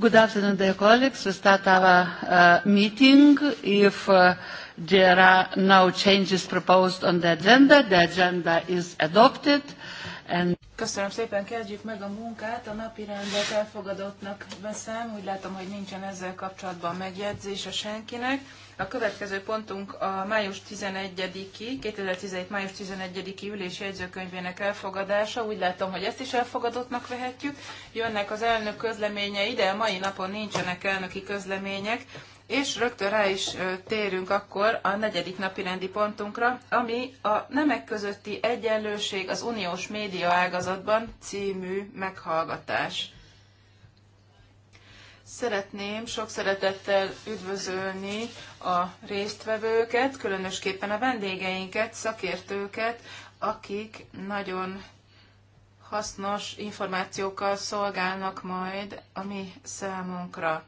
Good afternoon, dear colleagues. We start our uh, meeting. If uh, there are no changes proposed on the agenda, the agenda is adopted. Uh, And... Köszönöm szépen, kezdjük meg a munkát. A napi rendet elfogadottnak veszem, úgy látom, hogy nincsen ezzel kapcsolatban megjegyzése senkinek. A következő pontunk a május 11-i, 2017. május 11-i ülés jegyzőkönyvének elfogadása. Úgy látom, hogy ezt is elfogadottnak vehetjük. Jönnek az elnök közleményei, de a mai napon nincsenek elnöki közlemények. És rögtön rá is térünk akkor a negyedik napi rendi pontunkra, ami a Nemek közötti egyenlőség az uniós média ágazatban című meghallgatás. Szeretném sok szeretettel üdvözölni a résztvevőket, különösképpen a vendégeinket, szakértőket, akik nagyon hasznos információkkal szolgálnak majd a mi számunkra.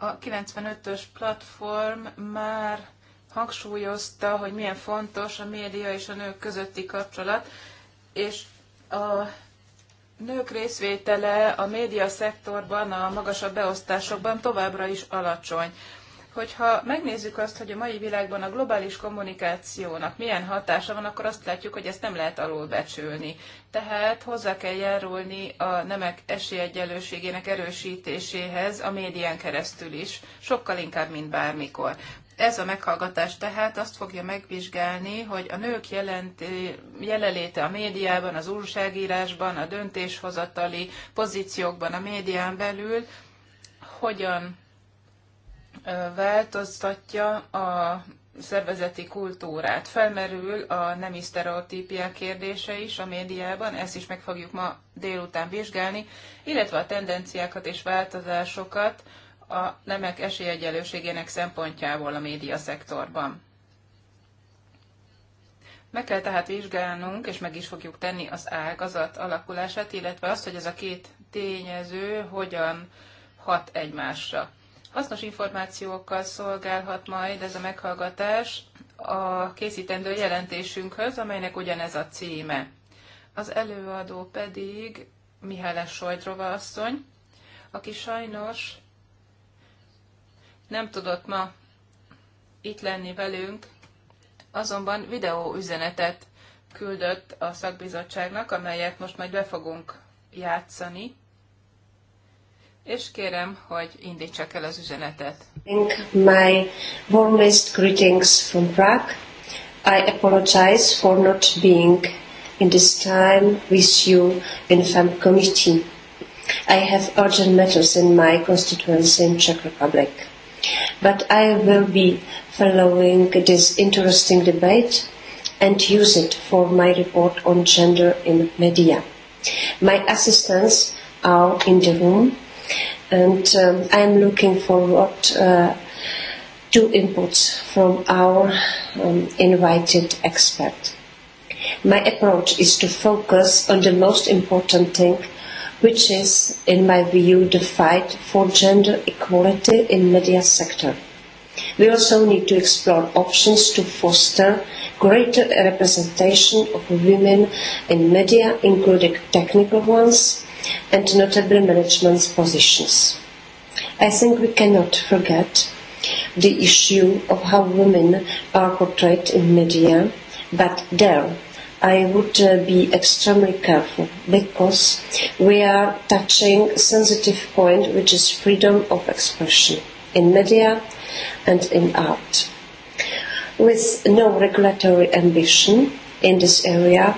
A 95-ös platform már hangsúlyozta, hogy milyen fontos a média és a nők közötti kapcsolat, és a nők részvétele a média szektorban, a magasabb beosztásokban továbbra is alacsony hogyha megnézzük azt, hogy a mai világban a globális kommunikációnak milyen hatása van, akkor azt látjuk, hogy ezt nem lehet alulbecsülni. Tehát hozzá kell járulni a nemek esélyegyenlőségének erősítéséhez a médián keresztül is, sokkal inkább, mint bármikor. Ez a meghallgatás tehát azt fogja megvizsgálni, hogy a nők jelent, jelenléte a médiában, az újságírásban, a döntéshozatali pozíciókban, a médián belül hogyan változtatja a szervezeti kultúrát. Felmerül a nemi sztereotípiák kérdése is a médiában, ezt is meg fogjuk ma délután vizsgálni, illetve a tendenciákat és változásokat a nemek esélyegyelőségének szempontjából a média szektorban. Meg kell tehát vizsgálnunk, és meg is fogjuk tenni az ágazat alakulását, illetve azt, hogy ez a két tényező hogyan hat egymásra. Hasznos információkkal szolgálhat majd ez a meghallgatás a készítendő jelentésünkhöz, amelynek ugyanez a címe. Az előadó pedig Mihály Sojtrova asszony, aki sajnos nem tudott ma itt lenni velünk, azonban videó üzenetet küldött a szakbizottságnak, amelyet most majd be fogunk játszani és kérem, hogy indítsak el az üzenetet. My warmest greetings from Prague. I apologize for not being in this time with you in FEM committee. I have urgent matters in my constituency in Czech Republic. But I will be following this interesting debate and use it for my report on gender in media. My assistants are in the room and um, I'm looking forward uh, to inputs from our um, invited expert. My approach is to focus on the most important thing, which is, in my view, the fight for gender equality in media sector. We also need to explore options to foster greater representation of women in media, including technical ones, and notable management positions. I think we cannot forget the issue of how women are portrayed in media, but there I would uh, be extremely careful because we are touching sensitive point which is freedom of expression in media and in art. With no regulatory ambition in this area,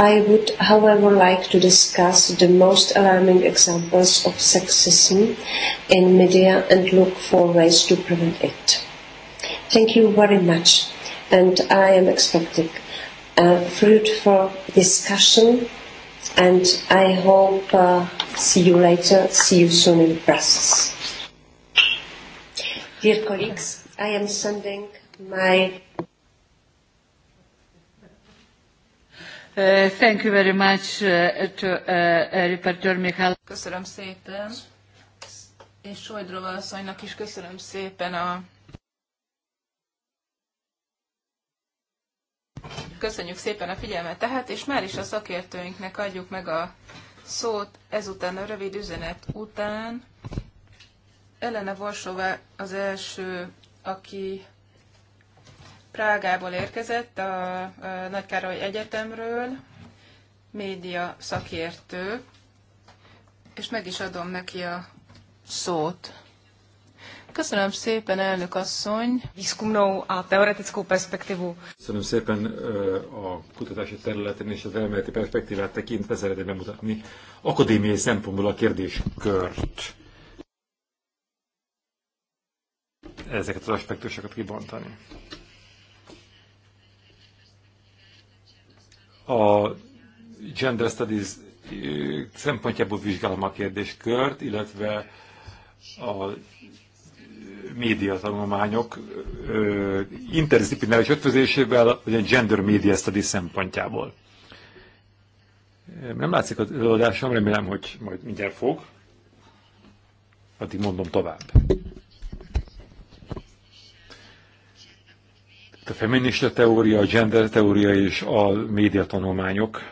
I would, however, like to discuss the most alarming examples of sexism in media and look for ways to prevent it. Thank you very much, and I am expecting a fruitful discussion, and I hope uh, see you later, see you soon in Brussels. Dear colleagues, I am sending my Uh, thank you very much uh, to uh, Reporter Köszönöm szépen, és Sojdrova asszonynak is köszönöm szépen a Köszönjük szépen a figyelmet tehát, és már is a szakértőinknek adjuk meg a szót ezután a rövid üzenet után. Elena Varsová az első, aki Prágából érkezett a Károly Egyetemről, média szakértő, és meg is adom neki a szót. Köszönöm szépen, elnök asszony. Výzkumnou a teoretickou perspektívu. Köszönöm szépen a kutatási területen és az elméleti perspektívát tekintve szeretném bemutatni akadémiai szempontból a kérdéskört. Ezeket az aspektusokat kibontani. a Gender Studies szempontjából vizsgálom a kérdéskört, illetve a média tanulmányok interdisziplináris ötvözésével, vagy a gender media studies szempontjából. Nem látszik az előadásom, remélem, hogy majd mindjárt fog. Addig mondom tovább. a feminista teória, a gender teória és a médiatanulmányok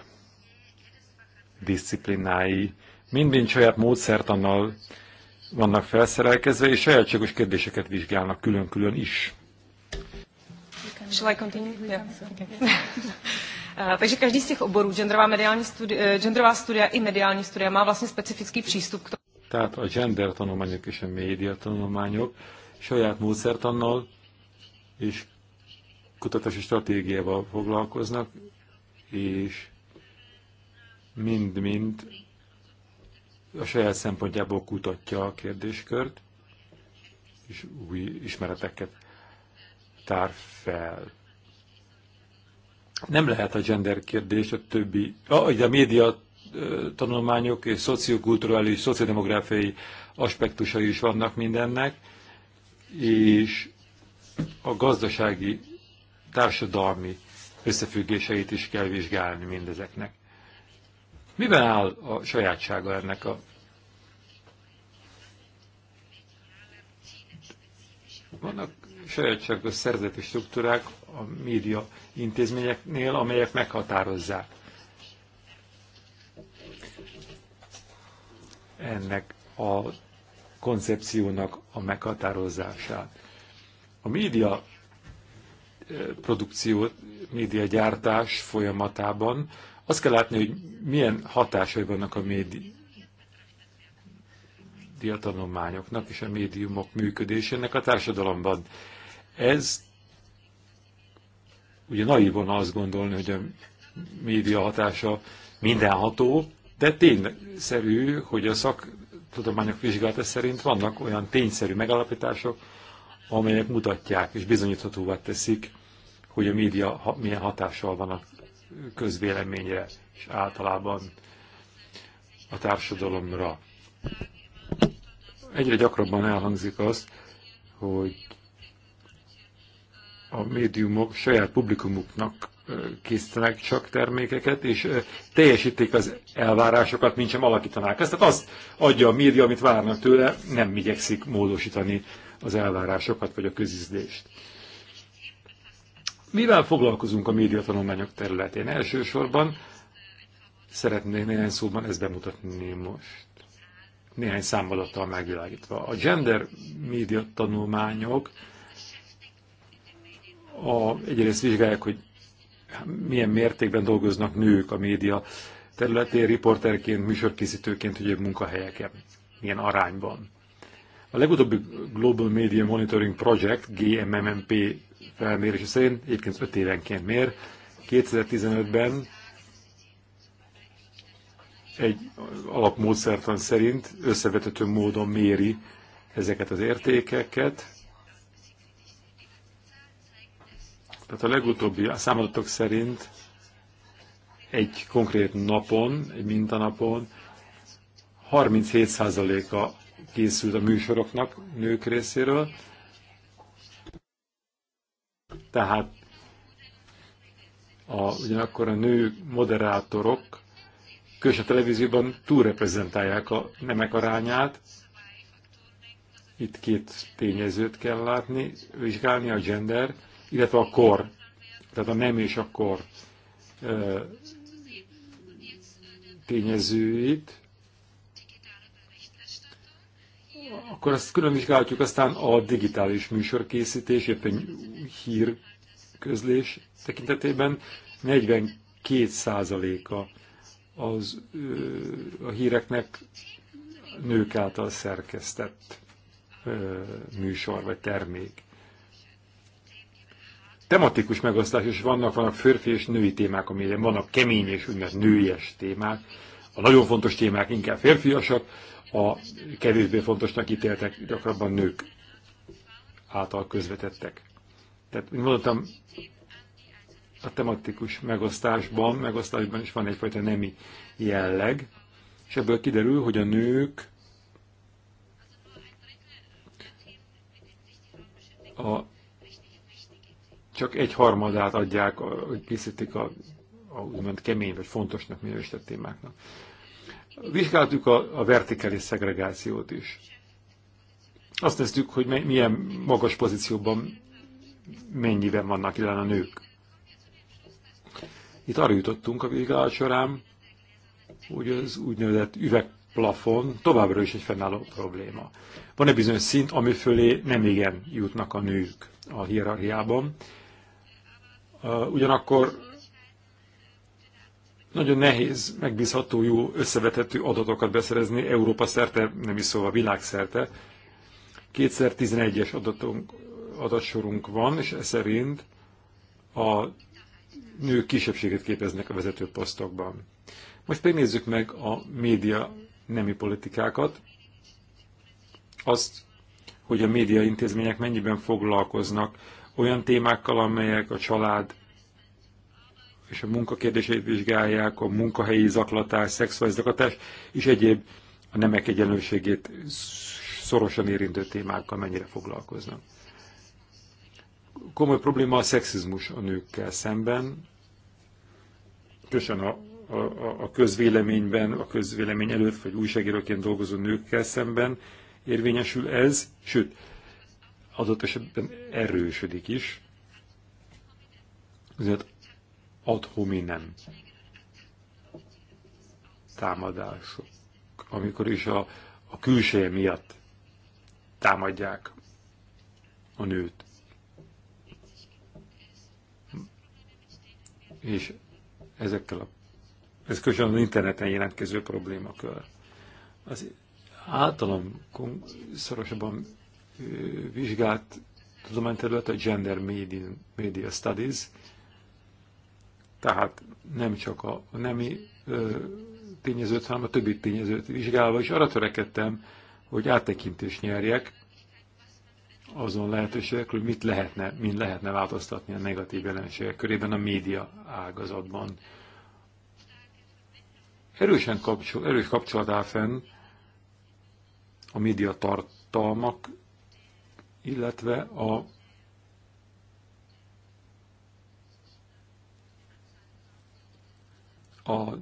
disziplinái mind-mind saját módszertannal vannak felszerelkezve, és sajátságos kérdéseket vizsgálnak külön-külön is. Shall I continue? Yeah. Okay. Uh, takže každý z těch oborů, genderová, mediální studi- eh, genderová studia i mediální studia, má vlastně specifický přístup k tomu. Tehát a gender tanulmányok és a média tanulmányok saját módszertannal és kutatási stratégiával foglalkoznak, és mind-mind a saját szempontjából kutatja a kérdéskört, és új ismereteket tár fel. Nem lehet a gender kérdés a többi, ahogy a média tanulmányok és szociokulturális, szociodemográfiai aspektusai is vannak mindennek, és a gazdasági társadalmi összefüggéseit is kell vizsgálni mindezeknek. Miben áll a sajátsága ennek a Vannak sajátságos szerzeti struktúrák a média intézményeknél, amelyek meghatározzák ennek a koncepciónak a meghatározását. A média produkció, médiagyártás folyamatában azt kell látni, hogy milyen hatásai vannak a média tanulmányoknak és a médiumok működésének a társadalomban. Ez ugye naivon azt gondolni, hogy a média hatása mindenható, de tényszerű, hogy a szaktudományok vizsgálata szerint vannak olyan tényszerű megalapítások, amelyek mutatják és bizonyíthatóvá teszik hogy a média milyen hatással van a közvéleményre, és általában a társadalomra. Egyre gyakrabban elhangzik az, hogy a médiumok saját publikumuknak készítenek csak termékeket, és teljesítik az elvárásokat, mint sem alakítanák ezt. Tehát azt adja a média, amit várnak tőle, nem igyekszik módosítani az elvárásokat vagy a közizdést. Mivel foglalkozunk a médiatanulmányok területén? Elsősorban szeretnék néhány szóban ezt bemutatni most. Néhány számadattal megvilágítva. A gender média tanulmányok a, egyrészt vizsgálják, hogy milyen mértékben dolgoznak nők a média területén, riporterként, műsorkészítőként, hogy munkahelyeken, milyen arányban. A legutóbbi Global Media Monitoring Project, GMMP felmérése szerint egyébként 5 évenként mér. 2015-ben egy alapmódszertan szerint összevetető módon méri ezeket az értékeket. Tehát a legutóbbi a számadatok szerint egy konkrét napon, egy mintanapon 37%-a készült a műsoroknak nők részéről, tehát a, ugyanakkor a nő moderátorok különösen a televízióban túlreprezentálják a nemek arányát. Itt két tényezőt kell látni, vizsgálni a gender, illetve a kor, tehát a nem és a kor tényezőit akkor azt külön vizsgálhatjuk aztán a digitális műsorkészítés, éppen közlés tekintetében 42 százaléka az, a híreknek nők által szerkesztett műsor vagy termék. Tematikus megosztás is vannak, vannak férfi és női témák, amilyen vannak kemény és úgynevezett nőies témák. A nagyon fontos témák inkább férfiasak, a kevésbé fontosnak ítéltek, gyakrabban nők által közvetettek. Tehát, mint mondtam, a tematikus megosztásban, megosztásban is van egyfajta nemi jelleg, és ebből kiderül, hogy a nők a, csak egy harmadát adják, hogy készítik a, a úgymond kemény vagy fontosnak minősített témáknak. Vizsgáltuk a, a vertikális szegregációt is. Azt néztük, hogy milyen magas pozícióban mennyiben vannak jelen a nők. Itt arra jutottunk a vizsgálat során, hogy az úgynevezett üvegplafon továbbra is egy fennálló probléma. Van egy bizonyos szint, ami fölé nem igen jutnak a nők a hierarchiában. Ugyanakkor nagyon nehéz megbízható, jó összevethető adatokat beszerezni Európa szerte, nem is szóval világszerte. 2011-es adatunk, adatsorunk van, és ez szerint a nők kisebbséget képeznek a vezető posztokban. Most pedig nézzük meg a média nemi politikákat, azt, hogy a média intézmények mennyiben foglalkoznak olyan témákkal, amelyek a család és a munkakérdését vizsgálják, a munkahelyi zaklatás, szexuális zaklatás és egyéb a nemek egyenlőségét szorosan érintő témákkal mennyire foglalkoznak. Komoly probléma a szexizmus a nőkkel szemben, különösen a, a, a közvéleményben, a közvélemény előtt vagy újságíróként dolgozó nőkkel szemben érvényesül ez, sőt, adott esetben erősödik is. Azért ad hominem támadások, amikor is a, a külseje miatt támadják a nőt. És ezekkel a, ez közösen az interneten jelentkező problémakör. Az általam szorosabban vizsgált tudományterület a Gender Media, Media Studies, tehát nem csak a nemi ö, tényezőt, hanem a többi tényezőt vizsgálva is arra törekedtem, hogy áttekintést nyerjek azon lehetőségekről, hogy mit lehetne, mind lehetne változtatni a negatív jelenségek körében a média ágazatban. Erősen kapcsol, erős kapcsolat áll fenn a média tartalmak, illetve a a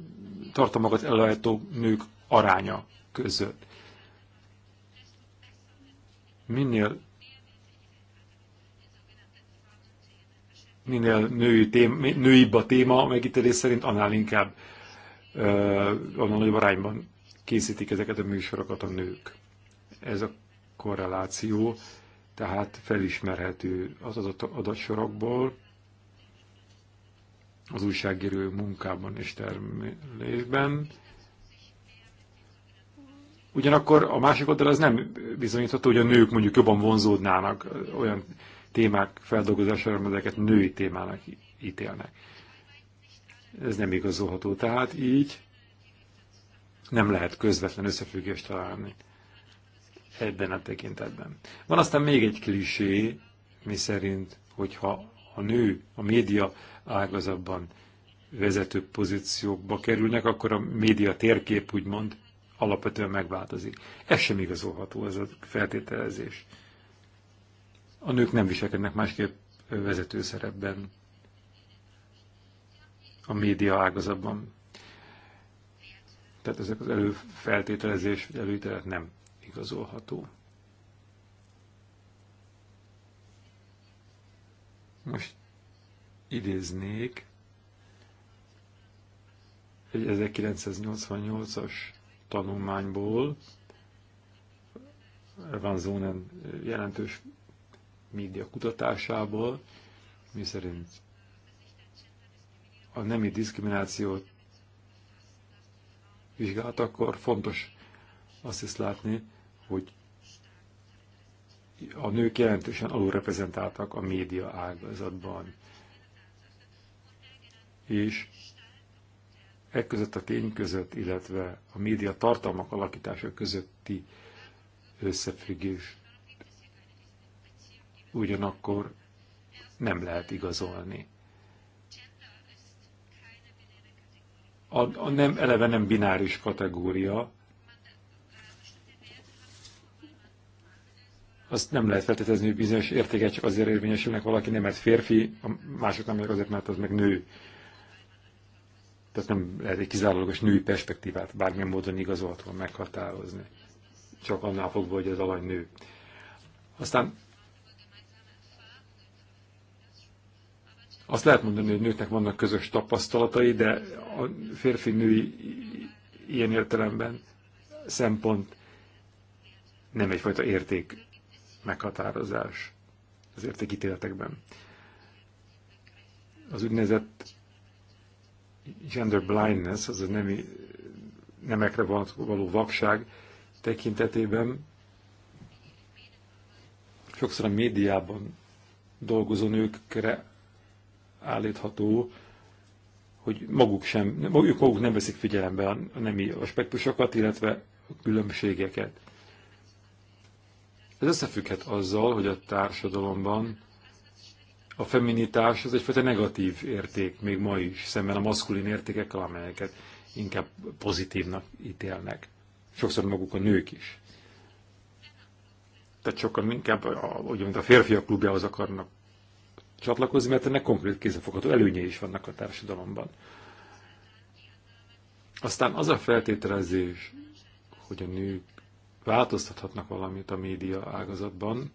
tartalmakat előállító nők aránya között. Minél minél női téma, nőibb a téma, megítélés szerint annál inkább, uh, annál nagyobb arányban készítik ezeket a műsorokat a nők. Ez a korreláció, tehát felismerhető az adott Adat az újságíró munkában és termelésben. Ugyanakkor a másik oldal az nem bizonyítható, hogy a nők mondjuk jobban vonzódnának olyan témák feldolgozására, ezeket női témának ítélnek. Ez nem igazolható. Tehát így nem lehet közvetlen összefüggést találni ebben a tekintetben. Van aztán még egy klisé, mi szerint, hogyha a nő a média ágazatban vezető pozíciókba kerülnek, akkor a média térkép úgymond alapvetően megváltozik. Ez sem igazolható, ez a feltételezés. A nők nem viselkednek másképp vezető szerepben a média ágazatban. Tehát ezek az előfeltételezés, előítélet nem igazolható. Most idéznék egy 1988-as tanulmányból, Van Zonen jelentős média kutatásából, mi szerint a nemi diszkriminációt vizsgált, akkor fontos azt is látni, hogy a nők jelentősen alulreprezentáltak a média ágazatban. És e között a tény között, illetve a média tartalmak alakítása közötti összefüggés ugyanakkor nem lehet igazolni. A, a nem, eleve nem bináris kategória, azt nem lehet feltételezni, hogy bizonyos értéket csak azért érvényesülnek valaki, nem mert férfi, a mások nem azért, mert az meg nő. Tehát nem lehet egy kizárólagos női perspektívát bármilyen módon igazolhatóan meghatározni. Csak annál fogva, hogy az alany nő. Aztán azt lehet mondani, hogy nőknek vannak közös tapasztalatai, de a férfi-női ilyen értelemben szempont nem egyfajta érték meghatározás az értékítéletekben. Az úgynevezett gender blindness, az a nemi, nemekre való vakság tekintetében sokszor a médiában dolgozó nőkre állítható, hogy maguk sem, maguk, maguk nem veszik figyelembe a nemi aspektusokat, illetve a különbségeket. Ez összefügghet azzal, hogy a társadalomban a feminitás az egyfajta negatív érték még ma is, szemben a maszkulin értékekkel, amelyeket inkább pozitívnak ítélnek. Sokszor maguk a nők is. Tehát sokan inkább, a, a férfiak klubjához akarnak csatlakozni, mert ennek konkrét kézzelfogható előnyei is vannak a társadalomban. Aztán az a feltételezés, hogy a nők változtathatnak valamit a média ágazatban,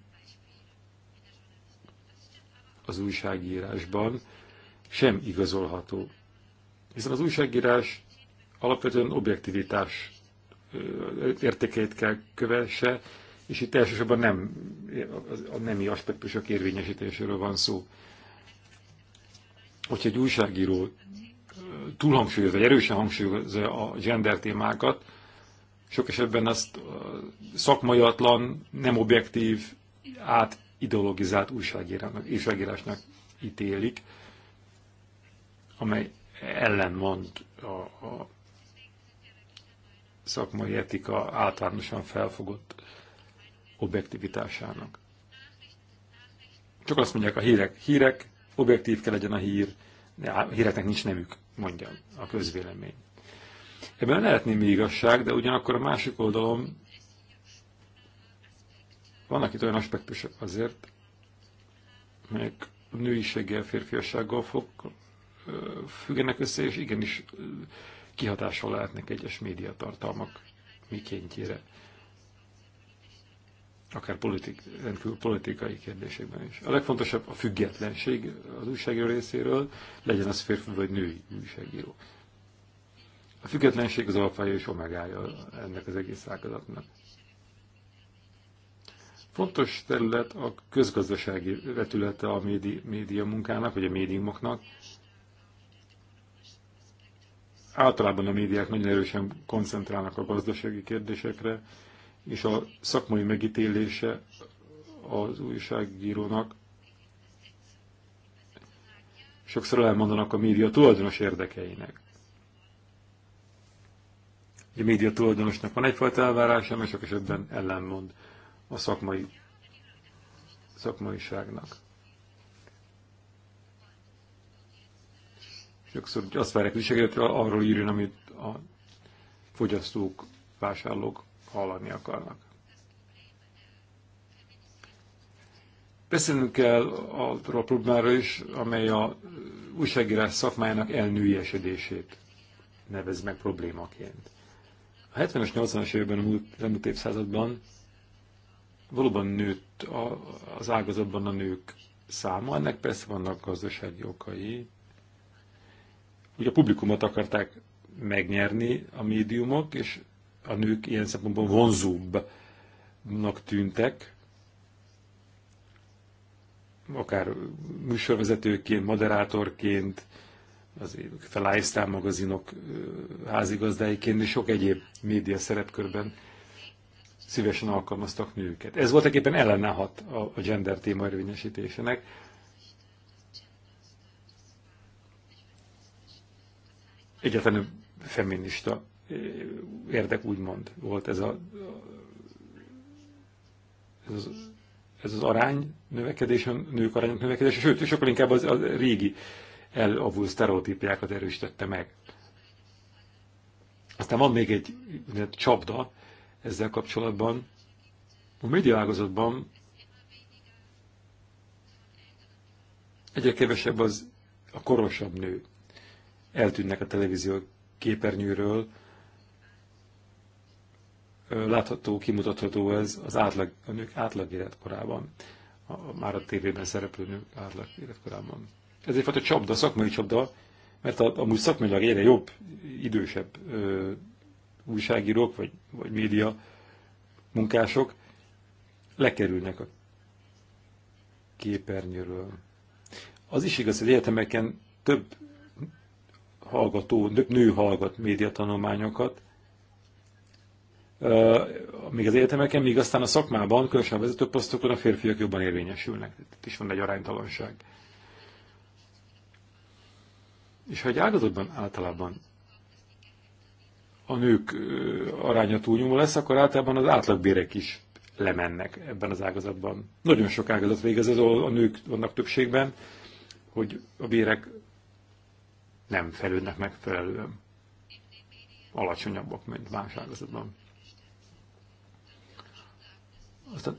az újságírásban, sem igazolható. Hiszen az újságírás alapvetően objektivitás értékeit kell kövesse, és itt elsősorban nem a nemi aspektusok érvényesítéséről van szó. Hogyha egy újságíró túlhangsúlyozza, vagy erősen hangsúlyozza a gender témákat, sok esetben azt szakmaiatlan, nem objektív, át ideologizált újságírásnak, újságírásnak ítélik, amely ellenmond a, a szakmai etika általánosan felfogott objektivitásának. Csak azt mondják a hírek, hírek, objektív kell legyen a hír, a híreknek nincs nemük, mondja a közvélemény. Ebben lehet némi igazság, de ugyanakkor a másik oldalon vannak itt olyan aspektusok azért, melyek a nőiséggel, férfiassággal fog, függenek össze, és igenis kihatással lehetnek egyes médiatartalmak mikéntjére. Akár politik, rendkívül politikai kérdésekben is. A legfontosabb a függetlenség az újságíró részéről, legyen az férfi vagy női újságíró. A függetlenség az alfája és omegája ennek az egész ágazatnak. Fontos terület a közgazdasági vetülete a médi, média munkának, vagy a médiumoknak. Általában a médiák nagyon erősen koncentrálnak a gazdasági kérdésekre, és a szakmai megítélése az újságírónak sokszor elmondanak a média tulajdonos érdekeinek hogy a média tulajdonosnak van egyfajta elvárása, mert sok esetben ellenmond a szakmai, szakmaiságnak. Sokszor azt várják viselkedett, arról írjon, amit a fogyasztók, vásárlók hallani akarnak. Beszélnünk kell arról a problémáról is, amely a újságírás szakmájának elnőjesedését nevez meg problémaként. A 70-es, 80-as években a múlt, évszázadban valóban nőtt a, az ágazatban a nők száma, ennek persze vannak gazdasági okai. Ugye a publikumot akarták megnyerni a médiumok, és a nők ilyen szempontból vonzóbbnak tűntek, akár műsorvezetőként, moderátorként, az a lifestyle magazinok házigazdáiként és sok egyéb média szerepkörben szívesen alkalmaztak nőket. Ez volt éppen ellenállhat a gender téma érvényesítésének. Egyetlen feminista érdek úgymond volt ez a ez az, ez az arány növekedés, a nők arányok növekedése, sőt, sokkal inkább az, az régi elavult sztereotípiákat erősítette meg. Aztán van még egy csapda ezzel kapcsolatban. A médiaágazatban egyre kevesebb az a korosabb nő. Eltűnnek a televízió képernyőről. Látható, kimutatható ez az átlag, a nők átlag életkorában. A, már a tévében szereplő nők átlag életkorában. Ez egyfajta csapda, szakmai csapda, mert a, amúgy szakmailag egyre jobb, idősebb ö, újságírók vagy, vagy média munkások lekerülnek a képernyőről. Az is igaz, hogy egyetemeken több hallgató, több nő hallgat médiatanulmányokat, még az egyetemeken, míg aztán a szakmában, különösen a vezetőposztokon a férfiak jobban érvényesülnek. Itt is van egy aránytalanság. És ha egy ágazatban általában a nők aránya túlnyomó lesz, akkor általában az átlagbérek is lemennek ebben az ágazatban. Nagyon sok ágazat végez, ez a nők vannak többségben, hogy a bérek nem felődnek megfelelően. Alacsonyabbak, mint más ágazatban. Aztán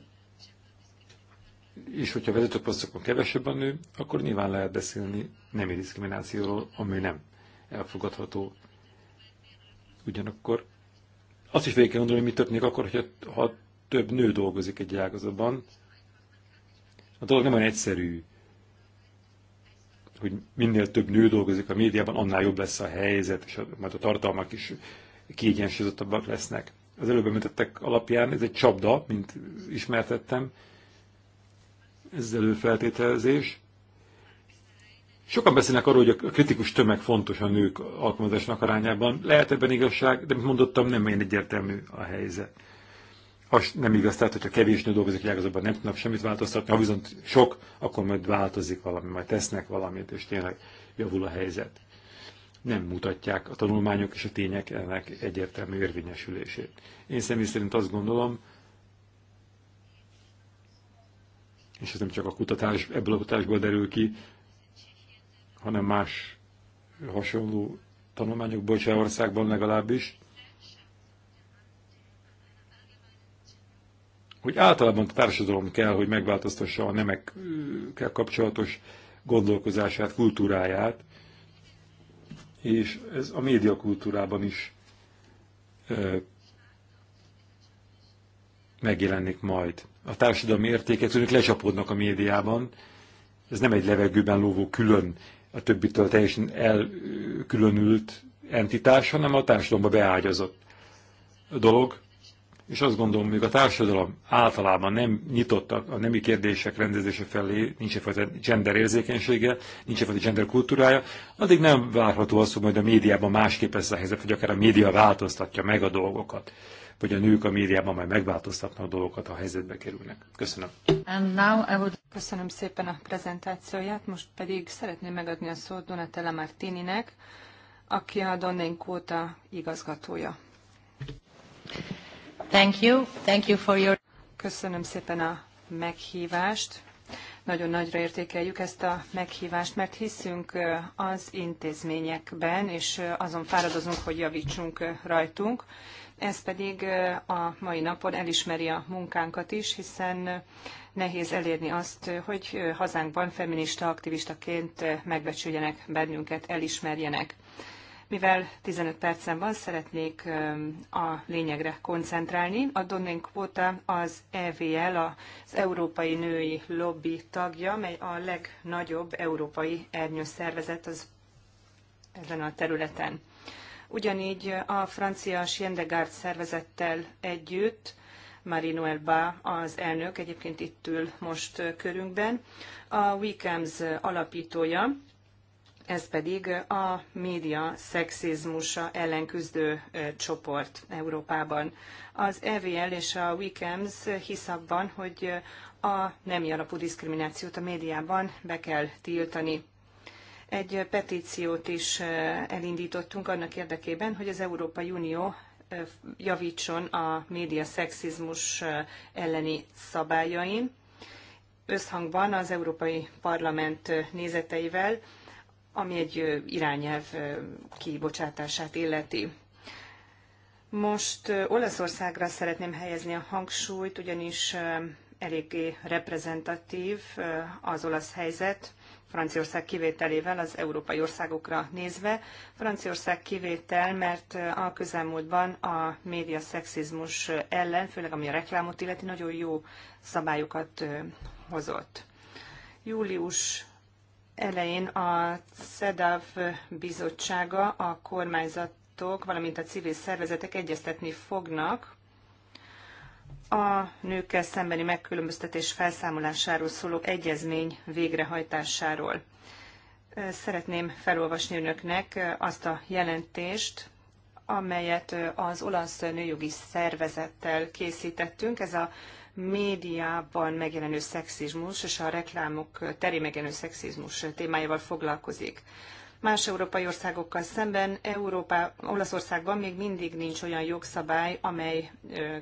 és hogyha vezető posztokon a nő, akkor nyilván lehet beszélni nemi diszkriminációról, ami nem elfogadható. Ugyanakkor azt is végig kell gondolni, hogy mi történik akkor, hogyha, ha több nő dolgozik egy ágazatban. A dolog nem olyan egyszerű, hogy minél több nő dolgozik a médiában, annál jobb lesz a helyzet, és a, majd a tartalmak is kiegyensúlyozottabbak lesznek. Az előbb említettek alapján ez egy csapda, mint ismertettem, ezzel feltételezés Sokan beszélnek arról, hogy a kritikus tömeg fontos a nők alkalmazásnak arányában. Lehet ebben igazság, de mint mondottam, nem ilyen egyértelmű a helyzet. Az nem igaz, tehát hogyha kevés nő dolgozik, azokban nem tudnak semmit változtatni, ha viszont sok, akkor majd változik valami, majd tesznek valamit, és tényleg javul a helyzet. Nem mutatják a tanulmányok és a tények ennek egyértelmű érvényesülését. Én személy szerint azt gondolom, és ez nem csak a kutatás, ebből a kutatásból derül ki, hanem más hasonló tanulmányok Bocsáországban legalábbis, hogy általában a társadalom kell, hogy megváltoztassa a nemekkel kapcsolatos gondolkozását, kultúráját, és ez a médiakultúrában is megjelenik majd a társadalmi értékek tűnik lecsapódnak a médiában. Ez nem egy levegőben lóvó külön, a többitől teljesen elkülönült entitás, hanem a társadalomba beágyazott dolog. És azt gondolom, hogy a társadalom általában nem nyitott a nemi kérdések rendezése felé, nincs egyfajta gender érzékenysége, nincs egyfajta gender kultúrája, addig nem várható az, hogy majd a médiában másképp lesz a helyzet, hogy akár a média változtatja meg a dolgokat. Hogy a nők a médiában majd megváltoztatnak dolgokat, ha a helyzetbe kerülnek. Köszönöm. And now I would... Köszönöm szépen a prezentációját, most pedig szeretném megadni a szót Donatella Martininek, aki a Donning Kóta igazgatója. Thank you. Thank you for your... Köszönöm szépen a meghívást. Nagyon nagyra értékeljük ezt a meghívást, mert hiszünk az intézményekben, és azon fáradozunk, hogy javítsunk rajtunk. Ez pedig a mai napon elismeri a munkánkat is, hiszen nehéz elérni azt, hogy hazánkban feminista aktivistaként megbecsüljenek bennünket, elismerjenek. Mivel 15 percen van, szeretnék a lényegre koncentrálni. A Donnén Kvóta az EVL, az Európai Női Lobby tagja, mely a legnagyobb európai ernyőszervezet az ezen a területen. Ugyanígy a francia Siendegard szervezettel együtt marie Noël Ba, az elnök, egyébként itt ül most körünkben, a Weekends alapítója, ez pedig a média szexizmusa ellen küzdő csoport Európában. Az EVL és a WeCams hisz abban, hogy a nemi alapú diszkriminációt a médiában be kell tiltani. Egy petíciót is elindítottunk annak érdekében, hogy az Európai Unió javítson a média szexizmus elleni szabályain, összhangban az Európai Parlament nézeteivel, ami egy irányelv kibocsátását illeti. Most Olaszországra szeretném helyezni a hangsúlyt, ugyanis eléggé reprezentatív az olasz helyzet, Franciaország kivételével az európai országokra nézve. Franciaország kivétel, mert a közelmúltban a média szexizmus ellen, főleg ami a reklámot illeti, nagyon jó szabályokat hozott. Július elején a CEDAV bizottsága a kormányzatok, valamint a civil szervezetek egyeztetni fognak a nőkkel szembeni megkülönböztetés felszámolásáról szóló egyezmény végrehajtásáról. Szeretném felolvasni önöknek azt a jelentést, amelyet az olasz nőjogi szervezettel készítettünk. Ez a médiában megjelenő szexizmus és a reklámok terén megjelenő szexizmus témájával foglalkozik. Más európai országokkal szemben Európa, Olaszországban még mindig nincs olyan jogszabály, amely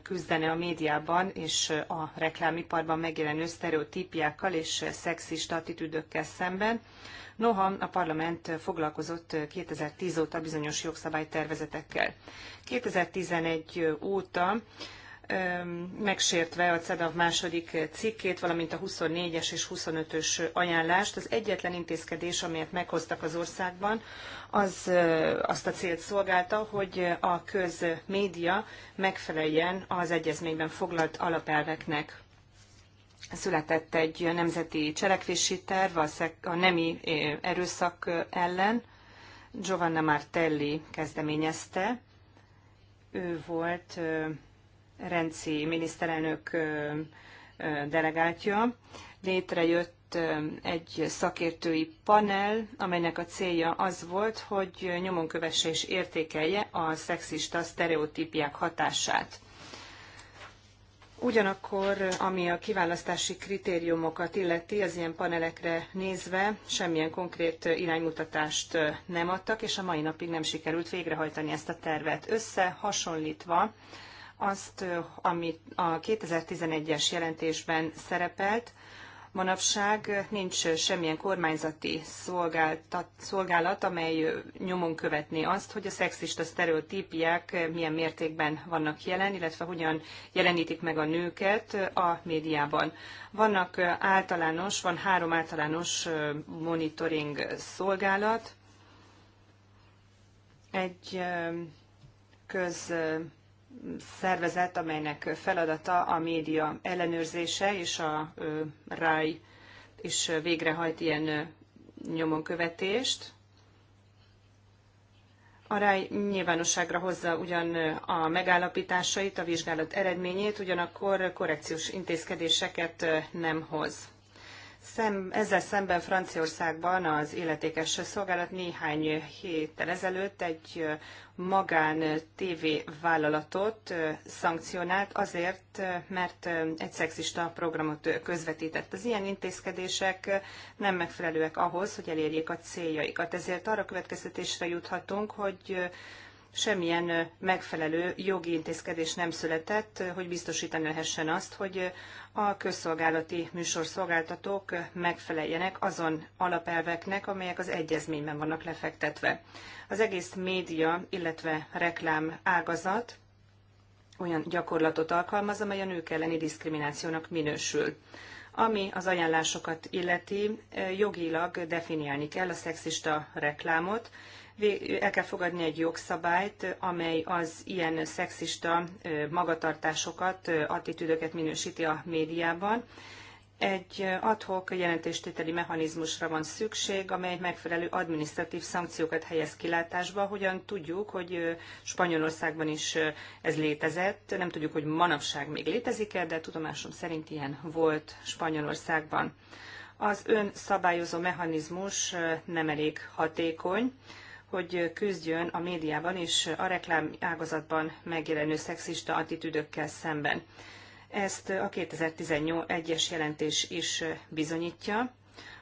küzdene a médiában és a reklámiparban megjelenő sztereotípiákkal és szexista attitűdökkel szemben. Noha a parlament foglalkozott 2010 óta bizonyos jogszabálytervezetekkel. 2011 óta megsértve a CEDAV második cikkét, valamint a 24-es és 25-ös ajánlást. Az egyetlen intézkedés, amelyet meghoztak az országban, az azt a célt szolgálta, hogy a közmédia megfeleljen az egyezményben foglalt alapelveknek. Született egy nemzeti cselekvési terv a nemi erőszak ellen. Giovanna Martelli kezdeményezte. Ő volt Renci miniszterelnök delegáltja, Létrejött egy szakértői panel, amelynek a célja az volt, hogy nyomon kövesse és értékelje a szexista sztereotípiák hatását. Ugyanakkor, ami a kiválasztási kritériumokat illeti, az ilyen panelekre nézve semmilyen konkrét iránymutatást nem adtak, és a mai napig nem sikerült végrehajtani ezt a tervet. Összehasonlítva azt, amit a 2011-es jelentésben szerepelt, Manapság nincs semmilyen kormányzati szolgálat, amely nyomon követné azt, hogy a szexista sztereotípiák milyen mértékben vannak jelen, illetve hogyan jelenítik meg a nőket a médiában. Vannak általános, van három általános monitoring szolgálat, egy köz szervezet, amelynek feladata a média ellenőrzése, és a RAI is végrehajt ilyen nyomonkövetést. A RAI nyilvánosságra hozza ugyan a megállapításait, a vizsgálat eredményét, ugyanakkor korrekciós intézkedéseket nem hoz. Szem, ezzel szemben Franciaországban az életékes szolgálat néhány héttel ezelőtt egy magán TV vállalatot szankcionált azért, mert egy szexista programot közvetített. Az ilyen intézkedések nem megfelelőek ahhoz, hogy elérjék a céljaikat. Ezért arra következtetésre juthatunk, hogy semmilyen megfelelő jogi intézkedés nem született, hogy biztosítani lehessen azt, hogy a közszolgálati műsorszolgáltatók megfeleljenek azon alapelveknek, amelyek az egyezményben vannak lefektetve. Az egész média, illetve reklám ágazat olyan gyakorlatot alkalmaz, amely a nők elleni diszkriminációnak minősül. Ami az ajánlásokat illeti, jogilag definiálni kell a szexista reklámot, el kell fogadni egy jogszabályt, amely az ilyen szexista magatartásokat, attitűdöket minősíti a médiában. Egy adhok jelentéstételi mechanizmusra van szükség, amely megfelelő adminisztratív szankciókat helyez kilátásba. Hogyan tudjuk, hogy Spanyolországban is ez létezett, nem tudjuk, hogy manapság még létezik-e, de tudomásom szerint ilyen volt Spanyolországban az ön szabályozó mechanizmus nem elég hatékony hogy küzdjön a médiában és a reklám ágazatban megjelenő szexista attitűdökkel szemben. Ezt a 2011-es jelentés is bizonyítja.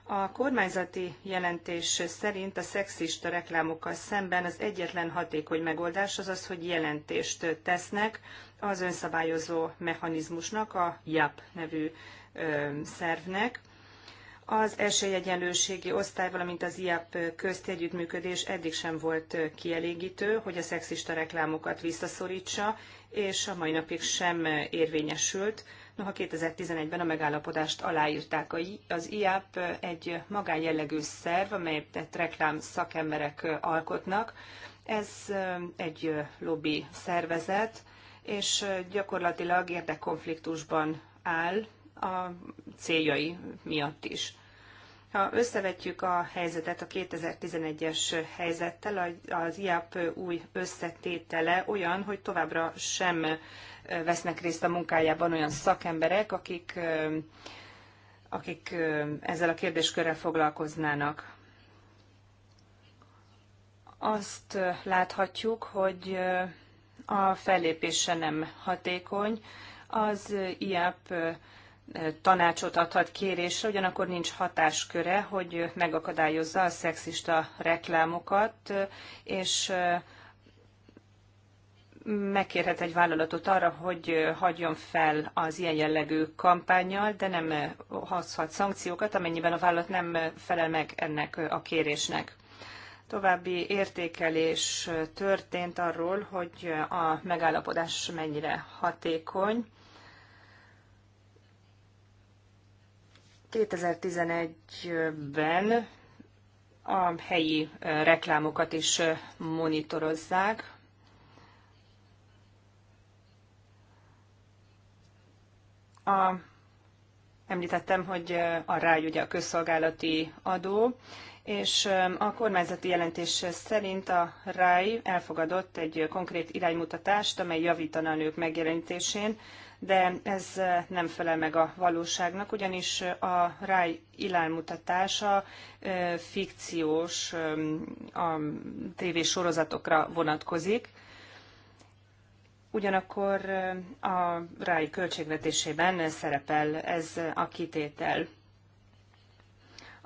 A kormányzati jelentés szerint a szexista reklámokkal szemben az egyetlen hatékony megoldás az az, hogy jelentést tesznek az önszabályozó mechanizmusnak, a JAP nevű szervnek, az esélyegyenlőségi osztály, valamint az IAP közti együttműködés eddig sem volt kielégítő, hogy a szexista reklámokat visszaszorítsa, és a mai napig sem érvényesült. Noha 2011-ben a megállapodást aláírták az IAP egy magánjellegű szerv, amelyet reklám szakemberek alkotnak. Ez egy lobby szervezet, és gyakorlatilag érdekkonfliktusban áll a céljai miatt is. Ha összevetjük a helyzetet a 2011-es helyzettel, az IAP új összetétele olyan, hogy továbbra sem vesznek részt a munkájában olyan szakemberek, akik, akik ezzel a kérdéskörrel foglalkoznának. Azt láthatjuk, hogy a fellépése nem hatékony. Az IAP tanácsot adhat kérésre, ugyanakkor nincs hatásköre, hogy megakadályozza a szexista reklámokat, és megkérhet egy vállalatot arra, hogy hagyjon fel az ilyen jellegű kampányjal, de nem hozhat szankciókat, amennyiben a vállalat nem felel meg ennek a kérésnek. További értékelés történt arról, hogy a megállapodás mennyire hatékony 2011-ben a helyi reklámokat is monitorozzák. A, említettem, hogy a ráj ugye a közszolgálati adó, és a kormányzati jelentés szerint a RAI elfogadott egy konkrét iránymutatást, amely javítana a nők megjelenítésén, de ez nem felel meg a valóságnak, ugyanis a ráj ilánmutatása fikciós a tévésorozatokra vonatkozik. Ugyanakkor a ráj költségvetésében szerepel ez a kitétel.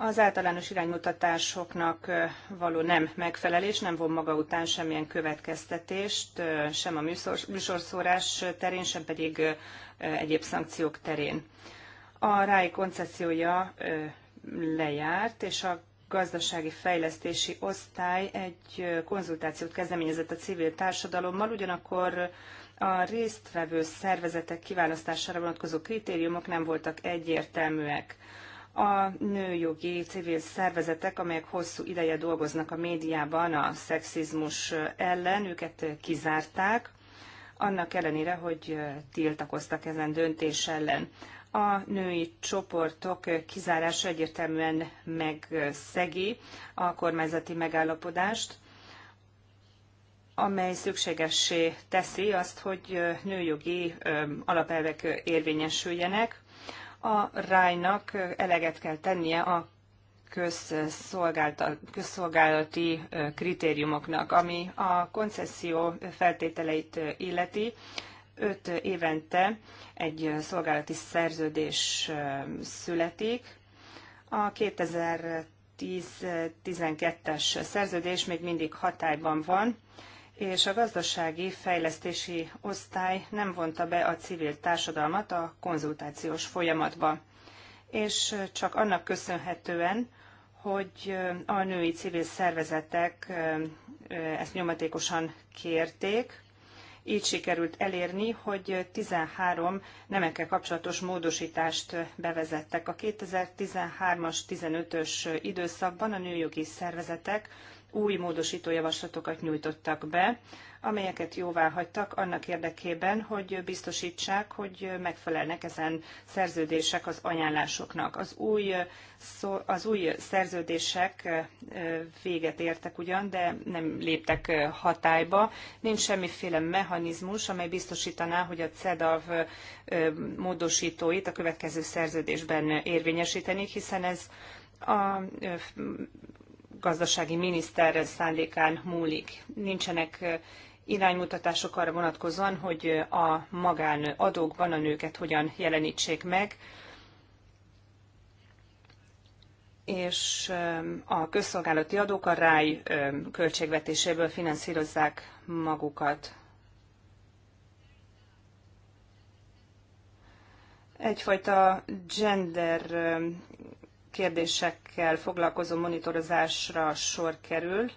Az általános iránymutatásoknak való nem megfelelés nem von maga után semmilyen következtetést, sem a műsorszórás terén, sem pedig egyéb szankciók terén. A RAI koncepciója lejárt, és a gazdasági fejlesztési osztály egy konzultációt kezdeményezett a civil társadalommal, ugyanakkor a résztvevő szervezetek kiválasztására vonatkozó kritériumok nem voltak egyértelműek a nőjogi civil szervezetek, amelyek hosszú ideje dolgoznak a médiában a szexizmus ellen, őket kizárták, annak ellenére, hogy tiltakoztak ezen döntés ellen. A női csoportok kizárása egyértelműen megszegi a kormányzati megállapodást, amely szükségessé teszi azt, hogy nőjogi alapelvek érvényesüljenek, a rájnak eleget kell tennie a közszolgálati kritériumoknak, ami a koncesszió feltételeit illeti. Öt évente egy szolgálati szerződés születik. A 2010-12-es szerződés még mindig hatályban van, és a gazdasági fejlesztési osztály nem vonta be a civil társadalmat a konzultációs folyamatba. És csak annak köszönhetően, hogy a női civil szervezetek ezt nyomatékosan kérték, így sikerült elérni, hogy 13 nemekkel kapcsolatos módosítást bevezettek. A 2013-as 15-ös időszakban a nőjogi szervezetek új módosító javaslatokat nyújtottak be, amelyeket jóvá hagytak annak érdekében, hogy biztosítsák, hogy megfelelnek ezen szerződések az ajánlásoknak. Az új, az új szerződések véget értek ugyan, de nem léptek hatályba. Nincs semmiféle mechanizmus, amely biztosítaná, hogy a CEDAV módosítóit a következő szerződésben érvényesítenék, hiszen ez a gazdasági miniszter szándékán múlik. Nincsenek iránymutatások arra vonatkozóan, hogy a magánadókban a nőket hogyan jelenítsék meg, és a közszolgálati adók a ráj költségvetéséből finanszírozzák magukat. Egyfajta gender kérdésekkel foglalkozó monitorozásra sor kerül,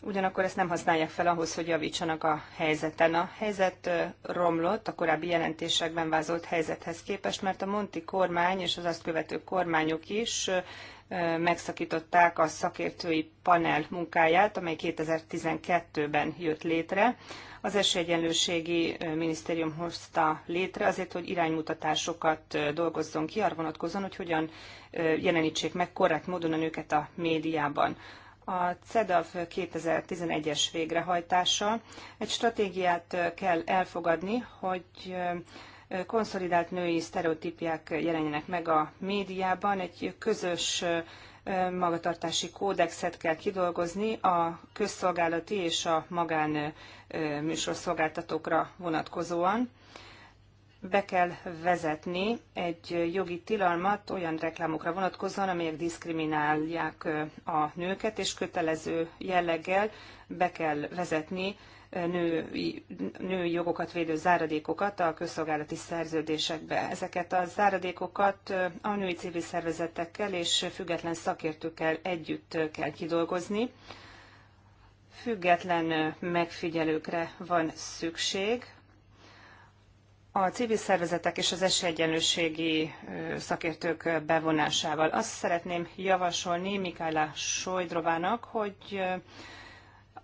ugyanakkor ezt nem használják fel ahhoz, hogy javítsanak a helyzeten. A helyzet romlott a korábbi jelentésekben vázolt helyzethez képest, mert a Monti kormány és az azt követő kormányok is megszakították a szakértői panel munkáját, amely 2012-ben jött létre, az esélyegyenlőségi minisztérium hozta létre azért, hogy iránymutatásokat dolgozzon ki, arra vonatkozóan, hogy hogyan jelenítsék meg korrekt módon a nőket a médiában. A CEDAV 2011-es végrehajtása egy stratégiát kell elfogadni, hogy konszolidált női sztereotípiák jelenjenek meg a médiában, egy közös magatartási kódexet kell kidolgozni a közszolgálati és a magán műsorszolgáltatókra vonatkozóan. Be kell vezetni egy jogi tilalmat olyan reklámokra vonatkozóan, amelyek diszkriminálják a nőket, és kötelező jelleggel be kell vezetni női, női jogokat védő záradékokat a közszolgálati szerződésekbe. Ezeket a záradékokat a női civil szervezetekkel és független szakértőkkel együtt kell kidolgozni. Független megfigyelőkre van szükség, a civil szervezetek és az esélyegyenlőségi szakértők bevonásával. Azt szeretném javasolni Mikála Sojdrovának, hogy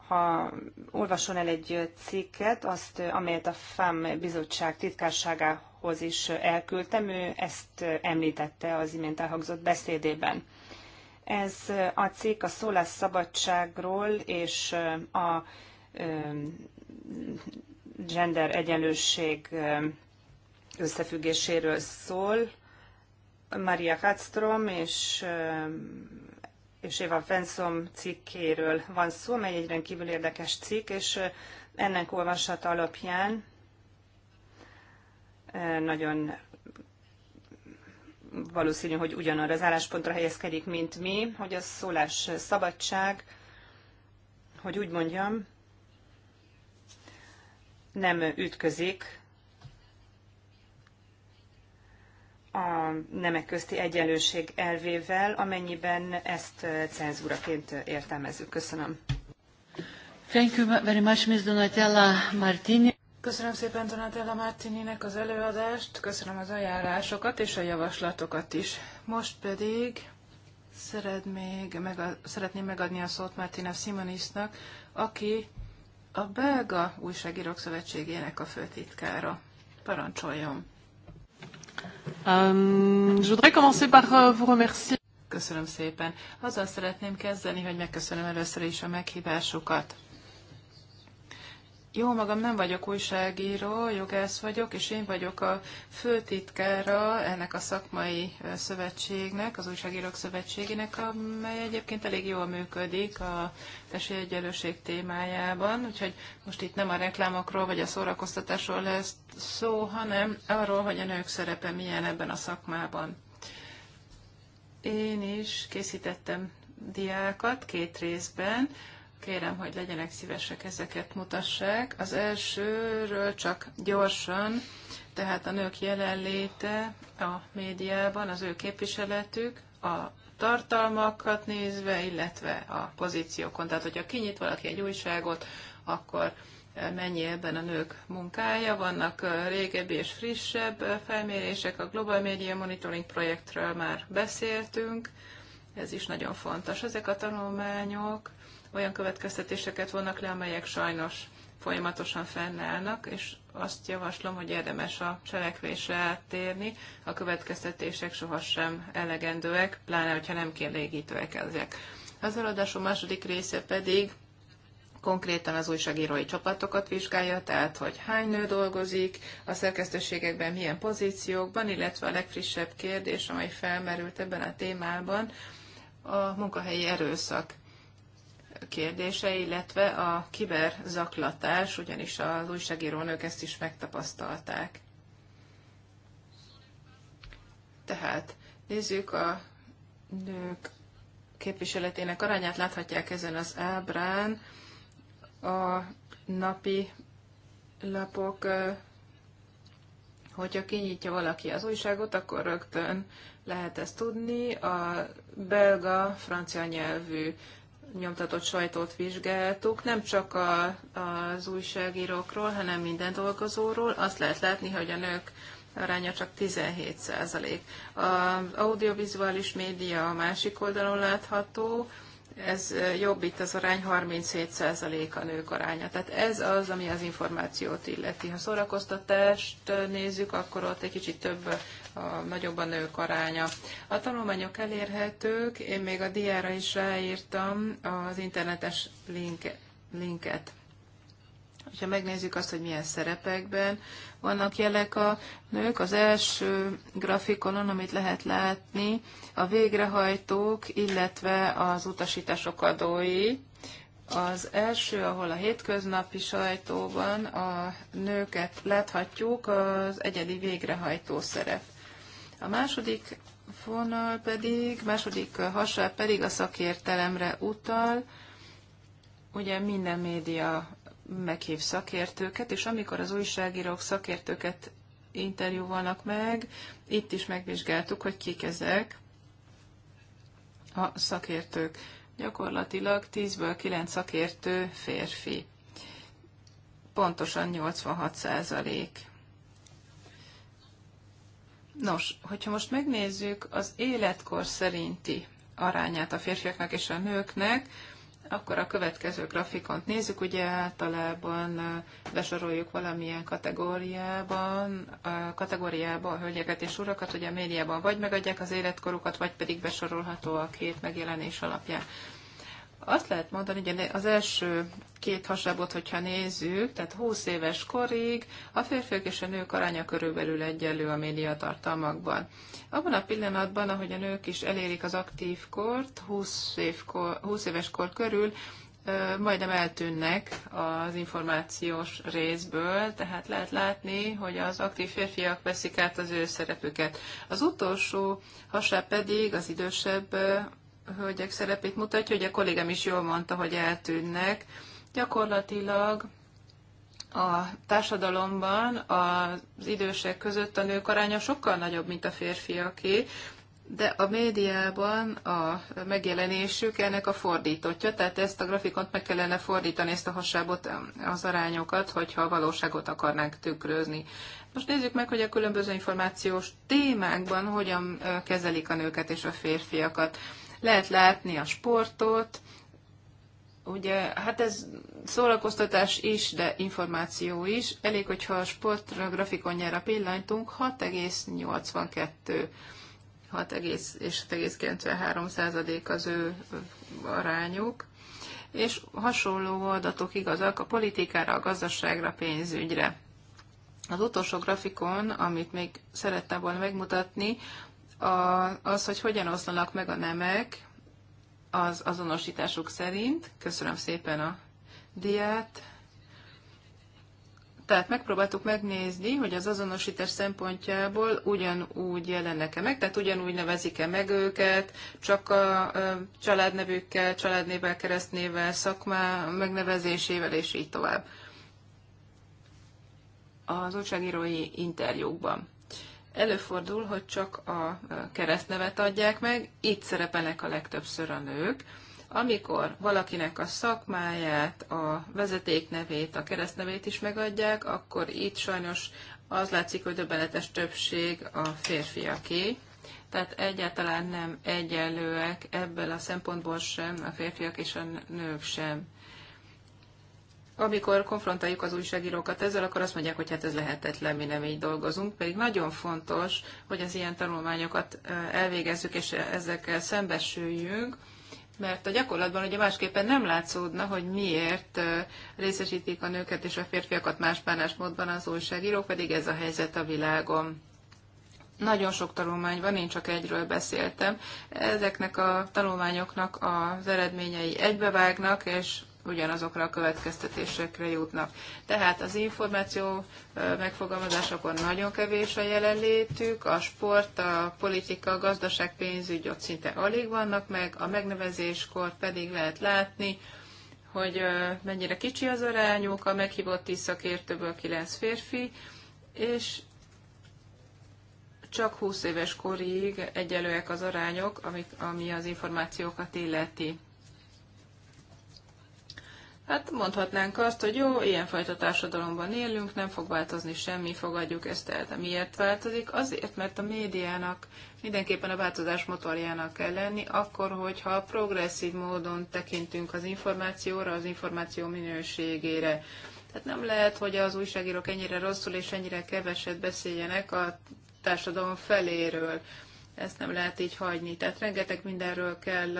ha olvasson el egy cikket, azt, amelyet a FAM bizottság titkárságához is elküldtem, ő ezt említette az imént elhangzott beszédében. Ez a cikk a szólásszabadságról és a gender egyenlőség összefüggéséről szól. Maria Hatstrom és és Eva Fenszom cikkéről van szó, mely egy rendkívül érdekes cikk, és ennek olvasata alapján nagyon valószínű, hogy ugyanarra az álláspontra helyezkedik, mint mi, hogy a szólás szabadság, hogy úgy mondjam, nem ütközik a nemek közti egyenlőség elvével, amennyiben ezt cenzúraként értelmezzük. Köszönöm. Thank you very much, Ms. Donatella Martini. Köszönöm szépen Donatella Martininek az előadást, köszönöm az ajánlásokat és a javaslatokat is. Most pedig szeret még meg, szeretném megadni a szót Martina Simonisnak, aki a Belga Újságírók Szövetségének a főtitkára. Parancsoljon! Euh, je voudrais commencer par euh, vous remercier. Köszönöm szépen. Azzal szeretném kezdeni, hogy megköszönöm először is a meghívásukat. Jó magam nem vagyok újságíró, jogász vagyok, és én vagyok a főtitkára ennek a szakmai szövetségnek, az Újságírók Szövetségének, amely egyébként elég jól működik a esélyegyelőség témájában, úgyhogy most itt nem a reklámokról vagy a szórakoztatásról lesz szó, hanem arról, hogy a nők szerepe milyen ebben a szakmában. Én is készítettem diákat két részben, kérem, hogy legyenek szívesek ezeket mutassák. Az elsőről csak gyorsan, tehát a nők jelenléte a médiában, az ő képviseletük, a tartalmakat nézve, illetve a pozíciókon. Tehát, hogyha kinyit valaki egy újságot, akkor e, mennyi ebben a nők munkája. Vannak e, régebbi és frissebb e, felmérések, a Global Media Monitoring projektről már beszéltünk, ez is nagyon fontos. Ezek a tanulmányok olyan következtetéseket vonnak le, amelyek sajnos folyamatosan fennállnak, és azt javaslom, hogy érdemes a cselekvésre áttérni. A következtetések sohasem elegendőek, pláne, hogyha nem kielégítőek ezek. Az előadású második része pedig konkrétan az újságírói csapatokat vizsgálja, tehát hogy hány nő dolgozik, a szerkesztőségekben milyen pozíciókban, illetve a legfrissebb kérdés, amely felmerült ebben a témában, a munkahelyi erőszak kérdése, illetve a kiberzaklatás, ugyanis az újságírónők ezt is megtapasztalták. Tehát nézzük a nők képviseletének arányát, láthatják ezen az ábrán a napi lapok, hogyha kinyitja valaki az újságot, akkor rögtön lehet ezt tudni. A belga, francia nyelvű nyomtatott sajtót vizsgáltuk, nem csak a, az újságírókról, hanem minden dolgozóról. Azt lehet látni, hogy a nők aránya csak 17 százalék. Az audiovizuális média a másik oldalon látható, ez jobb itt az arány, 37 százalék a nők aránya. Tehát ez az, ami az információt illeti. Ha szórakoztatást nézzük, akkor ott egy kicsit több a nagyobb a nők aránya. A tanulmányok elérhetők, én még a diára is ráírtam az internetes link, linket. ha megnézzük azt, hogy milyen szerepekben vannak jelek a nők, az első grafikonon, amit lehet látni, a végrehajtók, illetve az utasítások adói, az első, ahol a hétköznapi sajtóban a nőket láthatjuk, az egyedi végrehajtó szerep. A második vonal pedig, második hasra pedig a szakértelemre utal. Ugye minden média meghív szakértőket, és amikor az újságírók szakértőket interjúvalnak meg, itt is megvizsgáltuk, hogy kik ezek a szakértők. Gyakorlatilag 10-ből 9 szakértő férfi. Pontosan 86 százalék. Nos, hogyha most megnézzük az életkor szerinti arányát a férfiaknak és a nőknek, akkor a következő grafikont nézzük, ugye általában besoroljuk valamilyen kategóriában, a kategóriába a hölgyeket és urakat, ugye a médiában vagy megadják az életkorukat, vagy pedig besorolható a két megjelenés alapján. Azt lehet mondani, hogy az első két hasábot, hogyha nézzük, tehát 20 éves korig a férfiak és a nők aránya körülbelül egyenlő a médiatartalmakban. Abban a pillanatban, ahogy a nők is elérik az aktív kort, 20, év kor, 20 éves kor körül, majdnem eltűnnek az információs részből, tehát lehet látni, hogy az aktív férfiak veszik át az ő szerepüket. Az utolsó hasá pedig az idősebb hölgyek szerepét mutatja, hogy a kollégám is jól mondta, hogy eltűnnek. Gyakorlatilag a társadalomban az idősek között a nők aránya sokkal nagyobb, mint a férfiaké, de a médiában a megjelenésük ennek a fordítotja, tehát ezt a grafikont meg kellene fordítani, ezt a hasábot, az arányokat, hogyha a valóságot akarnánk tükrözni. Most nézzük meg, hogy a különböző információs témákban hogyan kezelik a nőket és a férfiakat lehet látni a sportot, ugye, hát ez szórakoztatás is, de információ is. Elég, hogyha a sportra grafikonjára pillantunk, 6,82 6, és 6,93 százalék az ő arányuk, és hasonló adatok igazak a politikára, a gazdaságra, a pénzügyre. Az utolsó grafikon, amit még szerettem volna megmutatni, a, az, hogy hogyan oszlanak meg a nemek az azonosításuk szerint. Köszönöm szépen a diát. Tehát megpróbáltuk megnézni, hogy az azonosítás szempontjából ugyanúgy jelennek-e meg, tehát ugyanúgy nevezik-e meg őket, csak a családnevükkel, családnével, keresztnével, szakmá megnevezésével, és így tovább. Az újságírói interjúkban. Előfordul, hogy csak a keresztnevet adják meg, itt szerepelnek a legtöbbször a nők. Amikor valakinek a szakmáját, a vezetéknevét, a keresztnevét is megadják, akkor itt sajnos az látszik, hogy döbbenetes többség a férfiaké. Tehát egyáltalán nem egyenlőek ebből a szempontból sem, a férfiak és a nők sem amikor konfrontáljuk az újságírókat ezzel, akkor azt mondják, hogy hát ez lehetetlen, mi nem így dolgozunk, pedig nagyon fontos, hogy az ilyen tanulmányokat elvégezzük és ezekkel szembesüljünk, mert a gyakorlatban ugye másképpen nem látszódna, hogy miért részesítik a nőket és a férfiakat más bánásmódban az újságírók, pedig ez a helyzet a világon. Nagyon sok tanulmány van, én csak egyről beszéltem. Ezeknek a tanulmányoknak az eredményei egybevágnak, és ugyanazokra a következtetésekre jutnak. Tehát az információ megfogalmazásakor nagyon kevés a jelenlétük, a sport, a politika, a gazdaság, pénzügy ott szinte alig vannak meg, a megnevezéskor pedig lehet látni, hogy mennyire kicsi az arányuk, a meghívott tíz szakértőből kilenc férfi, és csak 20 éves korig egyelőek az arányok, amik, ami az információkat illeti. Hát mondhatnánk azt, hogy jó, ilyenfajta társadalomban élünk, nem fog változni semmi, fogadjuk ezt el. De miért változik? Azért, mert a médiának mindenképpen a változás motorjának kell lenni, akkor, hogyha progresszív módon tekintünk az információra, az információ minőségére. Tehát nem lehet, hogy az újságírók ennyire rosszul és ennyire keveset beszéljenek a társadalom feléről. Ezt nem lehet így hagyni. Tehát rengeteg mindenről kell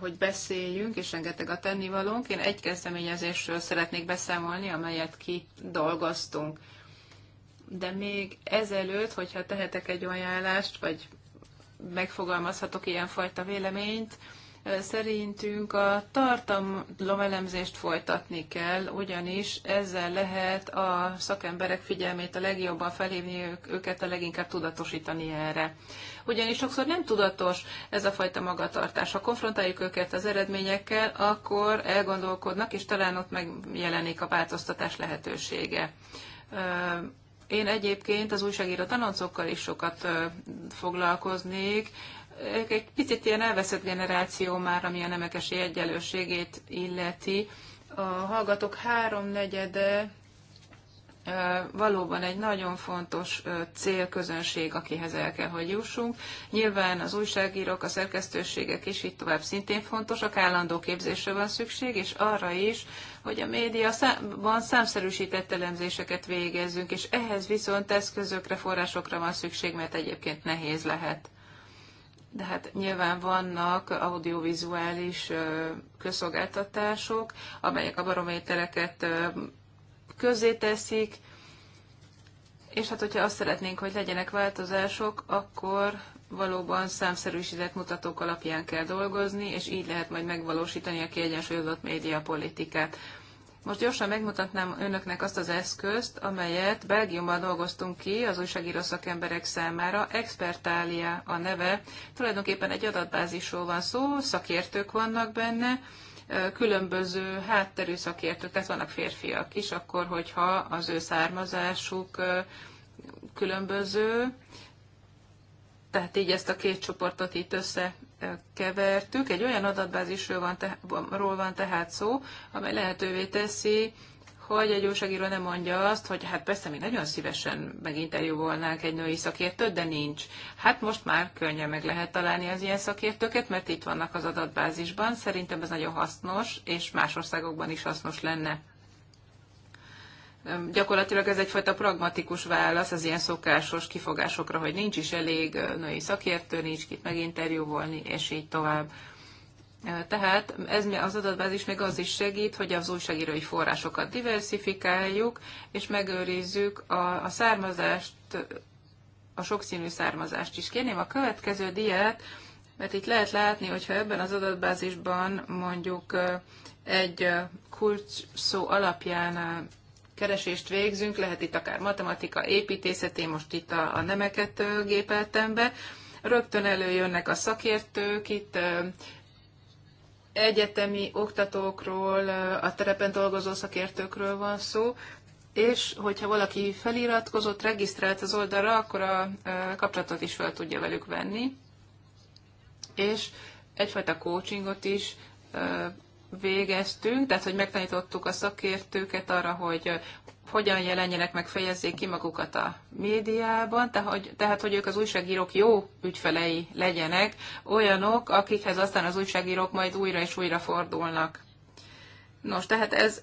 hogy beszéljünk, és rengeteg a tennivalónk. Én egy kezdeményezésről szeretnék beszámolni, amelyet ki dolgoztunk. De még ezelőtt, hogyha tehetek egy ajánlást, vagy megfogalmazhatok ilyenfajta véleményt, szerintünk a tartalomelemzést folytatni kell, ugyanis ezzel lehet a szakemberek figyelmét a legjobban felhívni őket, a leginkább tudatosítani erre ugyanis sokszor nem tudatos ez a fajta magatartás. Ha konfrontáljuk őket az eredményekkel, akkor elgondolkodnak, és talán ott megjelenik a változtatás lehetősége. Én egyébként az újságíró tanoncokkal is sokat foglalkoznék, ők egy picit ilyen elveszett generáció már, ami a nemekesi egyenlőségét illeti. A hallgatók háromnegyede valóban egy nagyon fontos célközönség, akihez el kell, hogy jussunk. Nyilván az újságírók, a szerkesztőségek és itt tovább szintén fontosak, állandó képzésre van szükség, és arra is, hogy a van számszerűsített elemzéseket végezzünk, és ehhez viszont eszközökre, forrásokra van szükség, mert egyébként nehéz lehet. De hát nyilván vannak audiovizuális közszolgáltatások, amelyek a barométereket teszik, és hát hogyha azt szeretnénk, hogy legyenek változások, akkor valóban számszerűsített mutatók alapján kell dolgozni, és így lehet majd megvalósítani a kiegyensúlyozott médiapolitikát. Most gyorsan megmutatnám önöknek azt az eszközt, amelyet Belgiumban dolgoztunk ki az újságíró szakemberek számára. Expertália a neve. Tulajdonképpen egy adatbázisról van szó, szakértők vannak benne, különböző hátterű szakértők, tehát vannak férfiak is, akkor hogyha az ő származásuk különböző, tehát így ezt a két csoportot itt összekevertük. Egy olyan adatbázisról van, van tehát szó, amely lehetővé teszi hogy egy újságíró nem mondja azt, hogy hát persze mi nagyon szívesen meginterjúvolnánk egy női szakértőt, de nincs. Hát most már könnyen meg lehet találni az ilyen szakértőket, mert itt vannak az adatbázisban. Szerintem ez nagyon hasznos, és más országokban is hasznos lenne. Gyakorlatilag ez egyfajta pragmatikus válasz az ilyen szokásos kifogásokra, hogy nincs is elég női szakértő, nincs kit meginterjúvolni, és így tovább. Tehát ez az adatbázis még az is segít, hogy az újságírói forrásokat diversifikáljuk, és megőrizzük a, a származást, a sokszínű származást is. Kérném a következő diát, mert itt lehet látni, hogyha ebben az adatbázisban mondjuk egy kulcs szó alapján keresést végzünk, lehet itt akár matematika, építészet, én most itt a, a nemeket gépeltem be, rögtön előjönnek a szakértők, itt egyetemi oktatókról, a terepen dolgozó szakértőkről van szó, és hogyha valaki feliratkozott, regisztrált az oldalra, akkor a e, kapcsolatot is fel tudja velük venni, és egyfajta coachingot is e, végeztünk, tehát hogy megtanítottuk a szakértőket arra, hogy hogyan jelenjenek meg, fejezzék ki magukat a médiában, tehát, tehát hogy ők az újságírók jó ügyfelei legyenek, olyanok, akikhez aztán az újságírók majd újra és újra fordulnak. Nos, tehát ez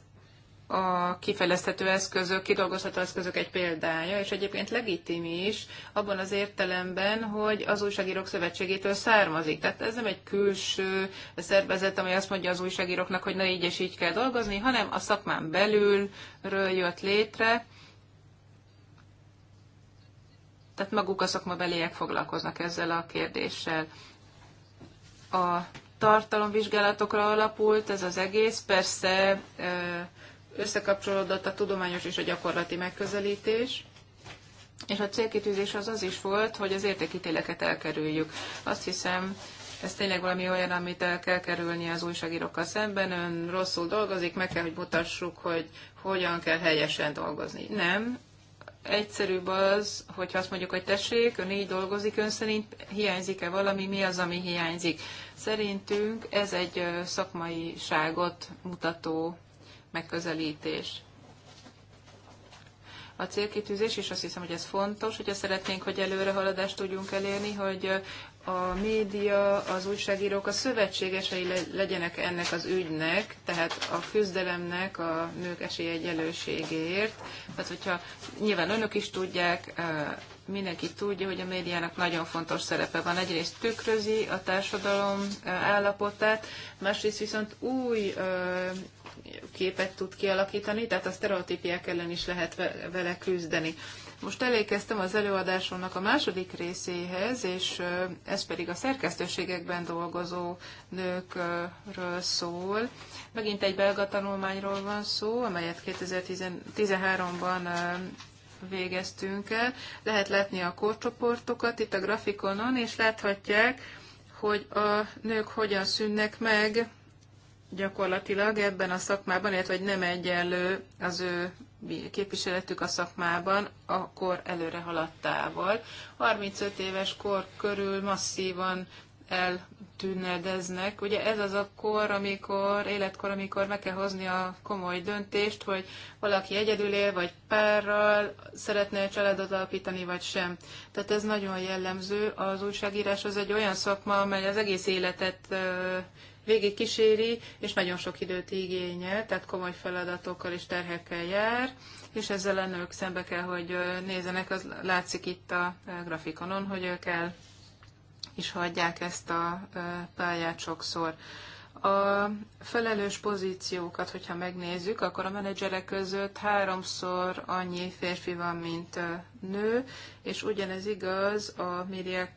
a kifejleszthető eszközök, kidolgozható eszközök egy példája, és egyébként legitim is abban az értelemben, hogy az újságírók szövetségétől származik. Tehát ez nem egy külső szervezet, amely azt mondja az újságíróknak, hogy na így és így kell dolgozni, hanem a szakmán belülről jött létre, tehát maguk a szakmabeliek foglalkoznak ezzel a kérdéssel. A tartalomvizsgálatokra alapult ez az egész, persze összekapcsolódott a tudományos és a gyakorlati megközelítés, és a célkitűzés az az is volt, hogy az értékítéleket elkerüljük. Azt hiszem, ez tényleg valami olyan, amit el kell kerülni az újságírókkal szemben. Ön rosszul dolgozik, meg kell, hogy mutassuk, hogy hogyan kell helyesen dolgozni. Nem. Egyszerűbb az, hogyha azt mondjuk, hogy tessék, ön így dolgozik, ön szerint hiányzik-e valami, mi az, ami hiányzik. Szerintünk ez egy szakmaiságot mutató megközelítés. A célkitűzés, és azt hiszem, hogy ez fontos, hogyha szeretnénk, hogy előrehaladást tudjunk elérni, hogy a média, az újságírók a szövetségesei legyenek ennek az ügynek, tehát a küzdelemnek a nők esélyegyelőségéért. Tehát, hogyha nyilván önök is tudják, mindenki tudja, hogy a médiának nagyon fontos szerepe van. Egyrészt tükrözi a társadalom állapotát, másrészt viszont új képet tud kialakítani, tehát a sztereotípiák ellen is lehet vele küzdeni. Most elékeztem az előadásomnak a második részéhez, és ez pedig a szerkesztőségekben dolgozó nőkről szól. Megint egy belga tanulmányról van szó, amelyet 2013-ban végeztünk el. Lehet látni a korcsoportokat itt a grafikonon, és láthatják, hogy a nők hogyan szűnnek meg gyakorlatilag ebben a szakmában, illetve hogy nem egyenlő az ő képviseletük a szakmában, akkor előre haladtával. 35 éves kor körül masszívan eltűnedeznek. Ugye ez az a kor, amikor, életkor, amikor meg kell hozni a komoly döntést, hogy valaki egyedül él, vagy párral szeretne a családot alapítani, vagy sem. Tehát ez nagyon jellemző. Az újságírás az egy olyan szakma, amely az egész életet végig kíséri, és nagyon sok időt igényel, tehát komoly feladatokkal és terhekkel jár, és ezzel a nők szembe kell, hogy nézenek, az látszik itt a grafikonon, hogy ők el is hagyják ezt a pályát sokszor. A felelős pozíciókat, hogyha megnézzük, akkor a menedzserek között háromszor annyi férfi van, mint nő, és ugyanez igaz a médiák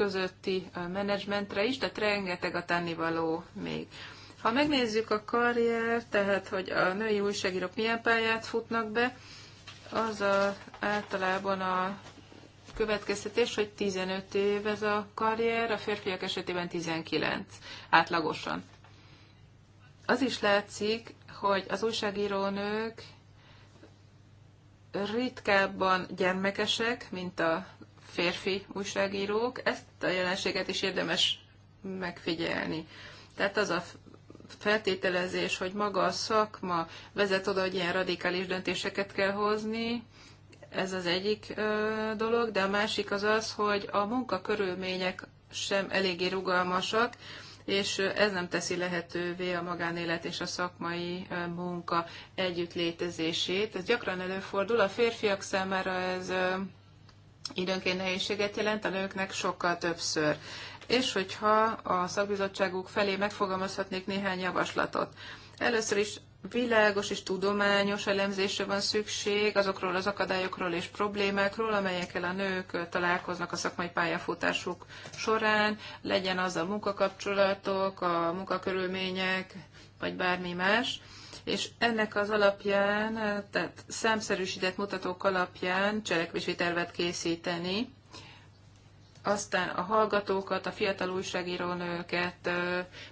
közötti menedzsmentre is, tehát rengeteg a tennivaló még. Ha megnézzük a karrier, tehát hogy a női újságírók milyen pályát futnak be, az a, általában a következtetés, hogy 15 év ez a karrier, a férfiak esetében 19 átlagosan. Az is látszik, hogy az újságírónők ritkábban gyermekesek, mint a férfi újságírók, ezt a jelenséget is érdemes megfigyelni. Tehát az a feltételezés, hogy maga a szakma vezet oda, hogy ilyen radikális döntéseket kell hozni, ez az egyik dolog, de a másik az az, hogy a munkakörülmények sem eléggé rugalmasak, és ez nem teszi lehetővé a magánélet és a szakmai munka együttlétezését. Ez gyakran előfordul, a férfiak számára ez időnként nehézséget jelent a nőknek sokkal többször. És hogyha a szakbizottságuk felé megfogalmazhatnék néhány javaslatot. Először is világos és tudományos elemzésre van szükség azokról az akadályokról és problémákról, amelyekkel a nők találkoznak a szakmai pályafutásuk során, legyen az a munkakapcsolatok, a munkakörülmények, vagy bármi más és ennek az alapján, tehát számszerűsített mutatók alapján cselekvési tervet készíteni, aztán a hallgatókat, a fiatal újságírónőket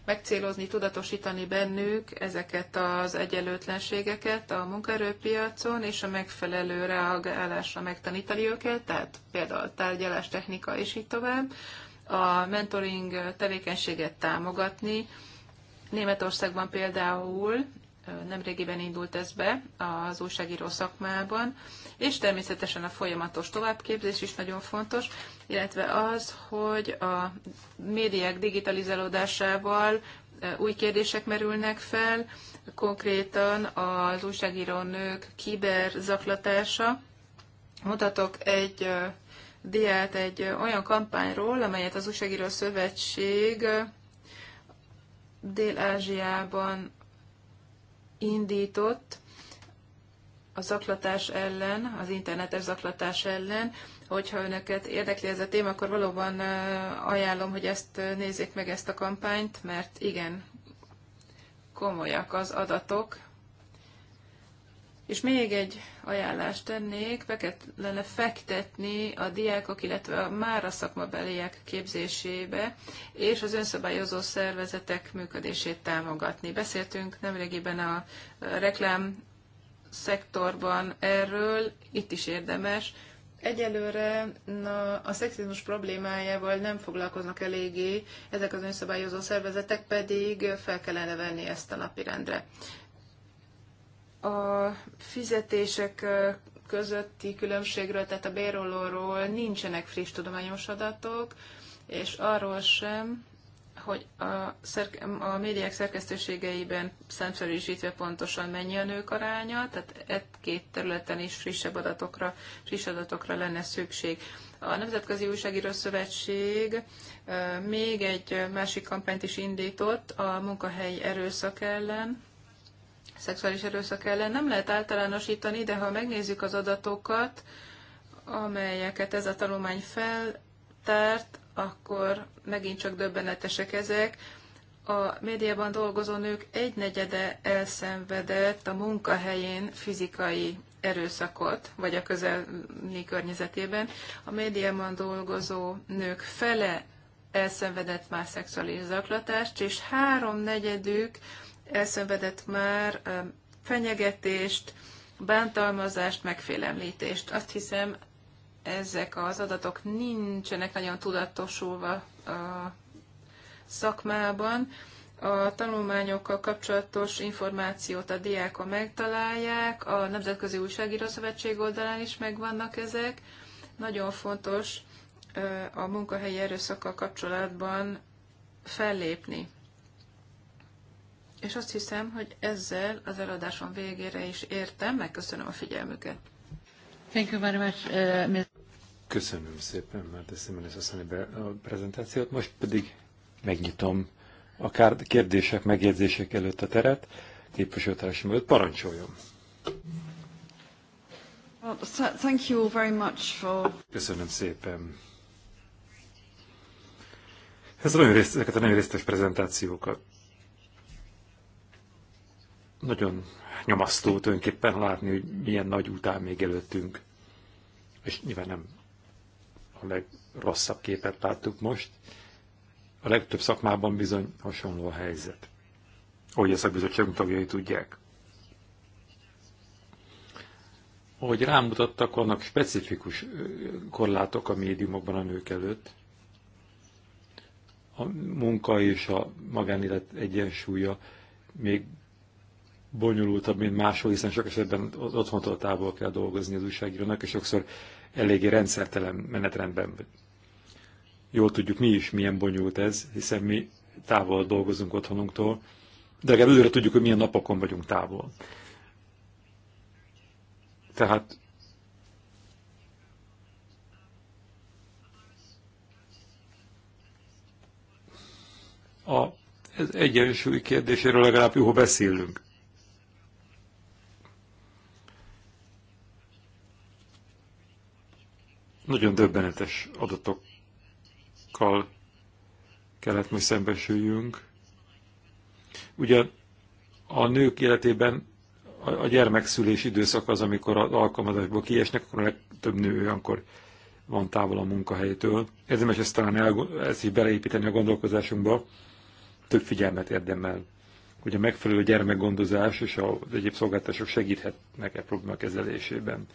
megcélozni, tudatosítani bennük ezeket az egyenlőtlenségeket a munkaerőpiacon, és a megfelelő reagálásra megtanítani őket, tehát például tárgyalás, technika, és így tovább. A mentoring tevékenységet támogatni. Németországban például nemrégiben indult ez be az újságíró szakmában, és természetesen a folyamatos továbbképzés is nagyon fontos, illetve az, hogy a médiák digitalizálódásával új kérdések merülnek fel, konkrétan az újságíró nők kiberzaklatása. Mutatok egy diát egy olyan kampányról, amelyet az újságíró szövetség Dél-Ázsiában indított a zaklatás ellen, az internetes zaklatás ellen. Hogyha önöket érdekli ez a téma, akkor valóban ajánlom, hogy ezt nézzék meg ezt a kampányt, mert igen, komolyak az adatok, és még egy ajánlást tennék, be kellene fektetni a diákok, illetve a már a szakmabeliek képzésébe, és az önszabályozó szervezetek működését támogatni. Beszéltünk nemrégiben a reklám szektorban erről, itt is érdemes. Egyelőre na, a szexizmus problémájával nem foglalkoznak eléggé, ezek az önszabályozó szervezetek pedig fel kellene venni ezt a napirendre a fizetések közötti különbségről, tehát a bérolóról nincsenek friss tudományos adatok, és arról sem, hogy a, szerke, a médiák szerkesztőségeiben szemszerűsítve pontosan mennyi a nők aránya, tehát egy két területen is frissebb adatokra, friss adatokra lenne szükség. A Nemzetközi Újságíró Szövetség még egy másik kampányt is indított a munkahelyi erőszak ellen, szexuális erőszak ellen nem lehet általánosítani, de ha megnézzük az adatokat, amelyeket ez a tanulmány feltárt, akkor megint csak döbbenetesek ezek. A médiában dolgozó nők egynegyede elszenvedett a munkahelyén fizikai erőszakot, vagy a közelni környezetében. A médiában dolgozó nők fele elszenvedett már szexuális zaklatást, és háromnegyedük elszenvedett már fenyegetést, bántalmazást, megfélemlítést. Azt hiszem, ezek az adatok nincsenek nagyon tudatosulva a szakmában. A tanulmányokkal kapcsolatos információt a diáka megtalálják, a Nemzetközi Újságíró Szövetség oldalán is megvannak ezek. Nagyon fontos a munkahelyi erőszakkal kapcsolatban fellépni. És azt hiszem, hogy ezzel az eladásom végére is értem. Megköszönöm a figyelmüket. Thank you very much, uh, Köszönöm szépen, mert ezt ez a prezentációt. Most pedig megnyitom a kérdések, megjegyzések előtt a teret. Képviselőtársam előtt parancsoljon. Well, thank you very much for... Köszönöm szépen. Ez nagyon részt, ezeket a nagyon részletes prezentációkat nagyon nyomasztó tulajdonképpen látni, hogy milyen nagy után még előttünk. És nyilván nem a legrosszabb képet láttuk most. A legtöbb szakmában bizony hasonló a helyzet. Ahogy a szakbizottságunk tagjai tudják. Ahogy rámutattak, vannak specifikus korlátok a médiumokban a nők előtt. A munka és a magánélet egyensúlya még bonyolultabb, mint máshol, hiszen sok esetben otthontól távol kell dolgozni az újságírónak, és sokszor eléggé rendszertelen menetrendben. Jól tudjuk mi is, milyen bonyolult ez, hiszen mi távol dolgozunk otthonunktól, de legalább előre tudjuk, hogy milyen napokon vagyunk távol. Tehát a, ez egyensúly kérdéséről legalább jó, beszélünk. Nagyon döbbenetes adatokkal kellett most szembesüljünk. Ugye a nők életében a gyermekszülés időszak az, amikor az alkalmazásból kiesnek, akkor a legtöbb nő olyankor van távol a munkahelytől. Érdemes ezt talán el, ezt is beleépíteni a gondolkozásunkba, több figyelmet érdemel, hogy a megfelelő gyermekgondozás és az egyéb szolgáltatások segíthetnek e probléma kezelésében.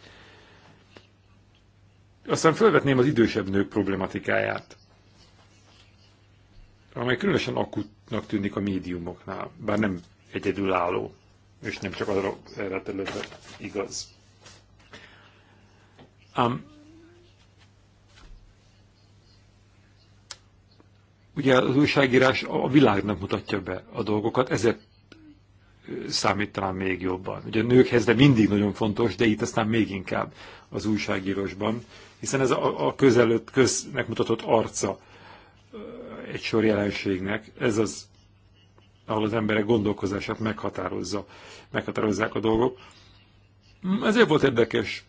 Aztán felvetném az idősebb nők problematikáját, amely különösen akutnak tűnik a médiumoknál, bár nem egyedülálló, és nem csak arra erre területre igaz. Um, ugye az újságírás a világnak mutatja be a dolgokat, ezért számít talán még jobban. Ugye a nőkhez, de mindig nagyon fontos, de itt aztán még inkább az újságírásban hiszen ez a, a közelőtt köznek mutatott arca egy sor jelenségnek, ez az, ahol az emberek gondolkozását meghatározza, meghatározzák a dolgok. Ezért volt érdekes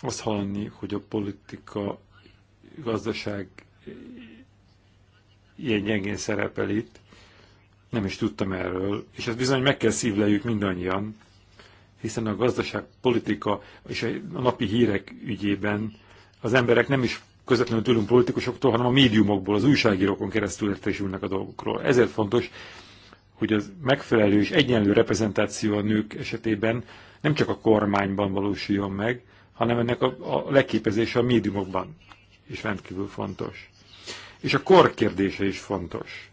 azt hallani, hogy a politika, gazdaság ilyen gyengén szerepel itt. Nem is tudtam erről, és ezt bizony meg kell szívlejük mindannyian, hiszen a gazdaság, politika és a napi hírek ügyében az emberek nem is közvetlenül tőlünk politikusoktól, hanem a médiumokból, az újságírókon keresztül értesülnek a dolgokról. Ezért fontos, hogy az megfelelő és egyenlő reprezentáció a nők esetében nem csak a kormányban valósuljon meg, hanem ennek a, a leképezése a médiumokban is rendkívül fontos. És a kor kérdése is fontos.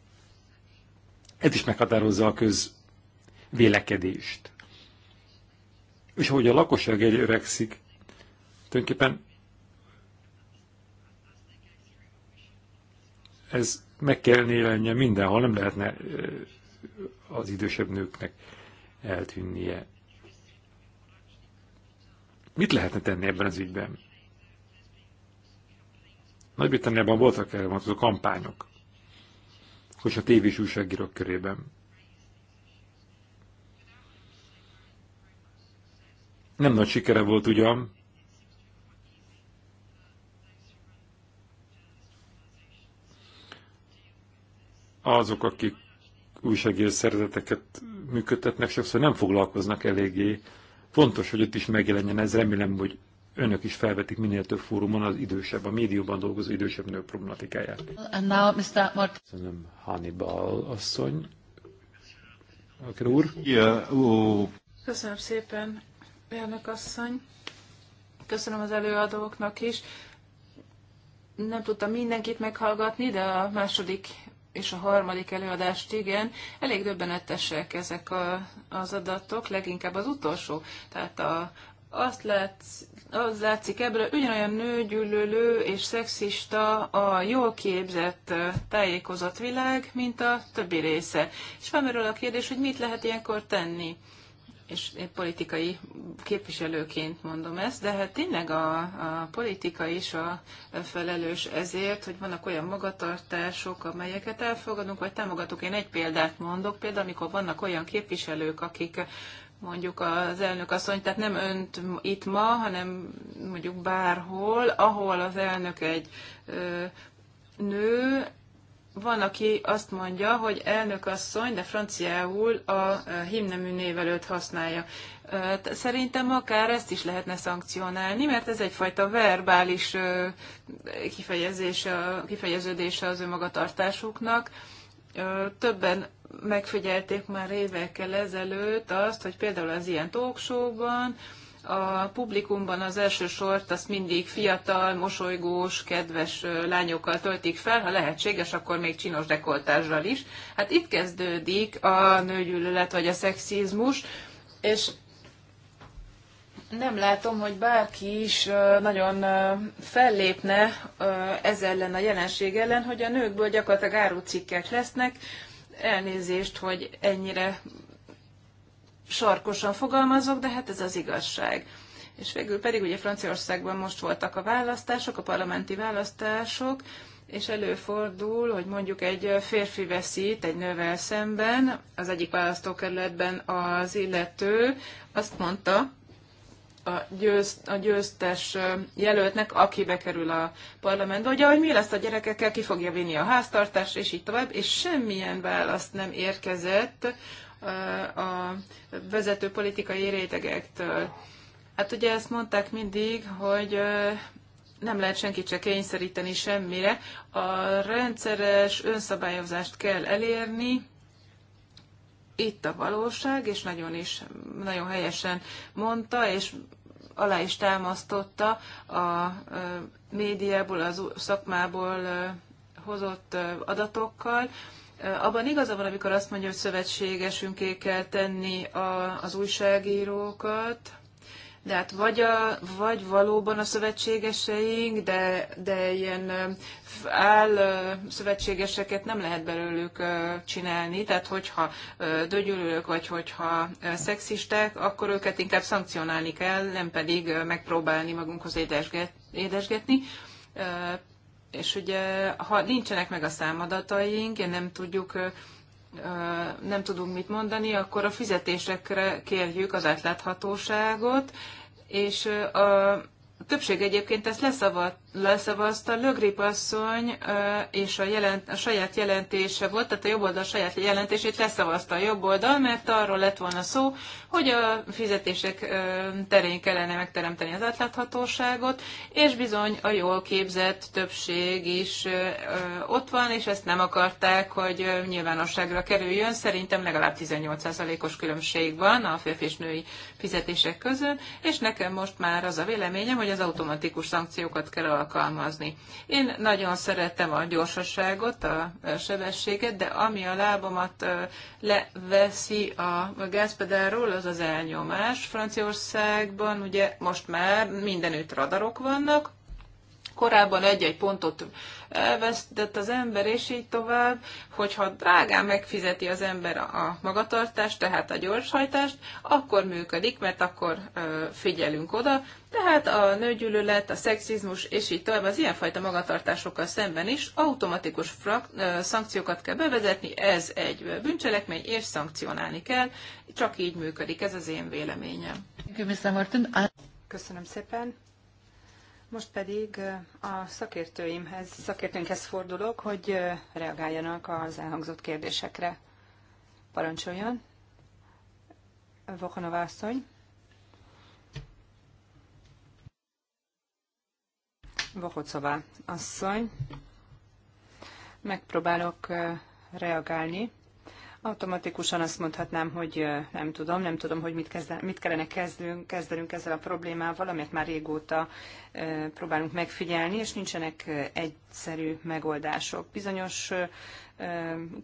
Ez is meghatározza a közvélekedést. És ahogy a lakosság egyre öregszik, tulajdonképpen ez meg kell jelenjen mindenhol, nem lehetne az idősebb nőknek eltűnnie. Mit lehetne tenni ebben az ügyben? Nagy-Britanniában voltak erre a kampányok, hogy a tévés újságírók körében. Nem nagy sikere volt ugyan, azok, akik újságíró szervezeteket működtetnek, sokszor nem foglalkoznak eléggé. Fontos, hogy ott is megjelenjen ez, remélem, hogy önök is felvetik minél több fórumon az idősebb, a médiumban dolgozó idősebb nők problematikáját. And now, Mr. Martin. Köszönöm, Hannibal asszony. Akár úr. Yeah, oh. Köszönöm szépen, elnök asszony. Köszönöm az előadóknak is. Nem tudtam mindenkit meghallgatni, de a második és a harmadik előadást, igen, elég döbbenetesek ezek a, az adatok, leginkább az utolsó. Tehát a, azt látsz, az látszik ebből, ugyanolyan nőgyűlölő és szexista a jól képzett, tájékozott világ, mint a többi része. És felmerül a kérdés, hogy mit lehet ilyenkor tenni és én politikai képviselőként mondom ezt, de hát tényleg a, a politika is a felelős ezért, hogy vannak olyan magatartások, amelyeket elfogadunk, vagy támogatunk. Én egy példát mondok, például amikor vannak olyan képviselők, akik mondjuk az elnök asszony, tehát nem önt itt ma, hanem mondjuk bárhol, ahol az elnök egy ö, nő, van, aki azt mondja, hogy elnök asszony, de franciául a himnemű névelőt használja. Szerintem akár ezt is lehetne szankcionálni, mert ez egyfajta verbális kifejeződése az önmagatartásuknak. Többen megfigyelték már évekkel ezelőtt azt, hogy például az ilyen talkshowban, a publikumban az első sort azt mindig fiatal, mosolygós, kedves lányokkal töltik fel, ha lehetséges, akkor még csinos dekoltással is. Hát itt kezdődik a nőgyűlölet vagy a szexizmus, és nem látom, hogy bárki is nagyon fellépne ez ellen a jelenség ellen, hogy a nőkből gyakorlatilag árucikkek lesznek, elnézést, hogy ennyire sarkosan fogalmazok, de hát ez az igazság. És végül pedig ugye Franciaországban most voltak a választások, a parlamenti választások, és előfordul, hogy mondjuk egy férfi veszít egy nővel szemben, az egyik választókerületben az illető azt mondta, a, győz, a győztes jelöltnek, aki bekerül a parlamentbe, hogy ahogy mi lesz a gyerekekkel, ki fogja vinni a háztartást, és így tovább, és semmilyen választ nem érkezett a vezető politikai rétegektől. Hát ugye ezt mondták mindig, hogy nem lehet senkit se kényszeríteni semmire. A rendszeres önszabályozást kell elérni, itt a valóság, és nagyon is, nagyon helyesen mondta, és alá is támasztotta a médiából, az szakmából hozott adatokkal, abban igaza van, amikor azt mondja, hogy szövetségesünké kell tenni a, az újságírókat, de hát vagy, a, vagy valóban a szövetségeseink, de, de ilyen áll szövetségeseket nem lehet belőlük csinálni, tehát hogyha dögyülők, vagy hogyha szexisták, akkor őket inkább szankcionálni kell, nem pedig megpróbálni magunkhoz édesget, édesgetni és ugye, ha nincsenek meg a számadataink, nem tudjuk nem tudunk mit mondani, akkor a fizetésekre kérjük az átláthatóságot, és a többség egyébként ezt leszavaz, leszavazta, Lögrip asszony és a, jelent, a saját jelentése volt, tehát a jobb oldal saját jelentését leszavazta a jobb oldal, mert arról lett volna szó, hogy a fizetések terén kellene megteremteni az átláthatóságot, és bizony a jól képzett többség is ott van, és ezt nem akarták, hogy nyilvánosságra kerüljön. Szerintem legalább 18%-os különbség van a férfi és női fizetések között, és nekem most már az a véleményem, hogy az automatikus szankciókat kell alkalmazni. Én nagyon szeretem a gyorsaságot, a sebességet, de ami a lábamat leveszi a gázpedálról, az az elnyomás. Franciaországban ugye most már mindenütt radarok vannak, korábban egy-egy pontot elvesztett az ember, és így tovább, hogyha drágán megfizeti az ember a magatartást, tehát a gyorshajtást, akkor működik, mert akkor figyelünk oda. Tehát a nőgyűlölet, a szexizmus, és így tovább az ilyenfajta magatartásokkal szemben is automatikus frak, szankciókat kell bevezetni, ez egy bűncselekmény, és szankcionálni kell, csak így működik, ez az én véleményem. Köszönöm szépen. Most pedig a szakértőimhez, szakértőnkhez fordulok, hogy reagáljanak az elhangzott kérdésekre. Parancsoljon. Vokonova asszony. Vokocová asszony. Megpróbálok reagálni Automatikusan azt mondhatnám, hogy nem tudom, nem tudom, hogy mit, kezden, mit kellene kezdünk, kezdenünk ezzel a problémával, amit már régóta próbálunk megfigyelni, és nincsenek egyszerű megoldások. Bizonyos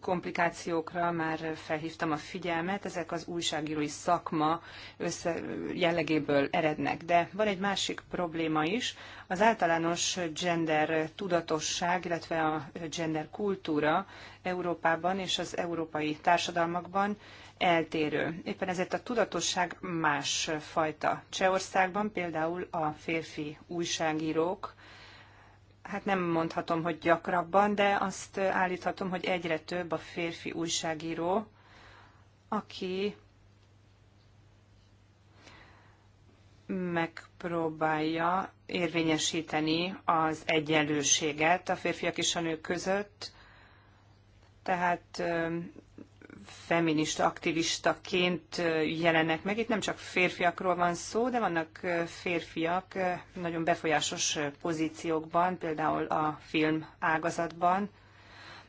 komplikációkra már felhívtam a figyelmet, ezek az újságírói szakma össze jellegéből erednek. De van egy másik probléma is, az általános gender tudatosság, illetve a gender kultúra Európában és az európai társadalmakban eltérő. Éppen ezért a tudatosság más fajta. Csehországban például a férfi újságírók hát nem mondhatom, hogy gyakrabban, de azt állíthatom, hogy egyre több a férfi újságíró, aki megpróbálja érvényesíteni az egyenlőséget a férfiak és a nők között. Tehát feminista aktivistaként jelennek meg. Itt nem csak férfiakról van szó, de vannak férfiak nagyon befolyásos pozíciókban, például a film ágazatban,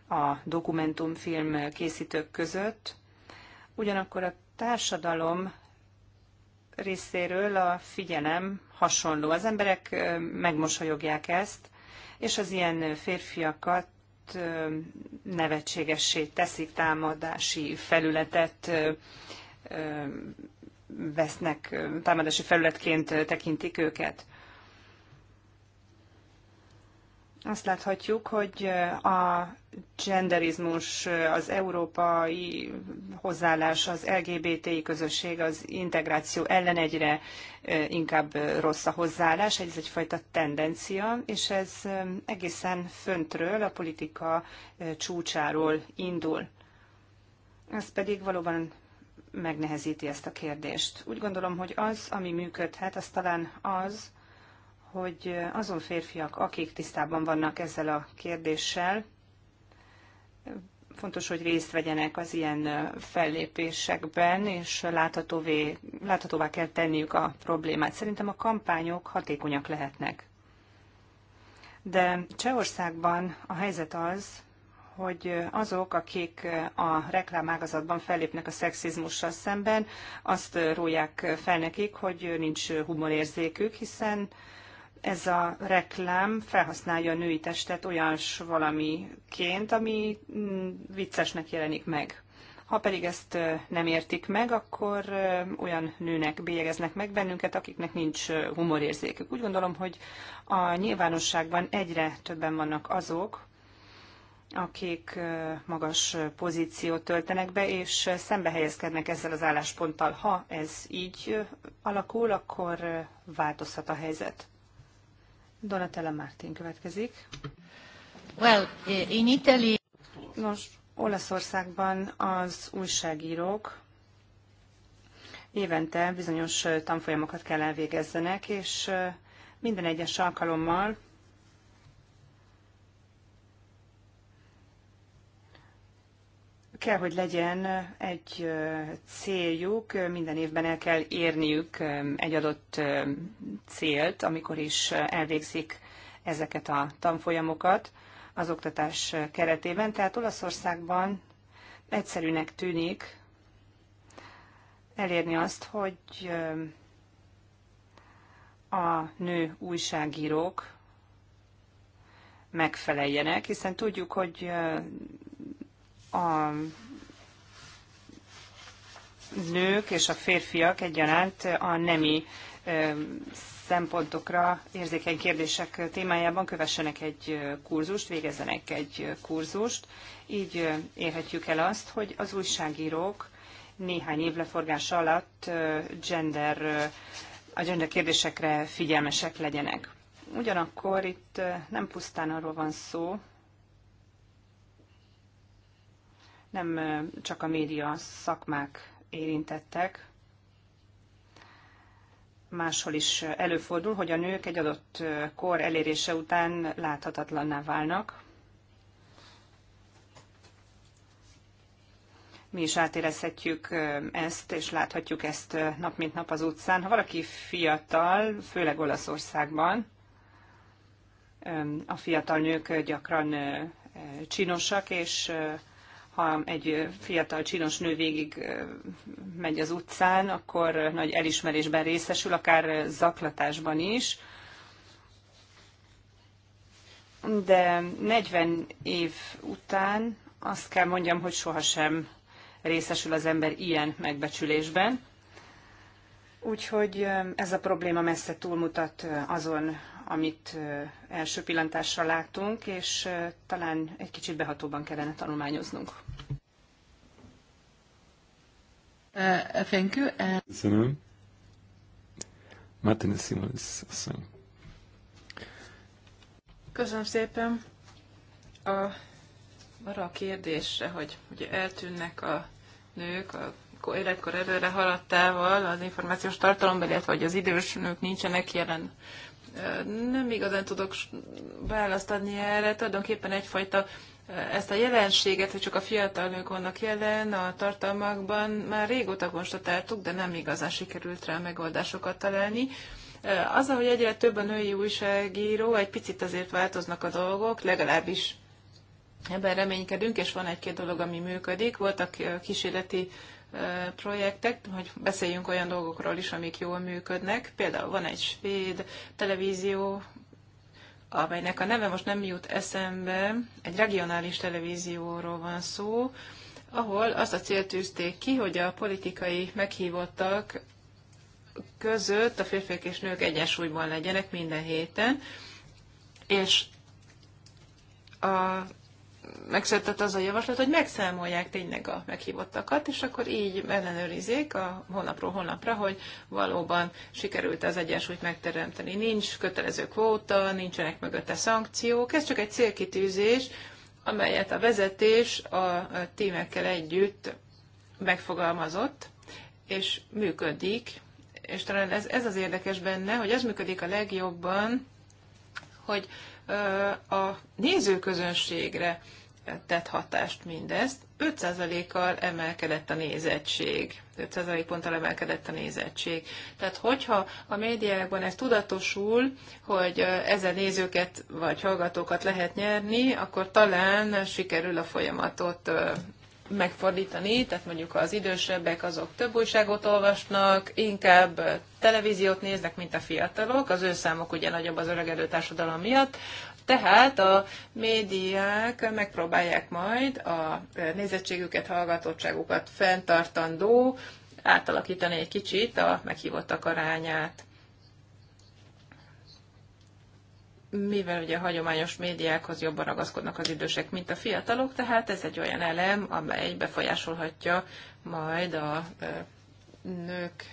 a dokumentumfilm készítők között. Ugyanakkor a társadalom részéről a figyelem hasonló. Az emberek megmosolyogják ezt, és az ilyen férfiakat nevetségessé teszi, támadási felületet vesznek, támadási felületként tekintik őket. Azt láthatjuk, hogy a genderizmus, az európai hozzáállás, az LGBTI közösség, az integráció ellen egyre inkább rossz a hozzáállás, ez egyfajta tendencia, és ez egészen föntről, a politika csúcsáról indul. Ez pedig valóban megnehezíti ezt a kérdést. Úgy gondolom, hogy az, ami működhet, az talán az, hogy azon férfiak, akik tisztában vannak ezzel a kérdéssel, fontos, hogy részt vegyenek az ilyen fellépésekben, és láthatóvé, láthatóvá kell tenniük a problémát. Szerintem a kampányok hatékonyak lehetnek. De Csehországban a helyzet az, hogy azok, akik a reklámágazatban fellépnek a szexizmussal szemben, azt róják fel nekik, hogy nincs humorérzékük, hiszen ez a reklám felhasználja a női testet olyan valamiként, ami mm, viccesnek jelenik meg. Ha pedig ezt nem értik meg, akkor olyan nőnek bélyegeznek meg bennünket, akiknek nincs humorérzékük. Úgy gondolom, hogy a nyilvánosságban egyre többen vannak azok, akik magas pozíciót töltenek be, és szembe helyezkednek ezzel az állásponttal. Ha ez így alakul, akkor változhat a helyzet. Donatella Martin következik. Well, in Italy... Nos, Olaszországban az újságírók évente bizonyos tanfolyamokat kell elvégezzenek, és minden egyes alkalommal kell, hogy legyen egy céljuk, minden évben el kell érniük egy adott célt, amikor is elvégzik ezeket a tanfolyamokat az oktatás keretében. Tehát Olaszországban egyszerűnek tűnik elérni azt, hogy a nő újságírók megfeleljenek, hiszen tudjuk, hogy a nők és a férfiak egyaránt a nemi szempontokra, érzékeny kérdések témájában kövessenek egy kurzust, végezzenek egy kurzust. Így érhetjük el azt, hogy az újságírók néhány év leforgása alatt gender, a gender kérdésekre figyelmesek legyenek. Ugyanakkor itt nem pusztán arról van szó, nem csak a média szakmák érintettek, máshol is előfordul, hogy a nők egy adott kor elérése után láthatatlanná válnak. Mi is átérezhetjük ezt, és láthatjuk ezt nap mint nap az utcán. Ha valaki fiatal, főleg Olaszországban, a fiatal nők gyakran csinosak, és ha egy fiatal csinos nő végig megy az utcán, akkor nagy elismerésben részesül, akár zaklatásban is. De 40 év után azt kell mondjam, hogy sohasem részesül az ember ilyen megbecsülésben. Úgyhogy ez a probléma messze túlmutat azon amit első pillantásra látunk, és talán egy kicsit behatóban kellene tanulmányoznunk. thank you. Köszönöm. Martin Simons asszony. Köszönöm szépen. A, arra a kérdésre, hogy hogy eltűnnek a nők a életkor előre haladtával az információs tartalomban, illetve hogy az idős nők nincsenek jelen nem igazán tudok választ adni erre, tulajdonképpen egyfajta eh, ezt a jelenséget, hogy csak a fiatal nők vannak jelen a tartalmakban, már régóta konstatáltuk, de nem igazán sikerült rá megoldásokat találni. Eh, Az, hogy egyre több a női újságíró, egy picit azért változnak a dolgok, legalábbis ebben reménykedünk, és van egy-két dolog, ami működik. Voltak eh, kísérleti projektek, hogy beszéljünk olyan dolgokról is, amik jól működnek. Például van egy svéd televízió, amelynek a neve most nem jut eszembe, egy regionális televízióról van szó, ahol azt a célt tűzték ki, hogy a politikai meghívottak között a férfiak és nők egyensúlyban legyenek minden héten, és a megszületett az a javaslat, hogy megszámolják tényleg a meghívottakat, és akkor így ellenőrizzék a hónapról hónapra, hogy valóban sikerült az egyensúlyt megteremteni. Nincs kötelező kvóta, nincsenek mögötte szankciók, ez csak egy célkitűzés, amelyet a vezetés a tímekkel együtt megfogalmazott, és működik, és talán ez, ez az érdekes benne, hogy ez működik a legjobban, hogy a nézőközönségre tett hatást mindezt. 5%-kal emelkedett a nézettség. 5% ponttal emelkedett a nézettség. Tehát hogyha a médiákban ez tudatosul, hogy ezen nézőket vagy hallgatókat lehet nyerni, akkor talán sikerül a folyamatot megfordítani, tehát mondjuk az idősebbek azok több újságot olvasnak, inkább televíziót néznek, mint a fiatalok, az ő számok ugye nagyobb az öregedő társadalom miatt, tehát a médiák megpróbálják majd a nézettségüket, hallgatottságukat fenntartandó átalakítani egy kicsit a meghívottak arányát. mivel ugye a hagyományos médiákhoz jobban ragaszkodnak az idősek, mint a fiatalok, tehát ez egy olyan elem, amely befolyásolhatja majd a nők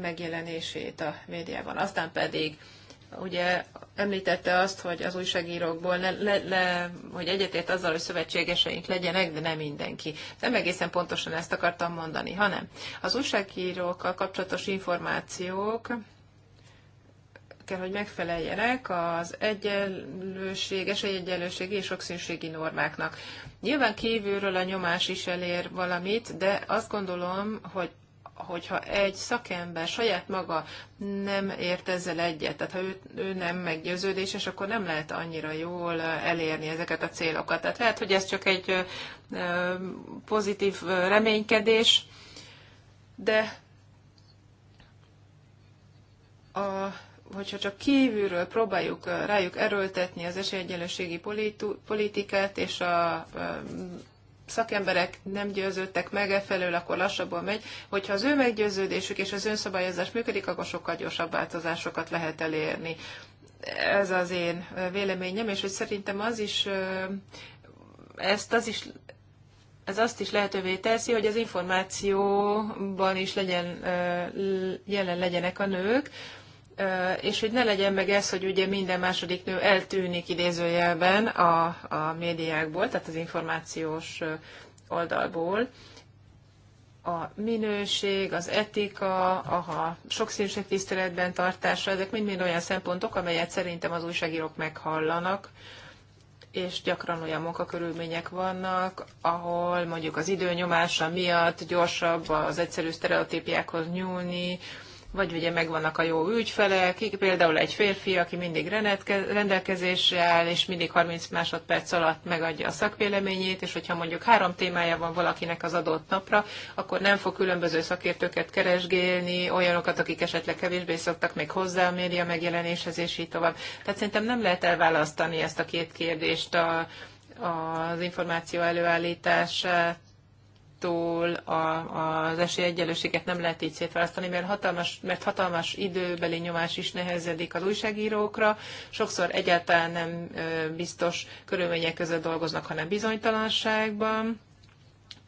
megjelenését a médiában. Aztán pedig ugye említette azt, hogy az újságírókból le, le, le, hogy egyetért azzal, hogy szövetségeseink legyenek, de nem mindenki. Nem egészen pontosan ezt akartam mondani, hanem az újságírókkal kapcsolatos információk kell, hogy megfeleljenek az egyenlőség, esélyegyenlőségi és sokszínűségi normáknak. Nyilván kívülről a nyomás is elér valamit, de azt gondolom, hogy hogyha egy szakember saját maga nem ért ezzel egyet, tehát ha ő, ő nem meggyőződéses, akkor nem lehet annyira jól elérni ezeket a célokat. Tehát lehet, hogy ez csak egy pozitív reménykedés, de a hogyha csak kívülről próbáljuk rájuk erőltetni az esélyegyenlőségi politikát, és a szakemberek nem győződtek meg e felől, akkor lassabban megy. Hogyha az ő meggyőződésük és az önszabályozás működik, akkor sokkal gyorsabb változásokat lehet elérni. Ez az én véleményem, és hogy szerintem az is ezt az is ez azt is lehetővé teszi, hogy az információban is legyen, jelen legyenek a nők, és hogy ne legyen meg ez, hogy ugye minden második nő eltűnik idézőjelben a, a médiákból, tehát az információs oldalból. A minőség, az etika, a sokszínűség tiszteletben tartása, ezek mind-mind olyan szempontok, amelyet szerintem az újságírók meghallanak, és gyakran olyan munkakörülmények vannak, ahol mondjuk az idő nyomása miatt gyorsabb az egyszerű sztereotípiákhoz nyúlni, vagy ugye megvannak a jó ügyfelek, például egy férfi, aki mindig rendelkezésre áll, és mindig 30 másodperc alatt megadja a szakvéleményét, és hogyha mondjuk három témája van valakinek az adott napra, akkor nem fog különböző szakértőket keresgélni, olyanokat, akik esetleg kevésbé szoktak még hozzá a megjelenéshez, és így tovább. Tehát szerintem nem lehet elválasztani ezt a két kérdést a, az információ előállítását tól a, az esélyegyenlőséget nem lehet így szétválasztani, mert hatalmas, mert hatalmas időbeli nyomás is nehezedik az újságírókra. Sokszor egyáltalán nem biztos körülmények között dolgoznak, hanem bizonytalanságban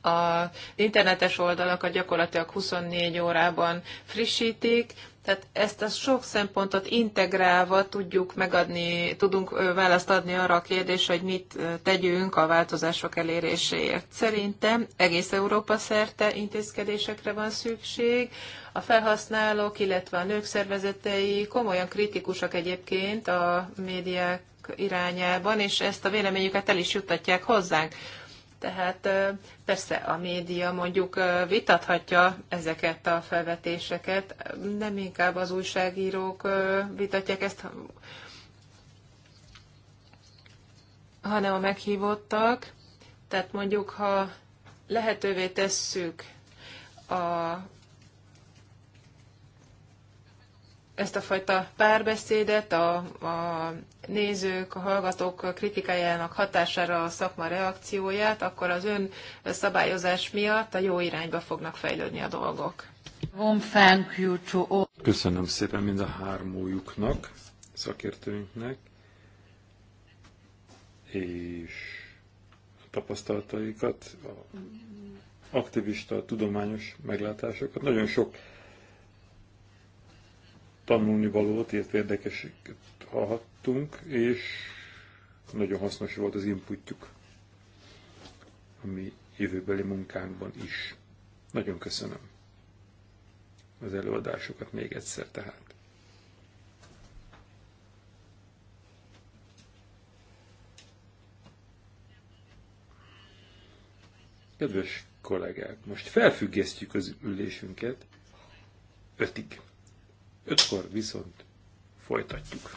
az internetes oldalakat gyakorlatilag 24 órában frissítik, tehát ezt a sok szempontot integrálva tudjuk megadni, tudunk választ adni arra a kérdésre, hogy mit tegyünk a változások eléréséért. Szerintem egész Európa szerte intézkedésekre van szükség. A felhasználók, illetve a nők szervezetei komolyan kritikusak egyébként a médiák irányában, és ezt a véleményüket el is juttatják hozzánk. Tehát persze a média mondjuk vitathatja ezeket a felvetéseket, nem inkább az újságírók vitatják ezt, hanem a meghívottak. Tehát mondjuk, ha lehetővé tesszük a ezt a fajta párbeszédet a, a nézők, a hallgatók kritikájának hatására a szakma reakcióját, akkor az ön szabályozás miatt a jó irányba fognak fejlődni a dolgok. Köszönöm szépen mind a hármójuknak, szakértőinknek, és a tapasztalataikat, a aktivista, a tudományos meglátásokat. Nagyon sok tanulnivalót, illetve érdekeseket hallhattunk, és nagyon hasznos volt az inputjuk a mi jövőbeli munkánkban is. Nagyon köszönöm az előadásokat még egyszer tehát. Kedves kollégák, most felfüggesztjük az ülésünket ötig. Ötkor viszont folytatjuk.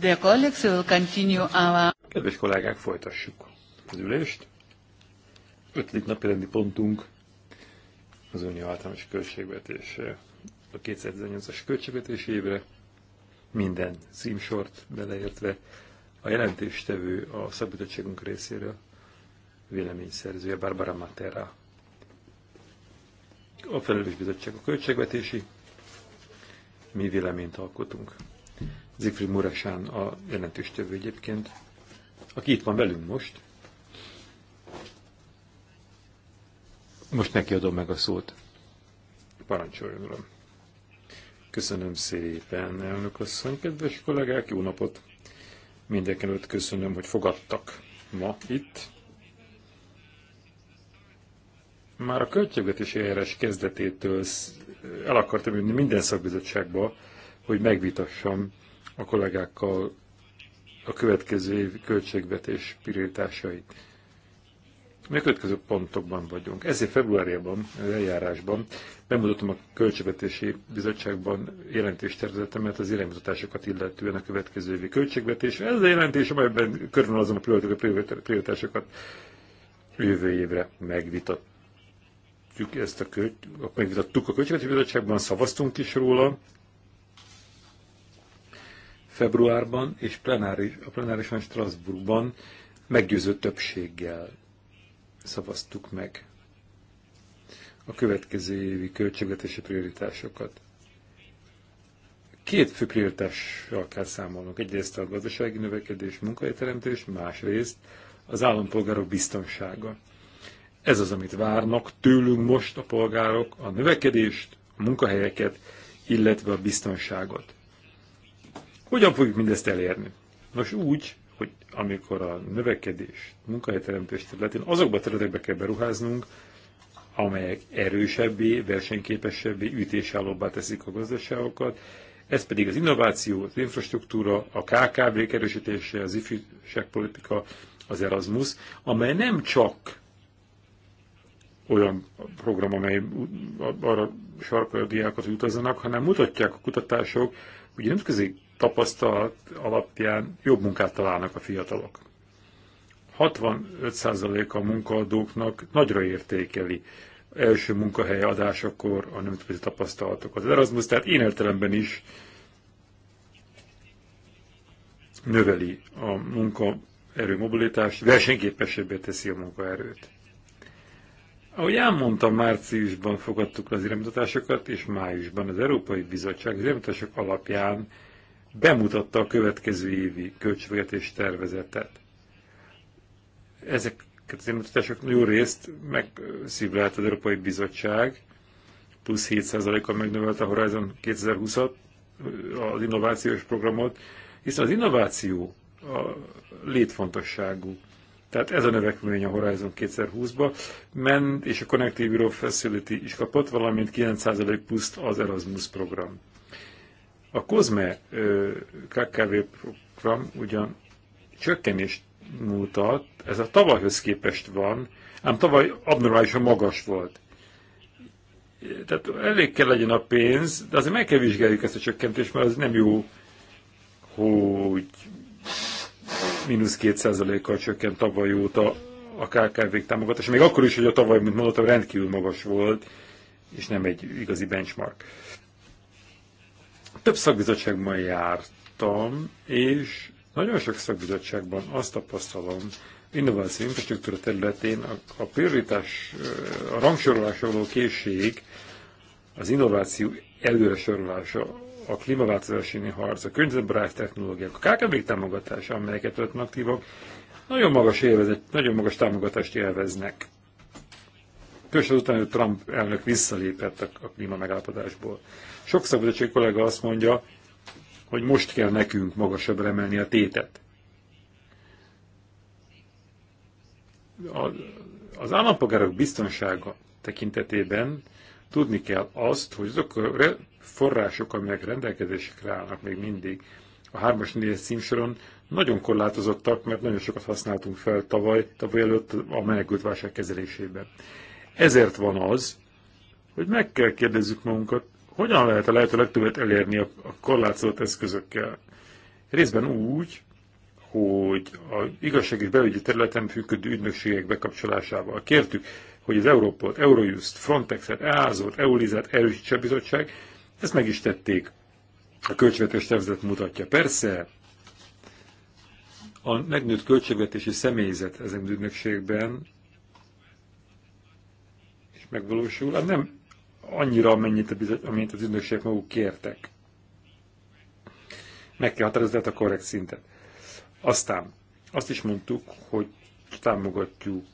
Dear colleagues, will continue our... Kedves kollégák, folytassuk az ülést. Ötlik napi rendi pontunk az Unió általános költségvetés a 2018-as költségvetés évre minden címsort beleértve a jelentéstevő a szabítottságunk részéről véleményszerzője Barbara Matera. A felelős bizottság a költségvetési, mi véleményt alkotunk. Zifri Murasán a jelentős tövő egyébként, aki itt van velünk most. Most neki adom meg a szót. Parancsoljon, uram. Köszönöm szépen, elnök asszony, kedves kollégák, jó napot! Mindenkenőtt köszönöm, hogy fogadtak ma itt. Már a költségvetési eljárás kezdetétől el akartam jönni minden szakbizottságba, hogy megvitassam a kollégákkal a következő év költségvetés pirításait. Mi a következő pontokban vagyunk. Ezért februárjában, az eljárásban bemutatom a Költségvetési Bizottságban jelentéstervezetemet az iránymutatásokat illetően a következő évi költségvetés. Ez a jelentés, amelyben körvonalazom a prioritásokat jövő évre megvitatjuk ezt a költ, megvitattuk a Költségvetési Bizottságban, szavaztunk is róla, februárban, és plenáris, a plenárisan Strasbourgban meggyőző többséggel szavaztuk meg a következő évi költségvetési prioritásokat. Két fő prioritással kell számolnunk. Egyrészt a gazdasági növekedés, munkahelyteremtés, másrészt az állampolgárok biztonsága. Ez az, amit várnak tőlünk most a polgárok, a növekedést, a munkahelyeket, illetve a biztonságot. Hogyan fogjuk mindezt elérni? Nos úgy, hogy amikor a növekedés munkahelyteremtés területén azokba a területekbe kell beruháznunk, amelyek erősebbé, versenyképesebbé, ütésállóbbá teszik a gazdaságokat, ez pedig az innováció, az infrastruktúra, a kkv erősítése, az ifjúságpolitika, az Erasmus, amely nem csak olyan program, amely arra sarkolja a diákat, hogy utazzanak, hanem mutatják a kutatások, hogy nemzetközi tapasztalat alapján jobb munkát találnak a fiatalok. 65% a munkaadóknak nagyra értékeli első munkahely adásakor a nemzetközi tapasztalatokat. Az Erasmus tehát én értelemben is növeli a munkaerő mobilitást, versenyképesebbé teszi a munkaerőt. Ahogy elmondtam, márciusban fogadtuk az iránymutatásokat, és májusban az Európai Bizottság az iránymutatások alapján bemutatta a következő évi költségvetés tervezetet. Ezeket az mutatások jó részt megszívlelt az Európai Bizottság, plusz 7%-kal megnövelte a Horizon 2020-at, az innovációs programot, hiszen az innováció a létfontosságú. Tehát ez a növekmény a Horizon 2020-ba ment, és a Connective Europe Facility is kapott, valamint 9% pluszt az Erasmus program. A COSME KKV program ugyan csökkenést mutat, ez a tavalyhoz képest van, ám tavaly abnormálisan magas volt. Tehát elég kell legyen a pénz, de azért meg kell vizsgáljuk ezt a csökkentést, mert az nem jó, hogy mínusz kétszerzalékkal csökkent tavaly óta a kkv támogatás. még akkor is, hogy a tavaly, mint mondottam, rendkívül magas volt, és nem egy igazi benchmark. Több szakbizottságban jártam, és nagyon sok szakbizottságban azt tapasztalom, innováció infrastruktúra területén a, a prioritás, a rangsorolásra való készség, az innováció előre sorolása, a klímaváltozás harc, a környezetbarát technológiák, a KKV támogatása, amelyeket ötnek aktívak, nagyon magas, élvezet, nagyon magas támogatást élveznek. Különösen azután, hogy Trump elnök visszalépett a, a klíma megállapodásból. Sok szabadság kollega azt mondja, hogy most kell nekünk magasabbra emelni a tétet. A, az állampolgárok biztonsága tekintetében tudni kell azt, hogy azok a források, amelyek rendelkezésre állnak még mindig a 3-as 4 címsoron, nagyon korlátozottak, mert nagyon sokat használtunk fel tavaly, tavaly előtt a menekültválság kezelésében. Ezért van az, hogy meg kell kérdezzük magunkat, hogyan lehet a lehető legtöbbet elérni a korlátozott eszközökkel? Részben úgy, hogy az igazság és belügyi területen működő ügynökségek bekapcsolásával kértük, hogy az Európolt, Eurojust, Frontexet, EASO-t, EULIZ-et erősítse a bizottság, ezt meg is tették. A költségvetés tervezet mutatja. Persze, a megnőtt költségvetési személyzet ezen ügynökségben és megvalósul, nem annyira, amennyit, amennyit az ügynökségek maguk kértek. Meg kell határozni a korrekt szintet. Aztán azt is mondtuk, hogy támogatjuk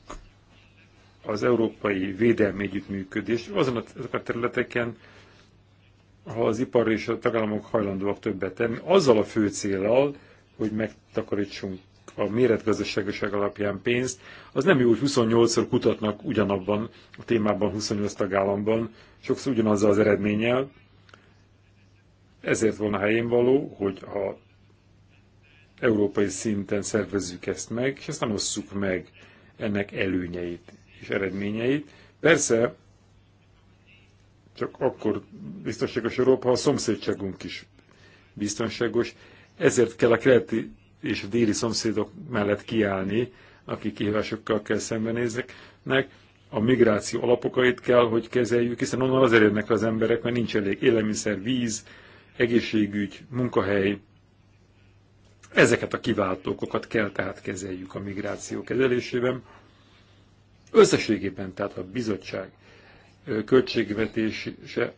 az európai védelmi együttműködést azon a, azok a területeken, ha az ipar és a tagállamok hajlandóak többet tenni, azzal a fő célral, hogy megtakarítsunk a méretgazdaságoság alapján pénzt, az nem jó, hogy 28-szor kutatnak ugyanabban a témában 28 tagállamban, sokszor ugyanazzal az eredménnyel. Ezért volna helyén való, hogy ha európai szinten szervezzük ezt meg, és aztán osszuk meg ennek előnyeit és eredményeit. Persze, csak akkor biztonságos Európa, ha a szomszédságunk is biztonságos. Ezért kell a keleti és a déli szomszédok mellett kiállni, akik kihívásokkal kell szembenéznek. A migráció alapokait kell, hogy kezeljük, hiszen onnan azért jönnek az emberek, mert nincs elég élelmiszer, víz, egészségügy, munkahely. Ezeket a kiváltókokat kell tehát kezeljük a migráció kezelésében. Összességében tehát a bizottság költségvetése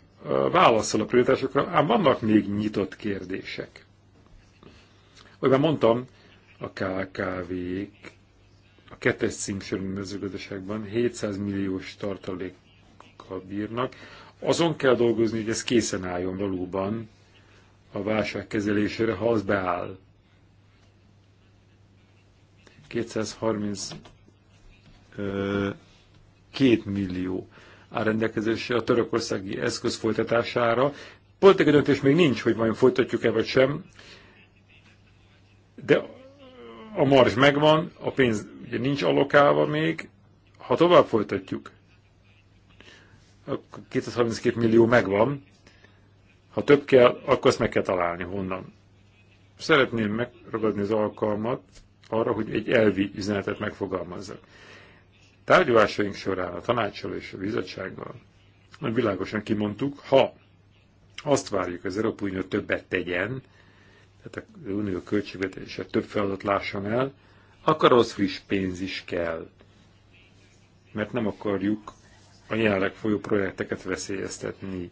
válaszol a prioritásokra, ám vannak még nyitott kérdések. Ahogy már mondtam, a KKV-k a kettes címsorú mezőgazdaságban 700 milliós tartalékkal bírnak. Azon kell dolgozni, hogy ez készen álljon valóban a válság kezelésére, ha az beáll. 230 millió áll rendelkezésre a törökországi eszköz folytatására. Politikai döntés még nincs, hogy majd folytatjuk-e vagy sem, de a marzs megvan, a pénz ugye nincs alokálva még, ha tovább folytatjuk, akkor 232 millió megvan, ha több kell, akkor azt meg kell találni honnan. Szeretném megragadni az alkalmat arra, hogy egy elvi üzenetet megfogalmazzak. Tárgyalásaink során a tanácsal és a bizottsággal nagyon világosan kimondtuk, ha azt várjuk, az Európai Unió többet tegyen, tehát a unió költségvetése több feladat lásson el, akkor az friss pénz is kell. Mert nem akarjuk a jelenleg folyó projekteket veszélyeztetni.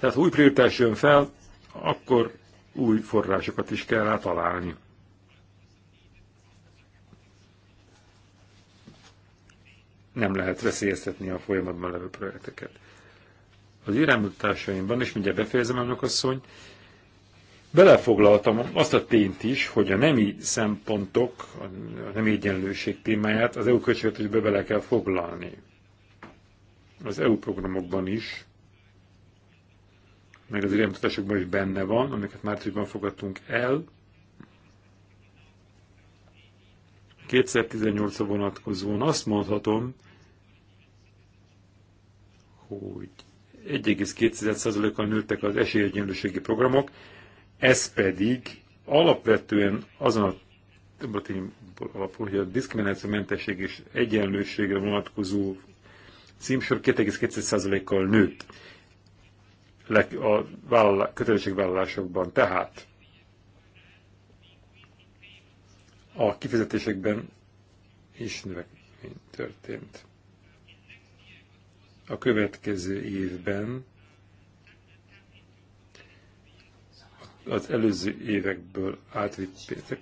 Tehát ha új prioritás jön fel, akkor új forrásokat is kell rá találni. Nem lehet veszélyeztetni a folyamatban levő projekteket. Az irányutatásaimban, és mindjárt befejezem, elnök asszony, belefoglaltam azt a tényt is, hogy a nemi szempontok, a nemi egyenlőség témáját az EU költségvetésbe bele kell foglalni. Az EU programokban is, meg az iránymutatásokban is benne van, amiket márciusban fogadtunk el. 2018-ra vonatkozóan azt mondhatom, hogy 1,2%-kal nőttek az esélyegyenlőségi programok, ez pedig alapvetően azon a alapul, hogy a mentesség és egyenlőségre vonatkozó címsor 2,2%-kal nőtt a kötelezettségvállalásokban. Tehát a kifizetésekben is növekmény történt. A következő évben az előző évekből átvitt pénzek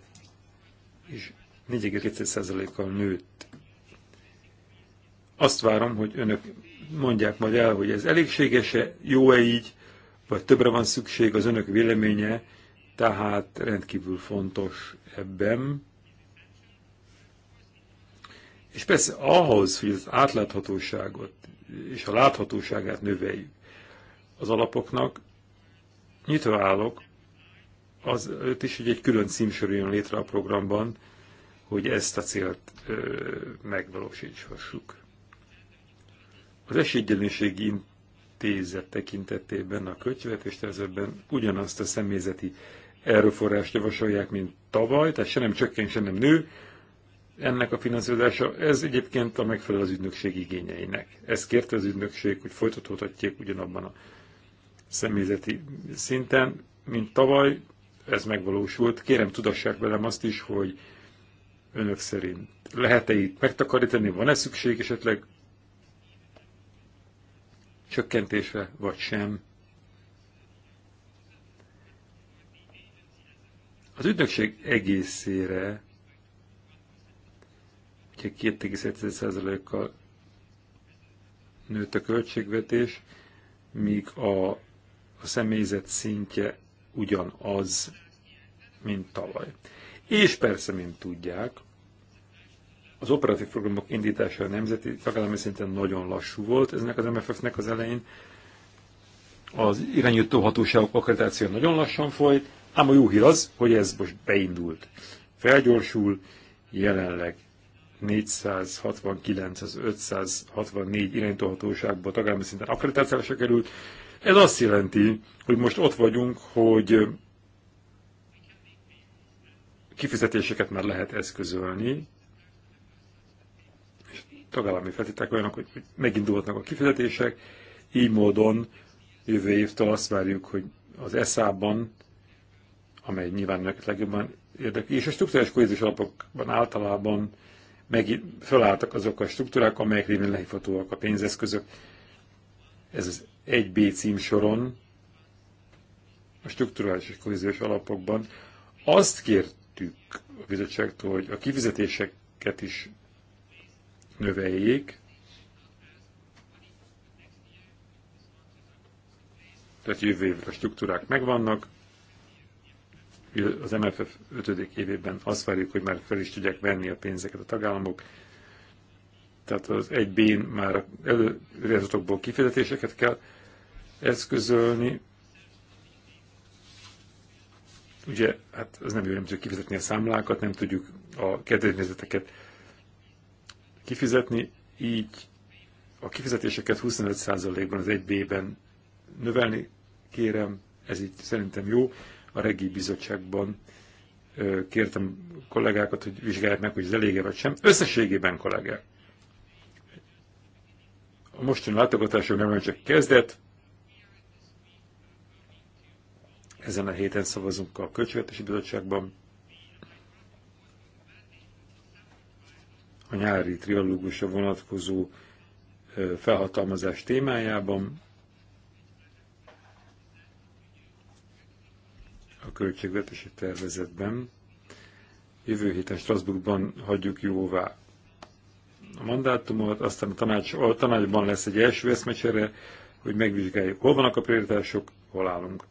is 4,2%-kal nőtt. Azt várom, hogy önök mondják majd el, hogy ez elégséges-e, jó-e így, vagy többre van szükség az önök véleménye, tehát rendkívül fontos ebben. És persze ahhoz, hogy az átláthatóságot és a láthatóságát növeljük az alapoknak, nyitva állok az őt is, hogy egy külön címsor jön létre a programban, hogy ezt a célt ö, megvalósíthassuk. Az esélyegyenlőségi intézet tekintetében a költségvetéstervezetben ugyanazt a személyzeti erőforrást javasolják, mint tavaly, tehát se nem csökken, se nem nő. Ennek a finanszírozása, ez egyébként a megfelel az ügynökség igényeinek. Ezt kérte az ügynökség, hogy folytatódhatják ugyanabban a személyzeti szinten, mint tavaly, ez megvalósult. Kérem, tudassák velem azt is, hogy önök szerint lehet-e itt megtakarítani, van-e szükség esetleg csökkentésre, vagy sem. Az ügynökség egészére, ugye 27 kal nőtt a költségvetés, míg a, a személyzet szintje ugyanaz, mint tavaly. És persze, mint tudják, az operatív programok indítása a nemzeti tagállami szinten nagyon lassú volt eznek az MFF-nek az elején. Az irányító hatóságok akkreditáció nagyon lassan folyt, ám a jó hír az, hogy ez most beindult. Felgyorsul, jelenleg 469 az 564 hatóságba tagállami szinten akkreditációra került, ez azt jelenti, hogy most ott vagyunk, hogy kifizetéseket már lehet eszközölni, és tagállami feltétek olyanok, hogy megindulhatnak a kifizetések, így módon jövő évtől azt várjuk, hogy az ESZÁ-ban, amely nyilván neked legjobban érdekli, és a struktúrális kohézis alapokban általában megint, felálltak azok a struktúrák, amelyek révén lehívhatóak a pénzeszközök ez az 1B címsoron, a strukturális és kohéziós alapokban azt kértük a bizottságtól, hogy a kifizetéseket is növeljék, tehát jövő évre a struktúrák megvannak, az MFF 5. évében azt várjuk, hogy már fel is tudják venni a pénzeket a tagállamok, tehát az egy b már előrejelzatokból kifizetéseket kell eszközölni. Ugye, hát az nem jó, nem tudjuk kifizetni a számlákat, nem tudjuk a kedvezményezeteket kifizetni, így a kifizetéseket 25%-ban az 1B-ben növelni kérem, ez így szerintem jó. A regi bizottságban kértem kollégákat, hogy vizsgálják meg, hogy ez elége vagy sem. Összességében kollégák, a mostani látogatások nem csak kezdet. ezen a héten szavazunk a Költségvetési Bizottságban. A nyári trialógusra vonatkozó felhatalmazás témájában a költségvetési tervezetben. Jövő héten Strasbourgban hagyjuk jóvá a mandátumot, aztán a, tanács, a tanácsban lesz egy első eszmecsere, hogy megvizsgáljuk, hol vannak a prioritások, hol állunk.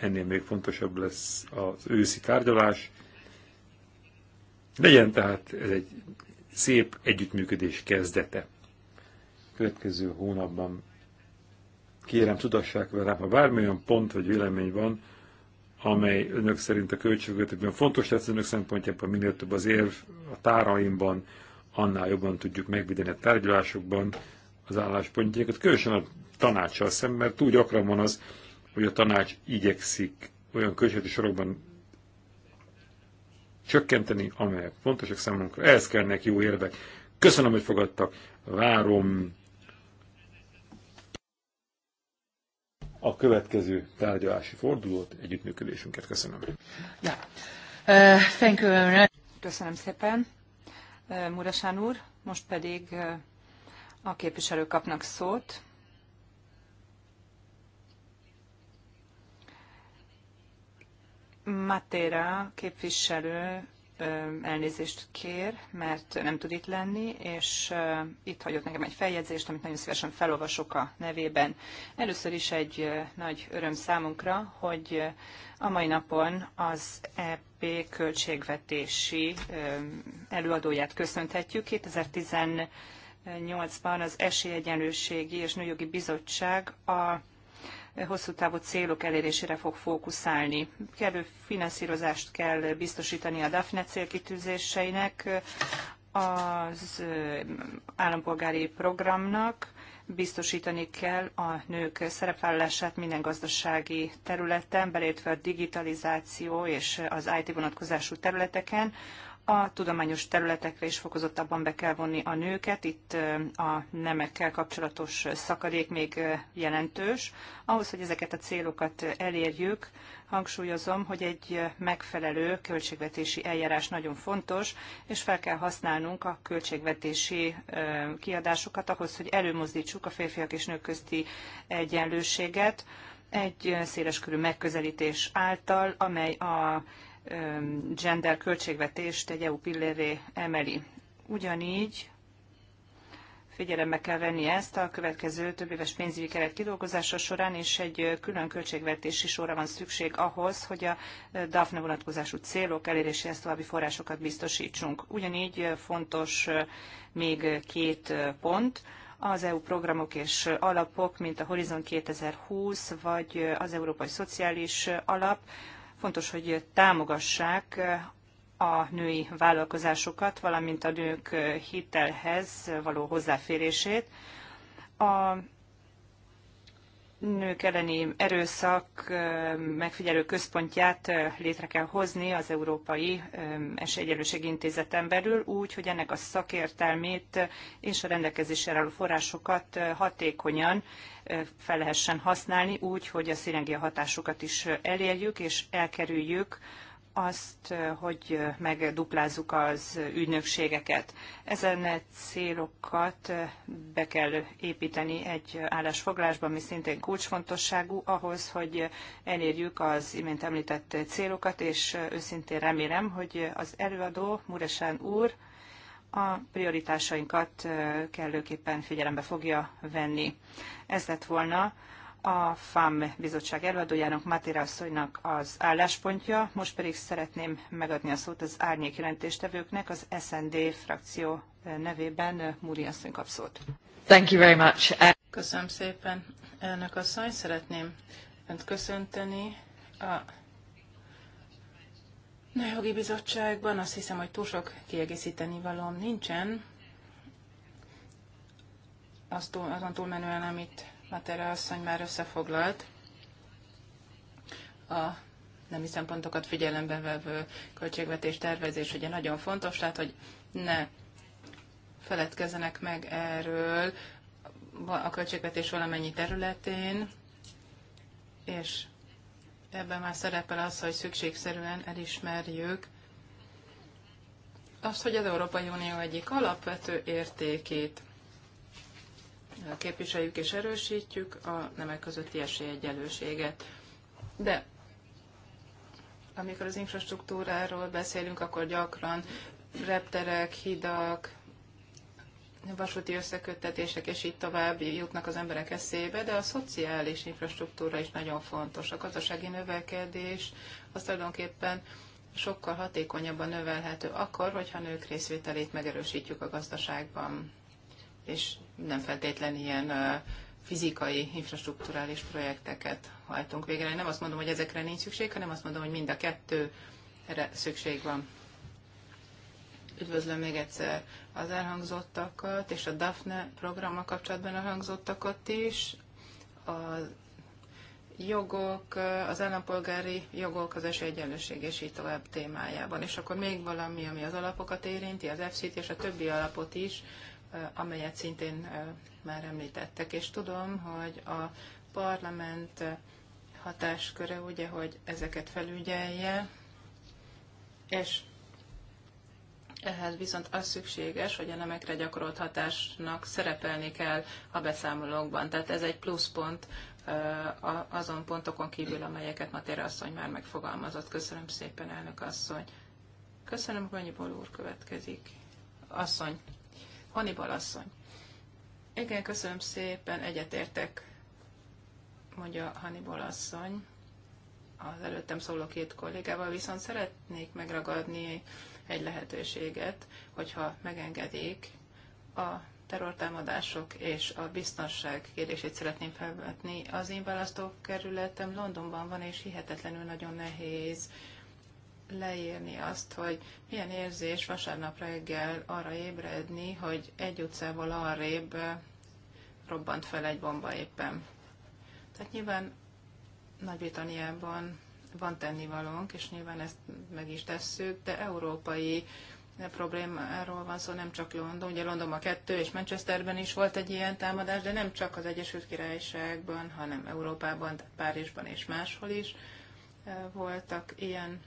Ennél még fontosabb lesz az őszi tárgyalás. Legyen tehát ez egy szép együttműködés kezdete. Következő hónapban kérem, tudassák velem, ha bármilyen pont vagy vélemény van, amely önök szerint a költségvetőkben fontos lesz önök szempontjából minél több az érv a táraimban, annál jobban tudjuk megvédeni a tárgyalásokban az álláspontjainkat különösen a tanácssal szemben, mert túl gyakran van az, hogy a tanács igyekszik olyan költségvetési sorokban csökkenteni, amelyek fontosak számunkra. Ehhez kellnek jó érvek. Köszönöm, hogy fogadtak. Várom a következő tárgyalási fordulót, együttműködésünket. Köszönöm. Ja. Uh, thank you. Köszönöm szépen. Murasán úr, most pedig a képviselők kapnak szót. Matéra képviselő elnézést kér, mert nem tud itt lenni, és itt hagyott nekem egy feljegyzést, amit nagyon szívesen felolvasok a nevében. Először is egy nagy öröm számunkra, hogy a mai napon az EP költségvetési előadóját köszönhetjük. 2018 ban az Esélyegyenlőségi és Nőjogi Bizottság a hosszú távú célok elérésére fog fókuszálni. Kellő finanszírozást kell biztosítani a DAFNE célkitűzéseinek, az állampolgári programnak, biztosítani kell a nők szerepvállalását minden gazdasági területen, belétve a digitalizáció és az IT vonatkozású területeken, a tudományos területekre is fokozottabban be kell vonni a nőket, itt a nemekkel kapcsolatos szakadék még jelentős. Ahhoz, hogy ezeket a célokat elérjük, hangsúlyozom, hogy egy megfelelő költségvetési eljárás nagyon fontos, és fel kell használnunk a költségvetési kiadásokat ahhoz, hogy előmozdítsuk a férfiak és nők közti egyenlőséget egy széleskörű megközelítés által, amely a gender költségvetést egy EU pilléré emeli. Ugyanígy figyelembe kell venni ezt a következő több éves pénzügyi keret kidolgozása során, és egy külön költségvetési sorra van szükség ahhoz, hogy a DAFNE vonatkozású célok eléréséhez további forrásokat biztosítsunk. Ugyanígy fontos még két pont az EU programok és alapok, mint a Horizon 2020 vagy az Európai Szociális Alap, Fontos, hogy támogassák a női vállalkozásokat, valamint a nők hitelhez való hozzáférését. A nők elleni erőszak megfigyelő központját létre kell hozni az Európai Esélyegyelőség Intézeten belül, úgy, hogy ennek a szakértelmét és a rendelkezésre álló forrásokat hatékonyan fel lehessen használni, úgy, hogy a szinergia hatásokat is elérjük, és elkerüljük azt, hogy megduplázzuk az ügynökségeket. Ezen célokat be kell építeni egy állásfoglásban, ami szintén kulcsfontosságú ahhoz, hogy elérjük az imént említett célokat, és őszintén remélem, hogy az előadó Muresán úr a prioritásainkat kellőképpen figyelembe fogja venni. Ez lett volna a FAM bizottság előadójának, matira asszonynak az álláspontja. Most pedig szeretném megadni a szót az árnyék jelentéstevőknek, az SND frakció nevében Múri asszony kap szót. Thank you very much. Köszönöm szépen, elnök asszony. Szeretném önt köszönteni a Nőjogi Bizottságban. Azt hiszem, hogy túl sok kiegészíteni valóm nincsen, azon túlmenően, amit Matera asszony már összefoglalt a nemi szempontokat figyelembe vevő költségvetés tervezés ugye nagyon fontos, tehát hogy ne feledkezzenek meg erről a költségvetés valamennyi területén, és ebben már szerepel az, hogy szükségszerűen elismerjük azt, hogy az Európai Unió egyik alapvető értékét képviseljük és erősítjük a nemek közötti esélyegyenlőséget. De amikor az infrastruktúráról beszélünk, akkor gyakran repterek, hidak, vasúti összeköttetések, és így tovább jutnak az emberek eszébe, de a szociális infrastruktúra is nagyon fontos. A gazdasági növekedés az tulajdonképpen sokkal hatékonyabban növelhető akkor, hogyha nők részvételét megerősítjük a gazdaságban, és nem feltétlen ilyen fizikai, infrastruktúrális projekteket hajtunk végre. Én nem azt mondom, hogy ezekre nincs szükség, hanem azt mondom, hogy mind a kettőre szükség van. Üdvözlöm még egyszer az elhangzottakat, és a DAFNE programmal kapcsolatban elhangzottakat is. A jogok, az állampolgári jogok, az esélyegyenlőség és így tovább témájában. És akkor még valami, ami az alapokat érinti, az EFSZ-t és a többi alapot is, amelyet szintén már említettek. És tudom, hogy a parlament hatásköre, ugye, hogy ezeket felügyelje, és ehhez viszont az szükséges, hogy a nemekre gyakorolt hatásnak szerepelni kell a beszámolókban. Tehát ez egy pluszpont azon pontokon kívül, amelyeket Matéra asszony már megfogalmazott. Köszönöm szépen, elnök asszony. Köszönöm, Gonyi Bol úr következik. Asszony. Hannibal asszony. Igen, köszönöm szépen, egyetértek, mondja Hannibal asszony az előttem szóló két kollégával, viszont szeretnék megragadni egy lehetőséget, hogyha megengedik a terrortámadások és a biztonság kérdését szeretném felvetni. Az én választókerületem Londonban van, és hihetetlenül nagyon nehéz leírni azt, hogy milyen érzés vasárnap reggel arra ébredni, hogy egy utcával arrébb robbant fel egy bomba éppen. Tehát nyilván Nagy-Britanniában van tennivalónk, és nyilván ezt meg is tesszük, de európai problémáról van szó, nem csak London. Ugye a kettő, és Manchesterben is volt egy ilyen támadás, de nem csak az Egyesült Királyságban, hanem Európában, tehát Párizsban és máshol is voltak ilyen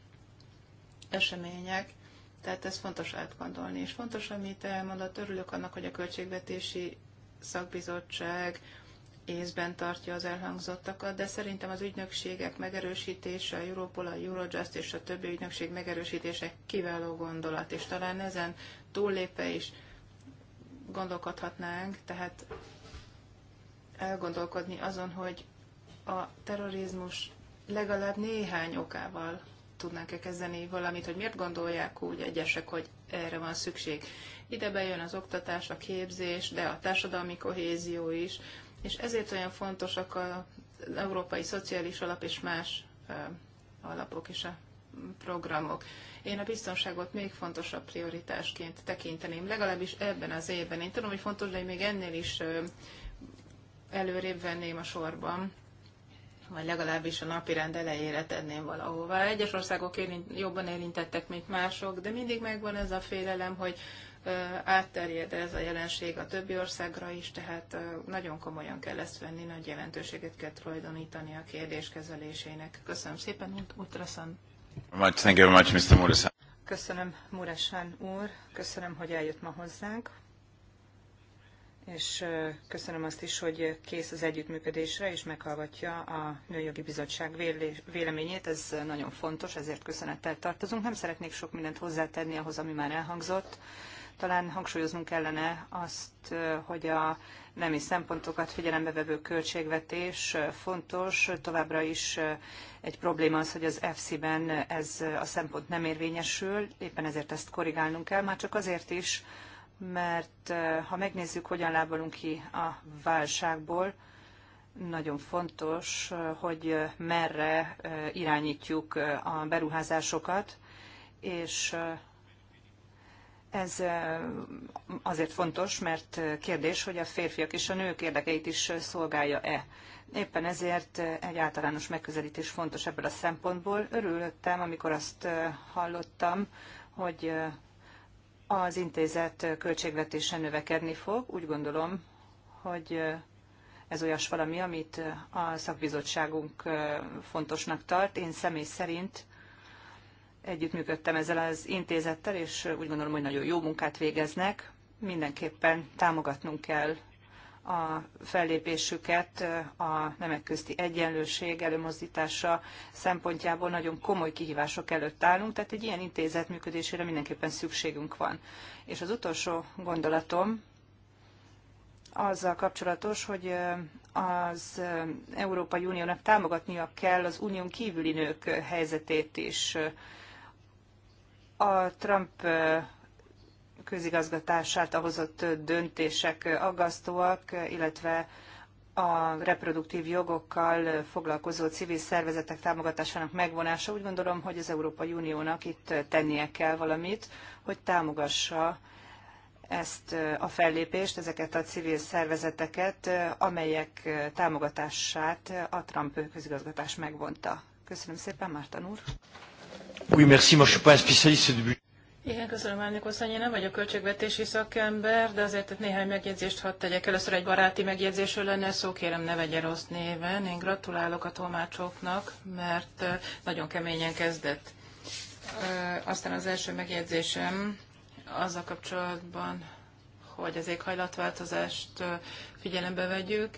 események, tehát ez fontos átgondolni. És fontos, amit elmondott, örülök annak, hogy a költségvetési szakbizottság észben tartja az elhangzottakat, de szerintem az ügynökségek megerősítése, a Europol, a Eurojust és a többi ügynökség megerősítése kiváló gondolat, és talán ezen túllépe is gondolkodhatnánk, tehát elgondolkodni azon, hogy a terrorizmus legalább néhány okával tudnánk-e kezdeni valamit, hogy miért gondolják úgy egyesek, hogy erre van szükség. Ide bejön az oktatás, a képzés, de a társadalmi kohézió is, és ezért olyan fontosak az Európai Szociális Alap és más alapok és a programok. Én a biztonságot még fontosabb prioritásként tekinteném, legalábbis ebben az évben. Én tudom, hogy fontos, de még ennél is előrébb venném a sorban vagy legalábbis a napi rend elejére tenném valahova. Egyes országok érint, jobban érintettek, mint mások, de mindig megvan ez a félelem, hogy átterjed ez a jelenség a többi országra is, tehát nagyon komolyan kell ezt venni, nagy jelentőséget kell tulajdonítani a kérdés kezelésének. Köszönöm szépen, Utrasan. Thank you very much, Mr. Köszönöm, Muresan úr, köszönöm, hogy eljött ma hozzánk és köszönöm azt is, hogy kész az együttműködésre, és meghallgatja a Nőjogi Bizottság véleményét. Ez nagyon fontos, ezért köszönettel tartozunk. Nem szeretnék sok mindent hozzátenni ahhoz, ami már elhangzott. Talán hangsúlyoznunk kellene azt, hogy a nemi szempontokat figyelembe vevő költségvetés fontos. Továbbra is egy probléma az, hogy az FC-ben ez a szempont nem érvényesül, éppen ezért ezt korrigálnunk kell, már csak azért is, mert ha megnézzük, hogyan lábalunk ki a válságból, nagyon fontos, hogy merre irányítjuk a beruházásokat, és ez azért fontos, mert kérdés, hogy a férfiak és a nők érdekeit is szolgálja-e. Éppen ezért egy általános megközelítés fontos ebből a szempontból. Örülöttem, amikor azt hallottam, hogy az intézet költségvetése növekedni fog. Úgy gondolom, hogy ez olyas valami, amit a szakbizottságunk fontosnak tart. Én személy szerint együttműködtem ezzel az intézettel, és úgy gondolom, hogy nagyon jó munkát végeznek. Mindenképpen támogatnunk kell a fellépésüket a nemek közti egyenlőség előmozdítása szempontjából nagyon komoly kihívások előtt állunk, tehát egy ilyen intézet működésére mindenképpen szükségünk van. És az utolsó gondolatom azzal kapcsolatos, hogy az Európai Uniónak támogatnia kell az unión kívüli nők helyzetét is. A Trump közigazgatását hozott döntések aggasztóak, illetve a reproduktív jogokkal foglalkozó civil szervezetek támogatásának megvonása. Úgy gondolom, hogy az Európai Uniónak itt tennie kell valamit, hogy támogassa ezt a fellépést, ezeket a civil szervezeteket, amelyek támogatását a Trump közigazgatás megvonta. Köszönöm szépen, úr. Oui, merci. Moi, je suis pas un spécialiste du igen, köszönöm, elnök asszony. Én nem vagyok költségvetési szakember, de azért itt néhány megjegyzést hadd tegyek. Először egy baráti megjegyzésről lenne szó, kérem ne vegye rossz néven. Én gratulálok a tolmácsoknak, mert nagyon keményen kezdett. Aztán az első megjegyzésem azzal kapcsolatban, hogy az éghajlatváltozást figyelembe vegyük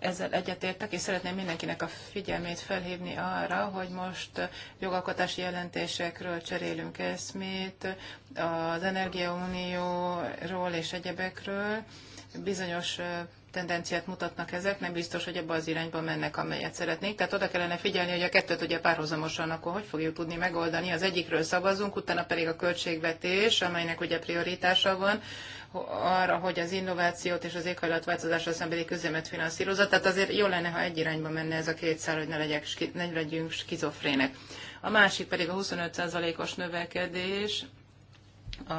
ezzel egyetértek, és szeretném mindenkinek a figyelmét felhívni arra, hogy most jogalkotási jelentésekről cserélünk eszmét, az Energiaunióról és egyebekről, bizonyos tendenciát mutatnak ezek, nem biztos, hogy abba az irányba mennek, amelyet szeretnék. Tehát oda kellene figyelni, hogy a kettőt ugye párhuzamosan akkor hogy fogjuk tudni megoldani. Az egyikről szavazunk, utána pedig a költségvetés, amelynek ugye prioritása van arra, hogy az innovációt és az éghajlatváltozásra szembeni közémet finanszírozza. Tehát azért jó lenne, ha egy irányba menne ez a két szár, hogy ne, legyek, ne legyünk skizofrének. A másik pedig a 25%-os növekedés, a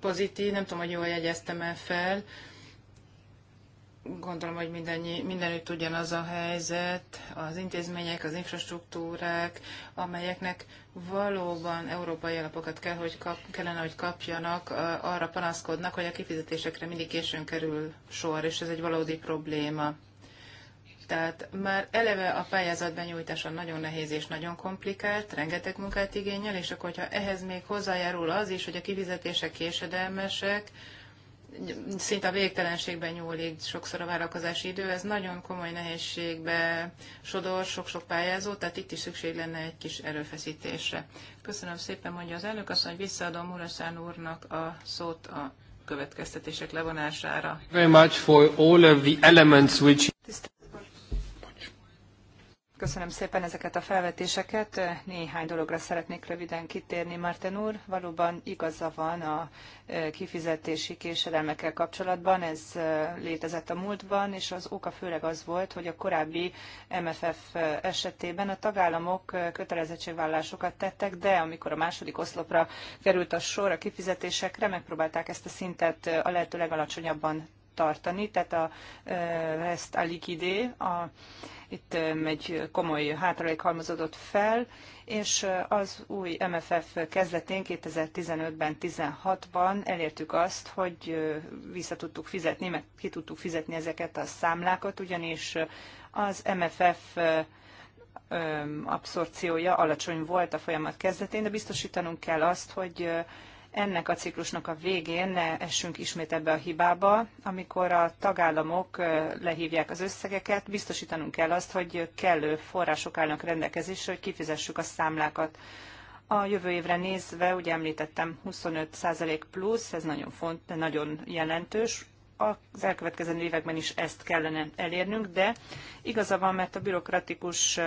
pozitív, nem tudom, hogy jól jegyeztem el fel, gondolom, hogy mindennyi, mindenütt ugyanaz a helyzet, az intézmények, az infrastruktúrák, amelyeknek valóban európai alapokat kell, hogy kap, kellene, hogy kapjanak, arra panaszkodnak, hogy a kifizetésekre mindig későn kerül sor, és ez egy valódi probléma. Tehát már eleve a pályázat benyújtása nagyon nehéz és nagyon komplikált, rengeteg munkát igényel, és akkor, hogyha ehhez még hozzájárul az is, hogy a kivizetések késedelmesek, szinte a végtelenségben nyúlik sokszor a várakozási idő, ez nagyon komoly nehézségbe sodor sok-sok pályázó, tehát itt is szükség lenne egy kis erőfeszítésre. Köszönöm szépen, mondja az elnök, azt, hogy visszaadom Urasán úrnak a szót a következtetések levonására. Very much for all of the elements which Köszönöm szépen ezeket a felvetéseket. Néhány dologra szeretnék röviden kitérni, Marten úr. Valóban igaza van a e, kifizetési késedelmekkel kapcsolatban. Ez e, létezett a múltban, és az oka főleg az volt, hogy a korábbi MFF esetében a tagállamok e, kötelezettségvállásokat tettek, de amikor a második oszlopra került a sor a kifizetésekre, megpróbálták ezt a szintet a lehető legalacsonyabban tartani, tehát a rest a liquidé, a, itt egy komoly hátralék halmozódott fel, és az új MFF kezdetén 2015-ben, 16-ban elértük azt, hogy vissza tudtuk fizetni, meg ki tudtuk fizetni ezeket a számlákat, ugyanis az MFF abszorciója alacsony volt a folyamat kezdetén, de biztosítanunk kell azt, hogy ennek a ciklusnak a végén ne essünk ismét ebbe a hibába, amikor a tagállamok lehívják az összegeket, biztosítanunk kell azt, hogy kellő források állnak rendelkezésre, hogy kifizessük a számlákat. A jövő évre nézve, ugye említettem, 25% plusz, ez nagyon font, de nagyon jelentős, az elkövetkező években is ezt kellene elérnünk, de igaza van, mert a bürokratikus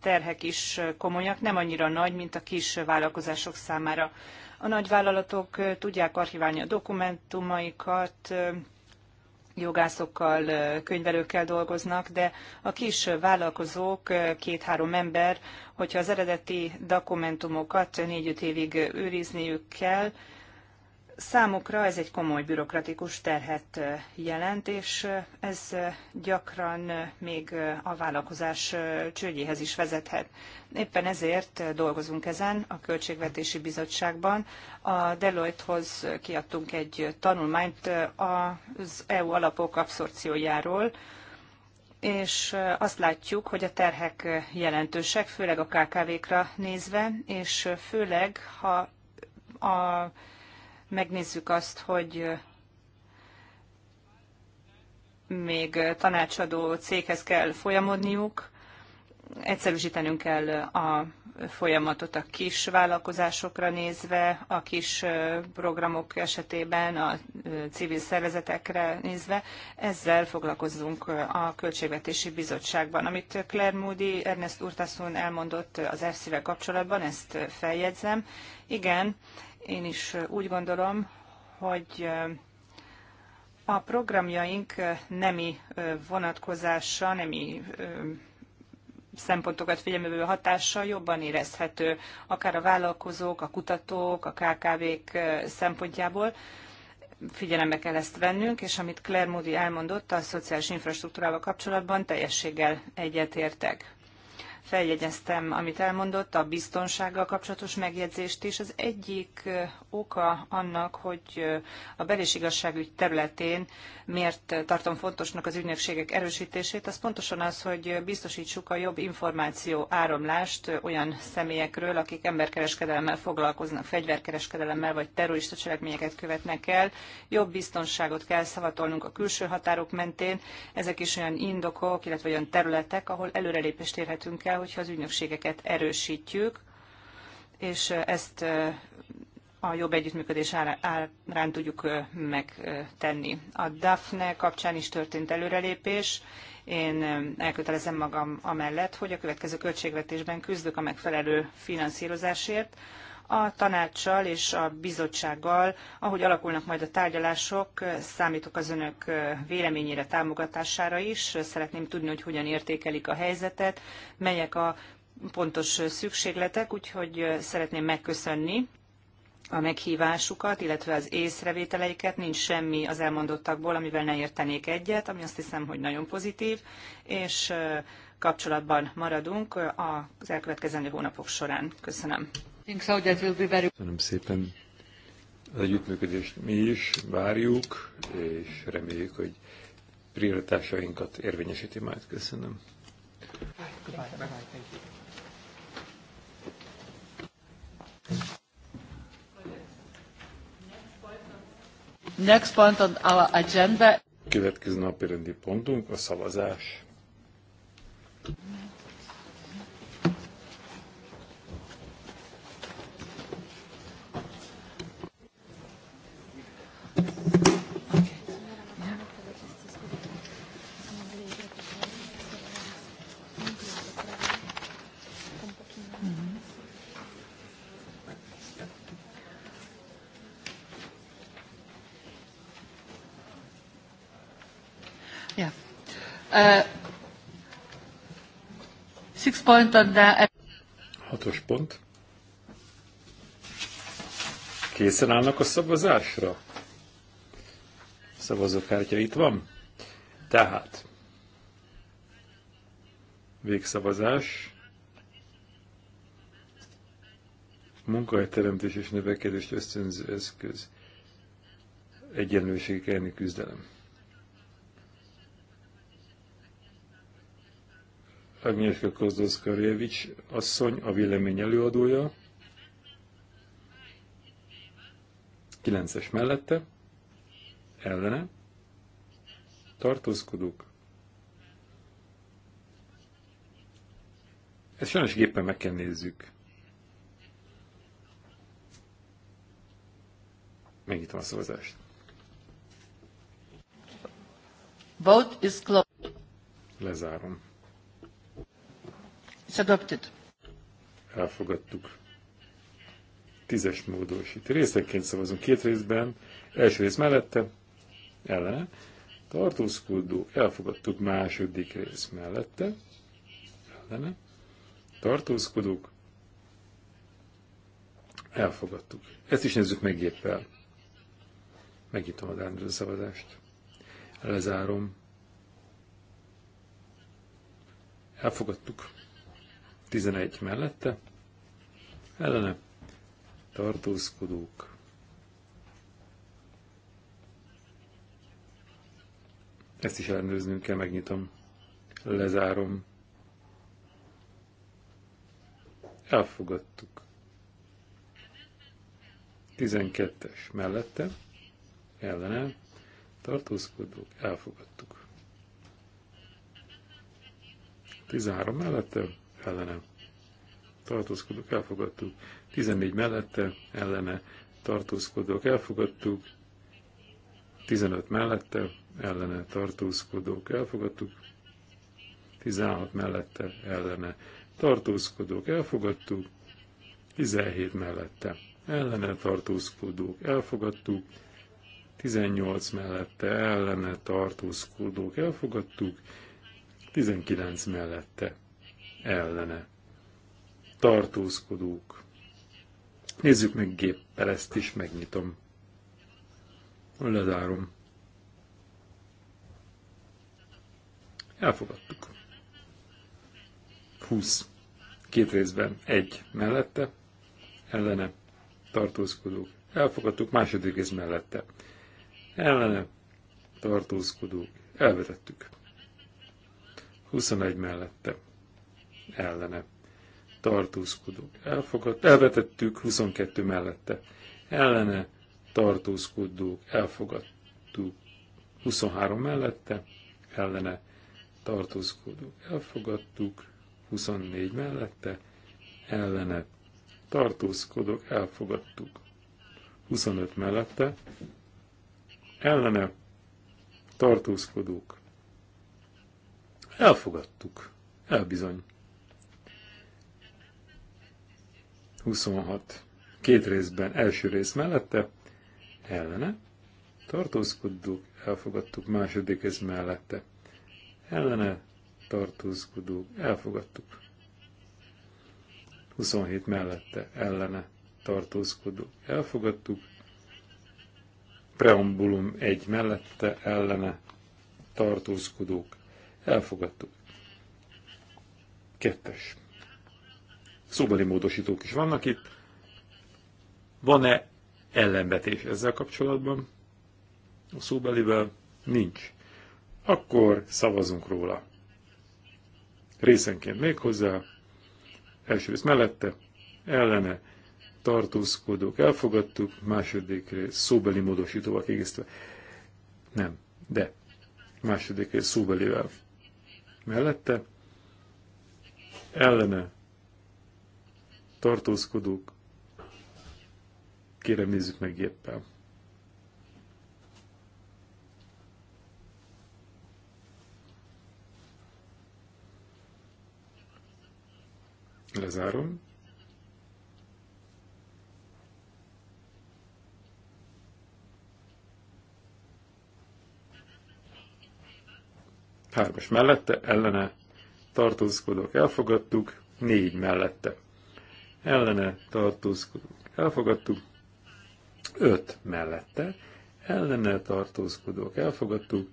terhek is komolyak, nem annyira nagy, mint a kis vállalkozások számára. A nagyvállalatok tudják archiválni a dokumentumaikat, jogászokkal, könyvelőkkel dolgoznak, de a kis vállalkozók, két-három ember, hogyha az eredeti dokumentumokat négy-öt évig őrizniük kell, Számukra ez egy komoly bürokratikus terhet jelent, és ez gyakran még a vállalkozás csődjéhez is vezethet. Éppen ezért dolgozunk ezen a Költségvetési Bizottságban. A Deloitte-hoz kiadtunk egy tanulmányt az EU alapok abszorciójáról, és azt látjuk, hogy a terhek jelentősek, főleg a KKV-kra nézve, és főleg, ha a megnézzük azt, hogy még tanácsadó céghez kell folyamodniuk, egyszerűsítenünk kell a folyamatot a kis vállalkozásokra nézve, a kis programok esetében, a civil szervezetekre nézve. Ezzel foglalkozzunk a Költségvetési Bizottságban. Amit Claire Moody, Ernest Urtasun elmondott az efsz kapcsolatban, ezt feljegyzem. Igen, én is úgy gondolom, hogy a programjaink nemi vonatkozása, nemi szempontokat figyelmevő hatással jobban érezhető, akár a vállalkozók, a kutatók, a KKV-k szempontjából. Figyelembe kell ezt vennünk, és amit Claire Moody elmondott a szociális infrastruktúrával kapcsolatban, teljességgel egyetértek feljegyeztem, amit elmondott, a biztonsággal kapcsolatos megjegyzést is. Az egyik oka annak, hogy a bel- és igazságügy területén miért tartom fontosnak az ügynökségek erősítését, az pontosan az, hogy biztosítsuk a jobb információ áramlást olyan személyekről, akik emberkereskedelemmel foglalkoznak, fegyverkereskedelemmel vagy terrorista cselekményeket követnek el. Jobb biztonságot kell szavatolnunk a külső határok mentén. Ezek is olyan indokok, illetve olyan területek, ahol előrelépést érhetünk el kell, hogyha az ügynökségeket erősítjük, és ezt a jobb együttműködés árán tudjuk megtenni. A DAFNE kapcsán is történt előrelépés. Én elkötelezem magam amellett, hogy a következő költségvetésben küzdök a megfelelő finanszírozásért, a tanácssal és a bizottsággal, ahogy alakulnak majd a tárgyalások, számítok az önök véleményére, támogatására is. Szeretném tudni, hogy hogyan értékelik a helyzetet, melyek a pontos szükségletek, úgyhogy szeretném megköszönni a meghívásukat, illetve az észrevételeiket, nincs semmi az elmondottakból, amivel ne értenék egyet, ami azt hiszem, hogy nagyon pozitív, és kapcsolatban maradunk az elkövetkezendő hónapok során. Köszönöm. Köszönöm szépen az együttműködést mi is várjuk, és reméljük, hogy prioritásainkat érvényesíti majd. Köszönöm. Next point on our agenda. Következő napi rendi pontunk a szavazás. Mm. six point on the... Hatos pont. Készen állnak a szavazásra? Szavazókártya itt van? Tehát, végszavazás, munkahelyteremtés és növekedés ösztönző eszköz, egyenlőség elleni küzdelem. Agnieszka Kozdoszkarjevics asszony, a vélemény előadója. 9-es mellette, ellene, tartózkodók. Ezt sajnos gépen meg kell nézzük. Megnyitom a szavazást. Vote is closed. Lezárom. It's adopted. Elfogadtuk. Tízes módosít. Részekként szavazunk két részben. Első rész mellette, ellene. Tartózkodó, elfogadtuk második rész mellette, ellene. Tartózkodók, elfogadtuk. Ezt is nézzük meg géppel. Megnyitom az állandó szavazást. Lezárom. Elfogadtuk. 11 mellette, ellene tartózkodók. Ezt is ellenőrznünk kell, megnyitom, lezárom. Elfogadtuk. 12-es mellette, ellene tartózkodók, elfogadtuk. 13 mellette, ellene Tartózkodok, elfogadtuk, 14 mellette ellene Tartózkodok, elfogadtuk, 15 mellette ellene tartózkodók elfogadtuk, 16 mellette ellene tartózkodók elfogadtuk, 17 mellette ellene tartózkodók elfogadtuk, 18 mellette ellene tartózkodók elfogadtuk, 19 mellette ellene tartózkodók. Nézzük meg géppel ezt is, megnyitom. Lezárom. Elfogadtuk. 20. Két részben. Egy mellette, ellene tartózkodók. Elfogadtuk második rész mellette. Ellene tartózkodók. Elvetettük. 21 mellette ellene tartózkodók Elfogad, elvetettük 22 mellette, ellene tartózkodók elfogadtuk 23 mellette, ellene tartózkodók elfogadtuk 24 mellette, ellene tartózkodók elfogadtuk 25 mellette, ellene tartózkodók elfogadtuk, elbizony 26. Két részben, első rész mellette, ellene, tartózkodók, elfogadtuk, második rész mellette, ellene, tartózkodók, elfogadtuk. 27 mellette, ellene, tartózkodók, elfogadtuk. Preambulum 1 mellette, ellene, tartózkodók, elfogadtuk. Kettes szóbeli módosítók is vannak itt. Van-e ellenvetés ezzel kapcsolatban? A szóbelivel nincs. Akkor szavazunk róla. Részenként hozzá, első rész mellette, ellene, tartózkodók elfogadtuk, második rész szóbeli módosítóval kiegészítve. Nem, de második rész szóbelivel mellette, ellene, tartózkodók, kérem nézzük meg éppen. Lezárom. Hármas mellette, ellene tartózkodók elfogadtuk, négy mellette ellene tartózkodunk, elfogadtuk, öt mellette, ellene tartózkodók elfogadtuk,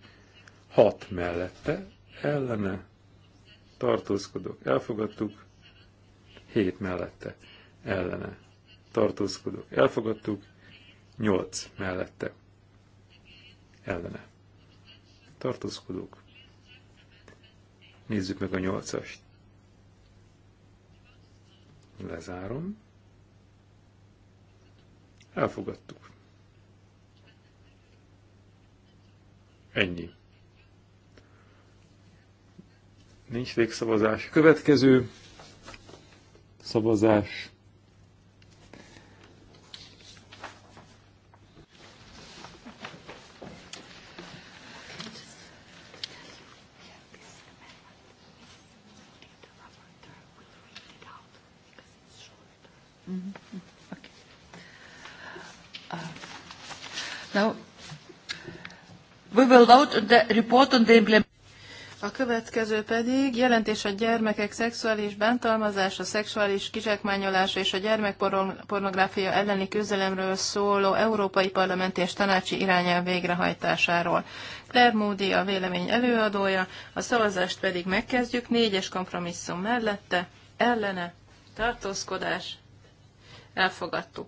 hat mellette, ellene tartózkodók elfogadtuk, hét mellette, ellene tartózkodók elfogadtuk, nyolc mellette, ellene tartózkodók. Nézzük meg a nyolcast. Lezárom. Elfogadtuk. Ennyi. Nincs végszavazás. Következő szavazás. A következő pedig jelentés a gyermekek szexuális bántalmazása, szexuális kizsákmányolása és a gyermekpornográfia elleni küzdelemről szóló Európai Parlament és Tanácsi irányelv végrehajtásáról. Claire Moody a vélemény előadója, a szavazást pedig megkezdjük négyes kompromisszum mellette, ellene, tartózkodás, elfogadtuk.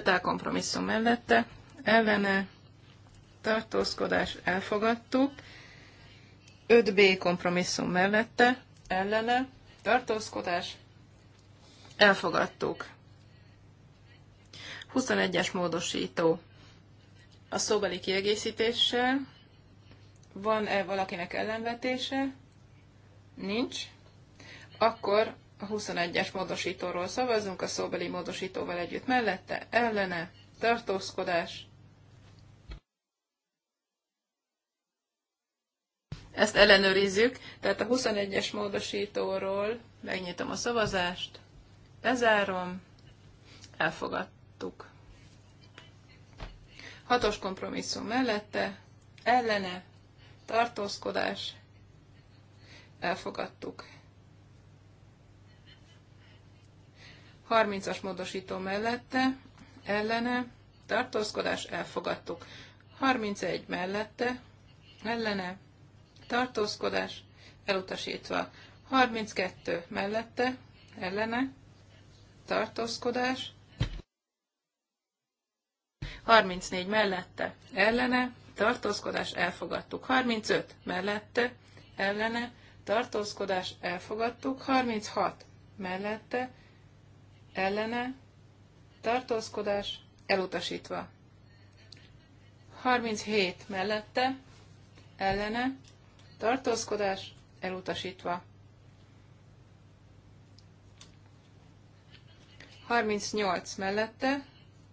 5 kompromisszum mellette, ellene tartózkodás elfogadtuk, 5B kompromisszum mellette, ellene tartózkodás elfogadtuk. 21-es módosító a szóbeli kiegészítéssel. Van-e valakinek ellenvetése? Nincs. Akkor a 21-es módosítóról szavazunk, a szóbeli módosítóval együtt mellette, ellene, tartózkodás. Ezt ellenőrizzük, tehát a 21-es módosítóról megnyitom a szavazást, lezárom, elfogadtuk. Hatos kompromisszum mellette, ellene, tartózkodás, elfogadtuk. 30-as módosító mellette, ellene, tartózkodás, elfogadtuk. 31 mellette, ellene, tartózkodás, elutasítva. 32 mellette, ellene, tartózkodás, 34 mellette, ellene, tartózkodás, elfogadtuk. 35 mellette, ellene, tartózkodás, elfogadtuk. 36 mellette, ellene, ellene, tartózkodás elutasítva. 37 mellette, ellene, tartózkodás elutasítva. 38 mellette,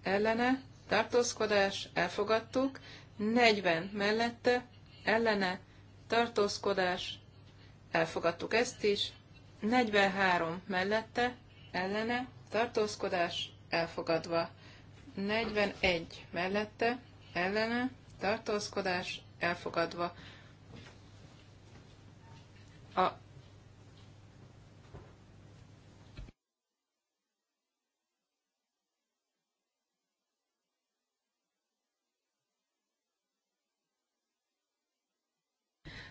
ellene, tartózkodás, elfogadtuk, 40 mellette, ellene, tartózkodás, elfogadtuk ezt is, 43 mellette, ellene, tartózkodás elfogadva. 41 mellette, ellene, tartózkodás elfogadva. A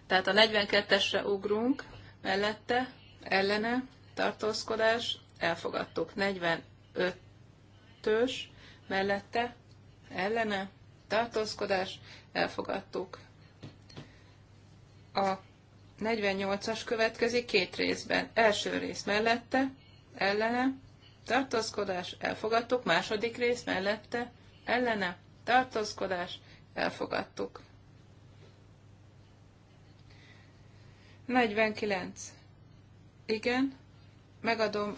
Tehát a 42-esre ugrunk, mellette, ellene, tartózkodás, elfogadtuk. 45-ös mellette ellene tartózkodás elfogadtuk. A 48-as következik két részben. Első rész mellette ellene tartózkodás elfogadtuk, második rész mellette ellene tartózkodás elfogadtuk. 49. Igen, megadom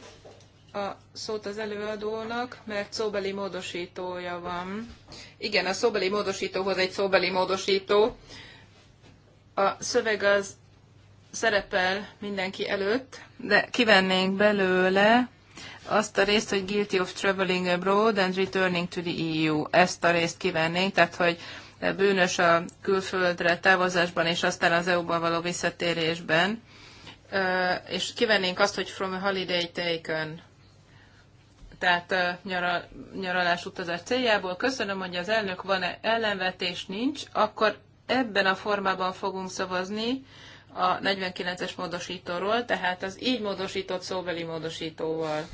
a szót az előadónak, mert szóbeli módosítója van. Igen, a szóbeli módosítóhoz egy szóbeli módosító. A szöveg az szerepel mindenki előtt, de kivennénk belőle azt a részt, hogy guilty of traveling abroad and returning to the EU. Ezt a részt kivennénk, tehát hogy bűnös a külföldre távozásban és aztán az EU-ban való visszatérésben és kivennénk azt, hogy from a holiday taken tehát nyara, nyaralás utazás céljából. Köszönöm, hogy az elnök van-e ellenvetés nincs, akkor ebben a formában fogunk szavazni a 49-es módosítóról, tehát az így módosított szóbeli módosítóval.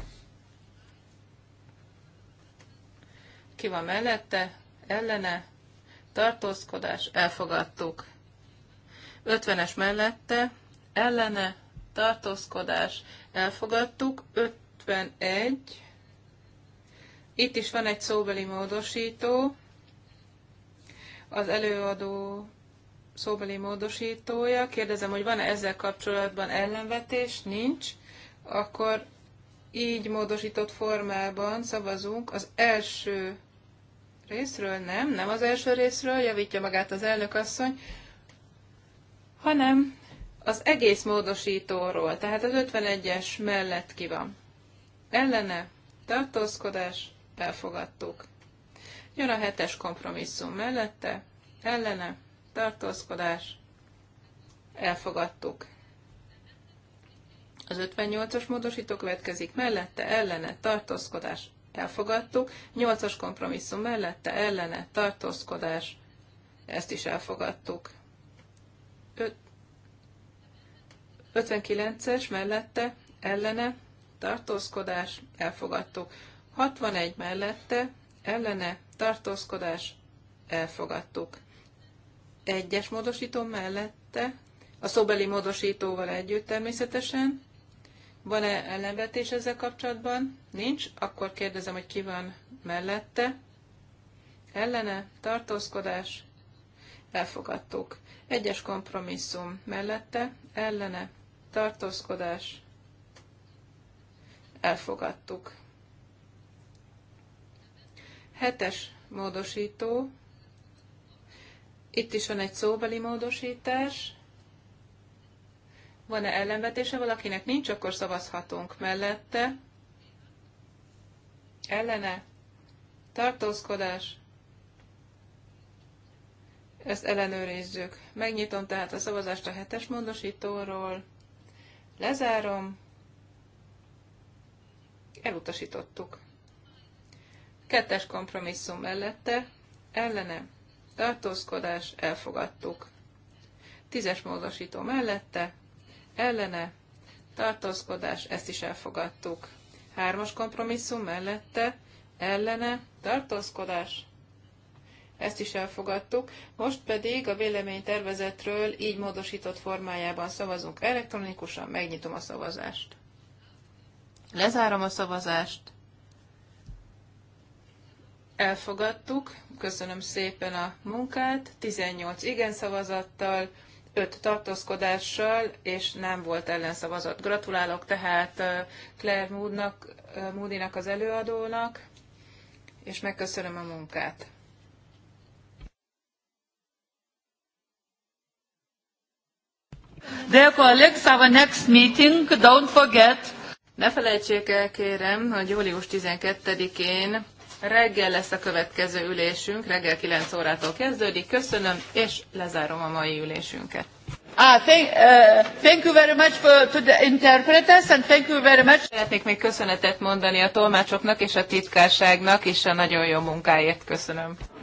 Ki van mellette? Ellene? Tartózkodás? Elfogadtuk. 50-es mellette? Ellene? Tartózkodás? Elfogadtuk. 51 itt is van egy szóbeli módosító, az előadó szóbeli módosítója. Kérdezem, hogy van-e ezzel kapcsolatban ellenvetés? Nincs. Akkor így módosított formában szavazunk az első részről, nem, nem az első részről, javítja magát az elnök asszony, hanem az egész módosítóról, tehát az 51-es mellett ki van. Ellene tartózkodás, elfogadtuk. Jön a hetes kompromisszum mellette, ellene, tartózkodás, elfogadtuk. Az 58-as módosító következik mellette, ellene, tartózkodás, elfogadtuk. 8-as kompromisszum mellette, ellene, tartózkodás, ezt is elfogadtuk. 59-es mellette, ellene, tartózkodás, elfogadtuk. 61 mellette ellene tartózkodás elfogadtuk. Egyes módosító mellette, a szóbeli módosítóval együtt természetesen. Van-e ellenvetés ezzel kapcsolatban? Nincs, akkor kérdezem, hogy ki van mellette. Ellene tartózkodás elfogadtuk. Egyes kompromisszum mellette, ellene tartózkodás elfogadtuk. Hetes módosító. Itt is van egy szóbeli módosítás. Van-e ellenvetése valakinek? Nincs, akkor szavazhatunk mellette. Ellene. Tartózkodás. Ezt ellenőrizzük. Megnyitom tehát a szavazást a hetes módosítóról. Lezárom. Elutasítottuk. Kettes kompromisszum mellette, ellene, tartózkodás, elfogadtuk. Tízes módosító mellette, ellene, tartózkodás, ezt is elfogadtuk. Hármas kompromisszum mellette, ellene, tartózkodás, ezt is elfogadtuk. Most pedig a véleménytervezetről így módosított formájában szavazunk elektronikusan, megnyitom a szavazást. Lezárom a szavazást. Elfogadtuk, köszönöm szépen a munkát, 18 igen szavazattal, 5 tartózkodással, és nem volt ellenszavazat. Gratulálok tehát Claire Moodnak, Moody-nak az előadónak, és megköszönöm a munkát. Dear colleagues, our next meeting, don't forget. Ne felejtsék el, kérem, hogy július 12-én reggel lesz a következő ülésünk, reggel 9 órától kezdődik. Köszönöm, és lezárom a mai ülésünket. Ah, thank, uh, thank you very much for, to the interpreters, and thank you very much. Szeretnék még köszönetet mondani a tolmácsoknak és a titkárságnak, és a nagyon jó munkáért köszönöm.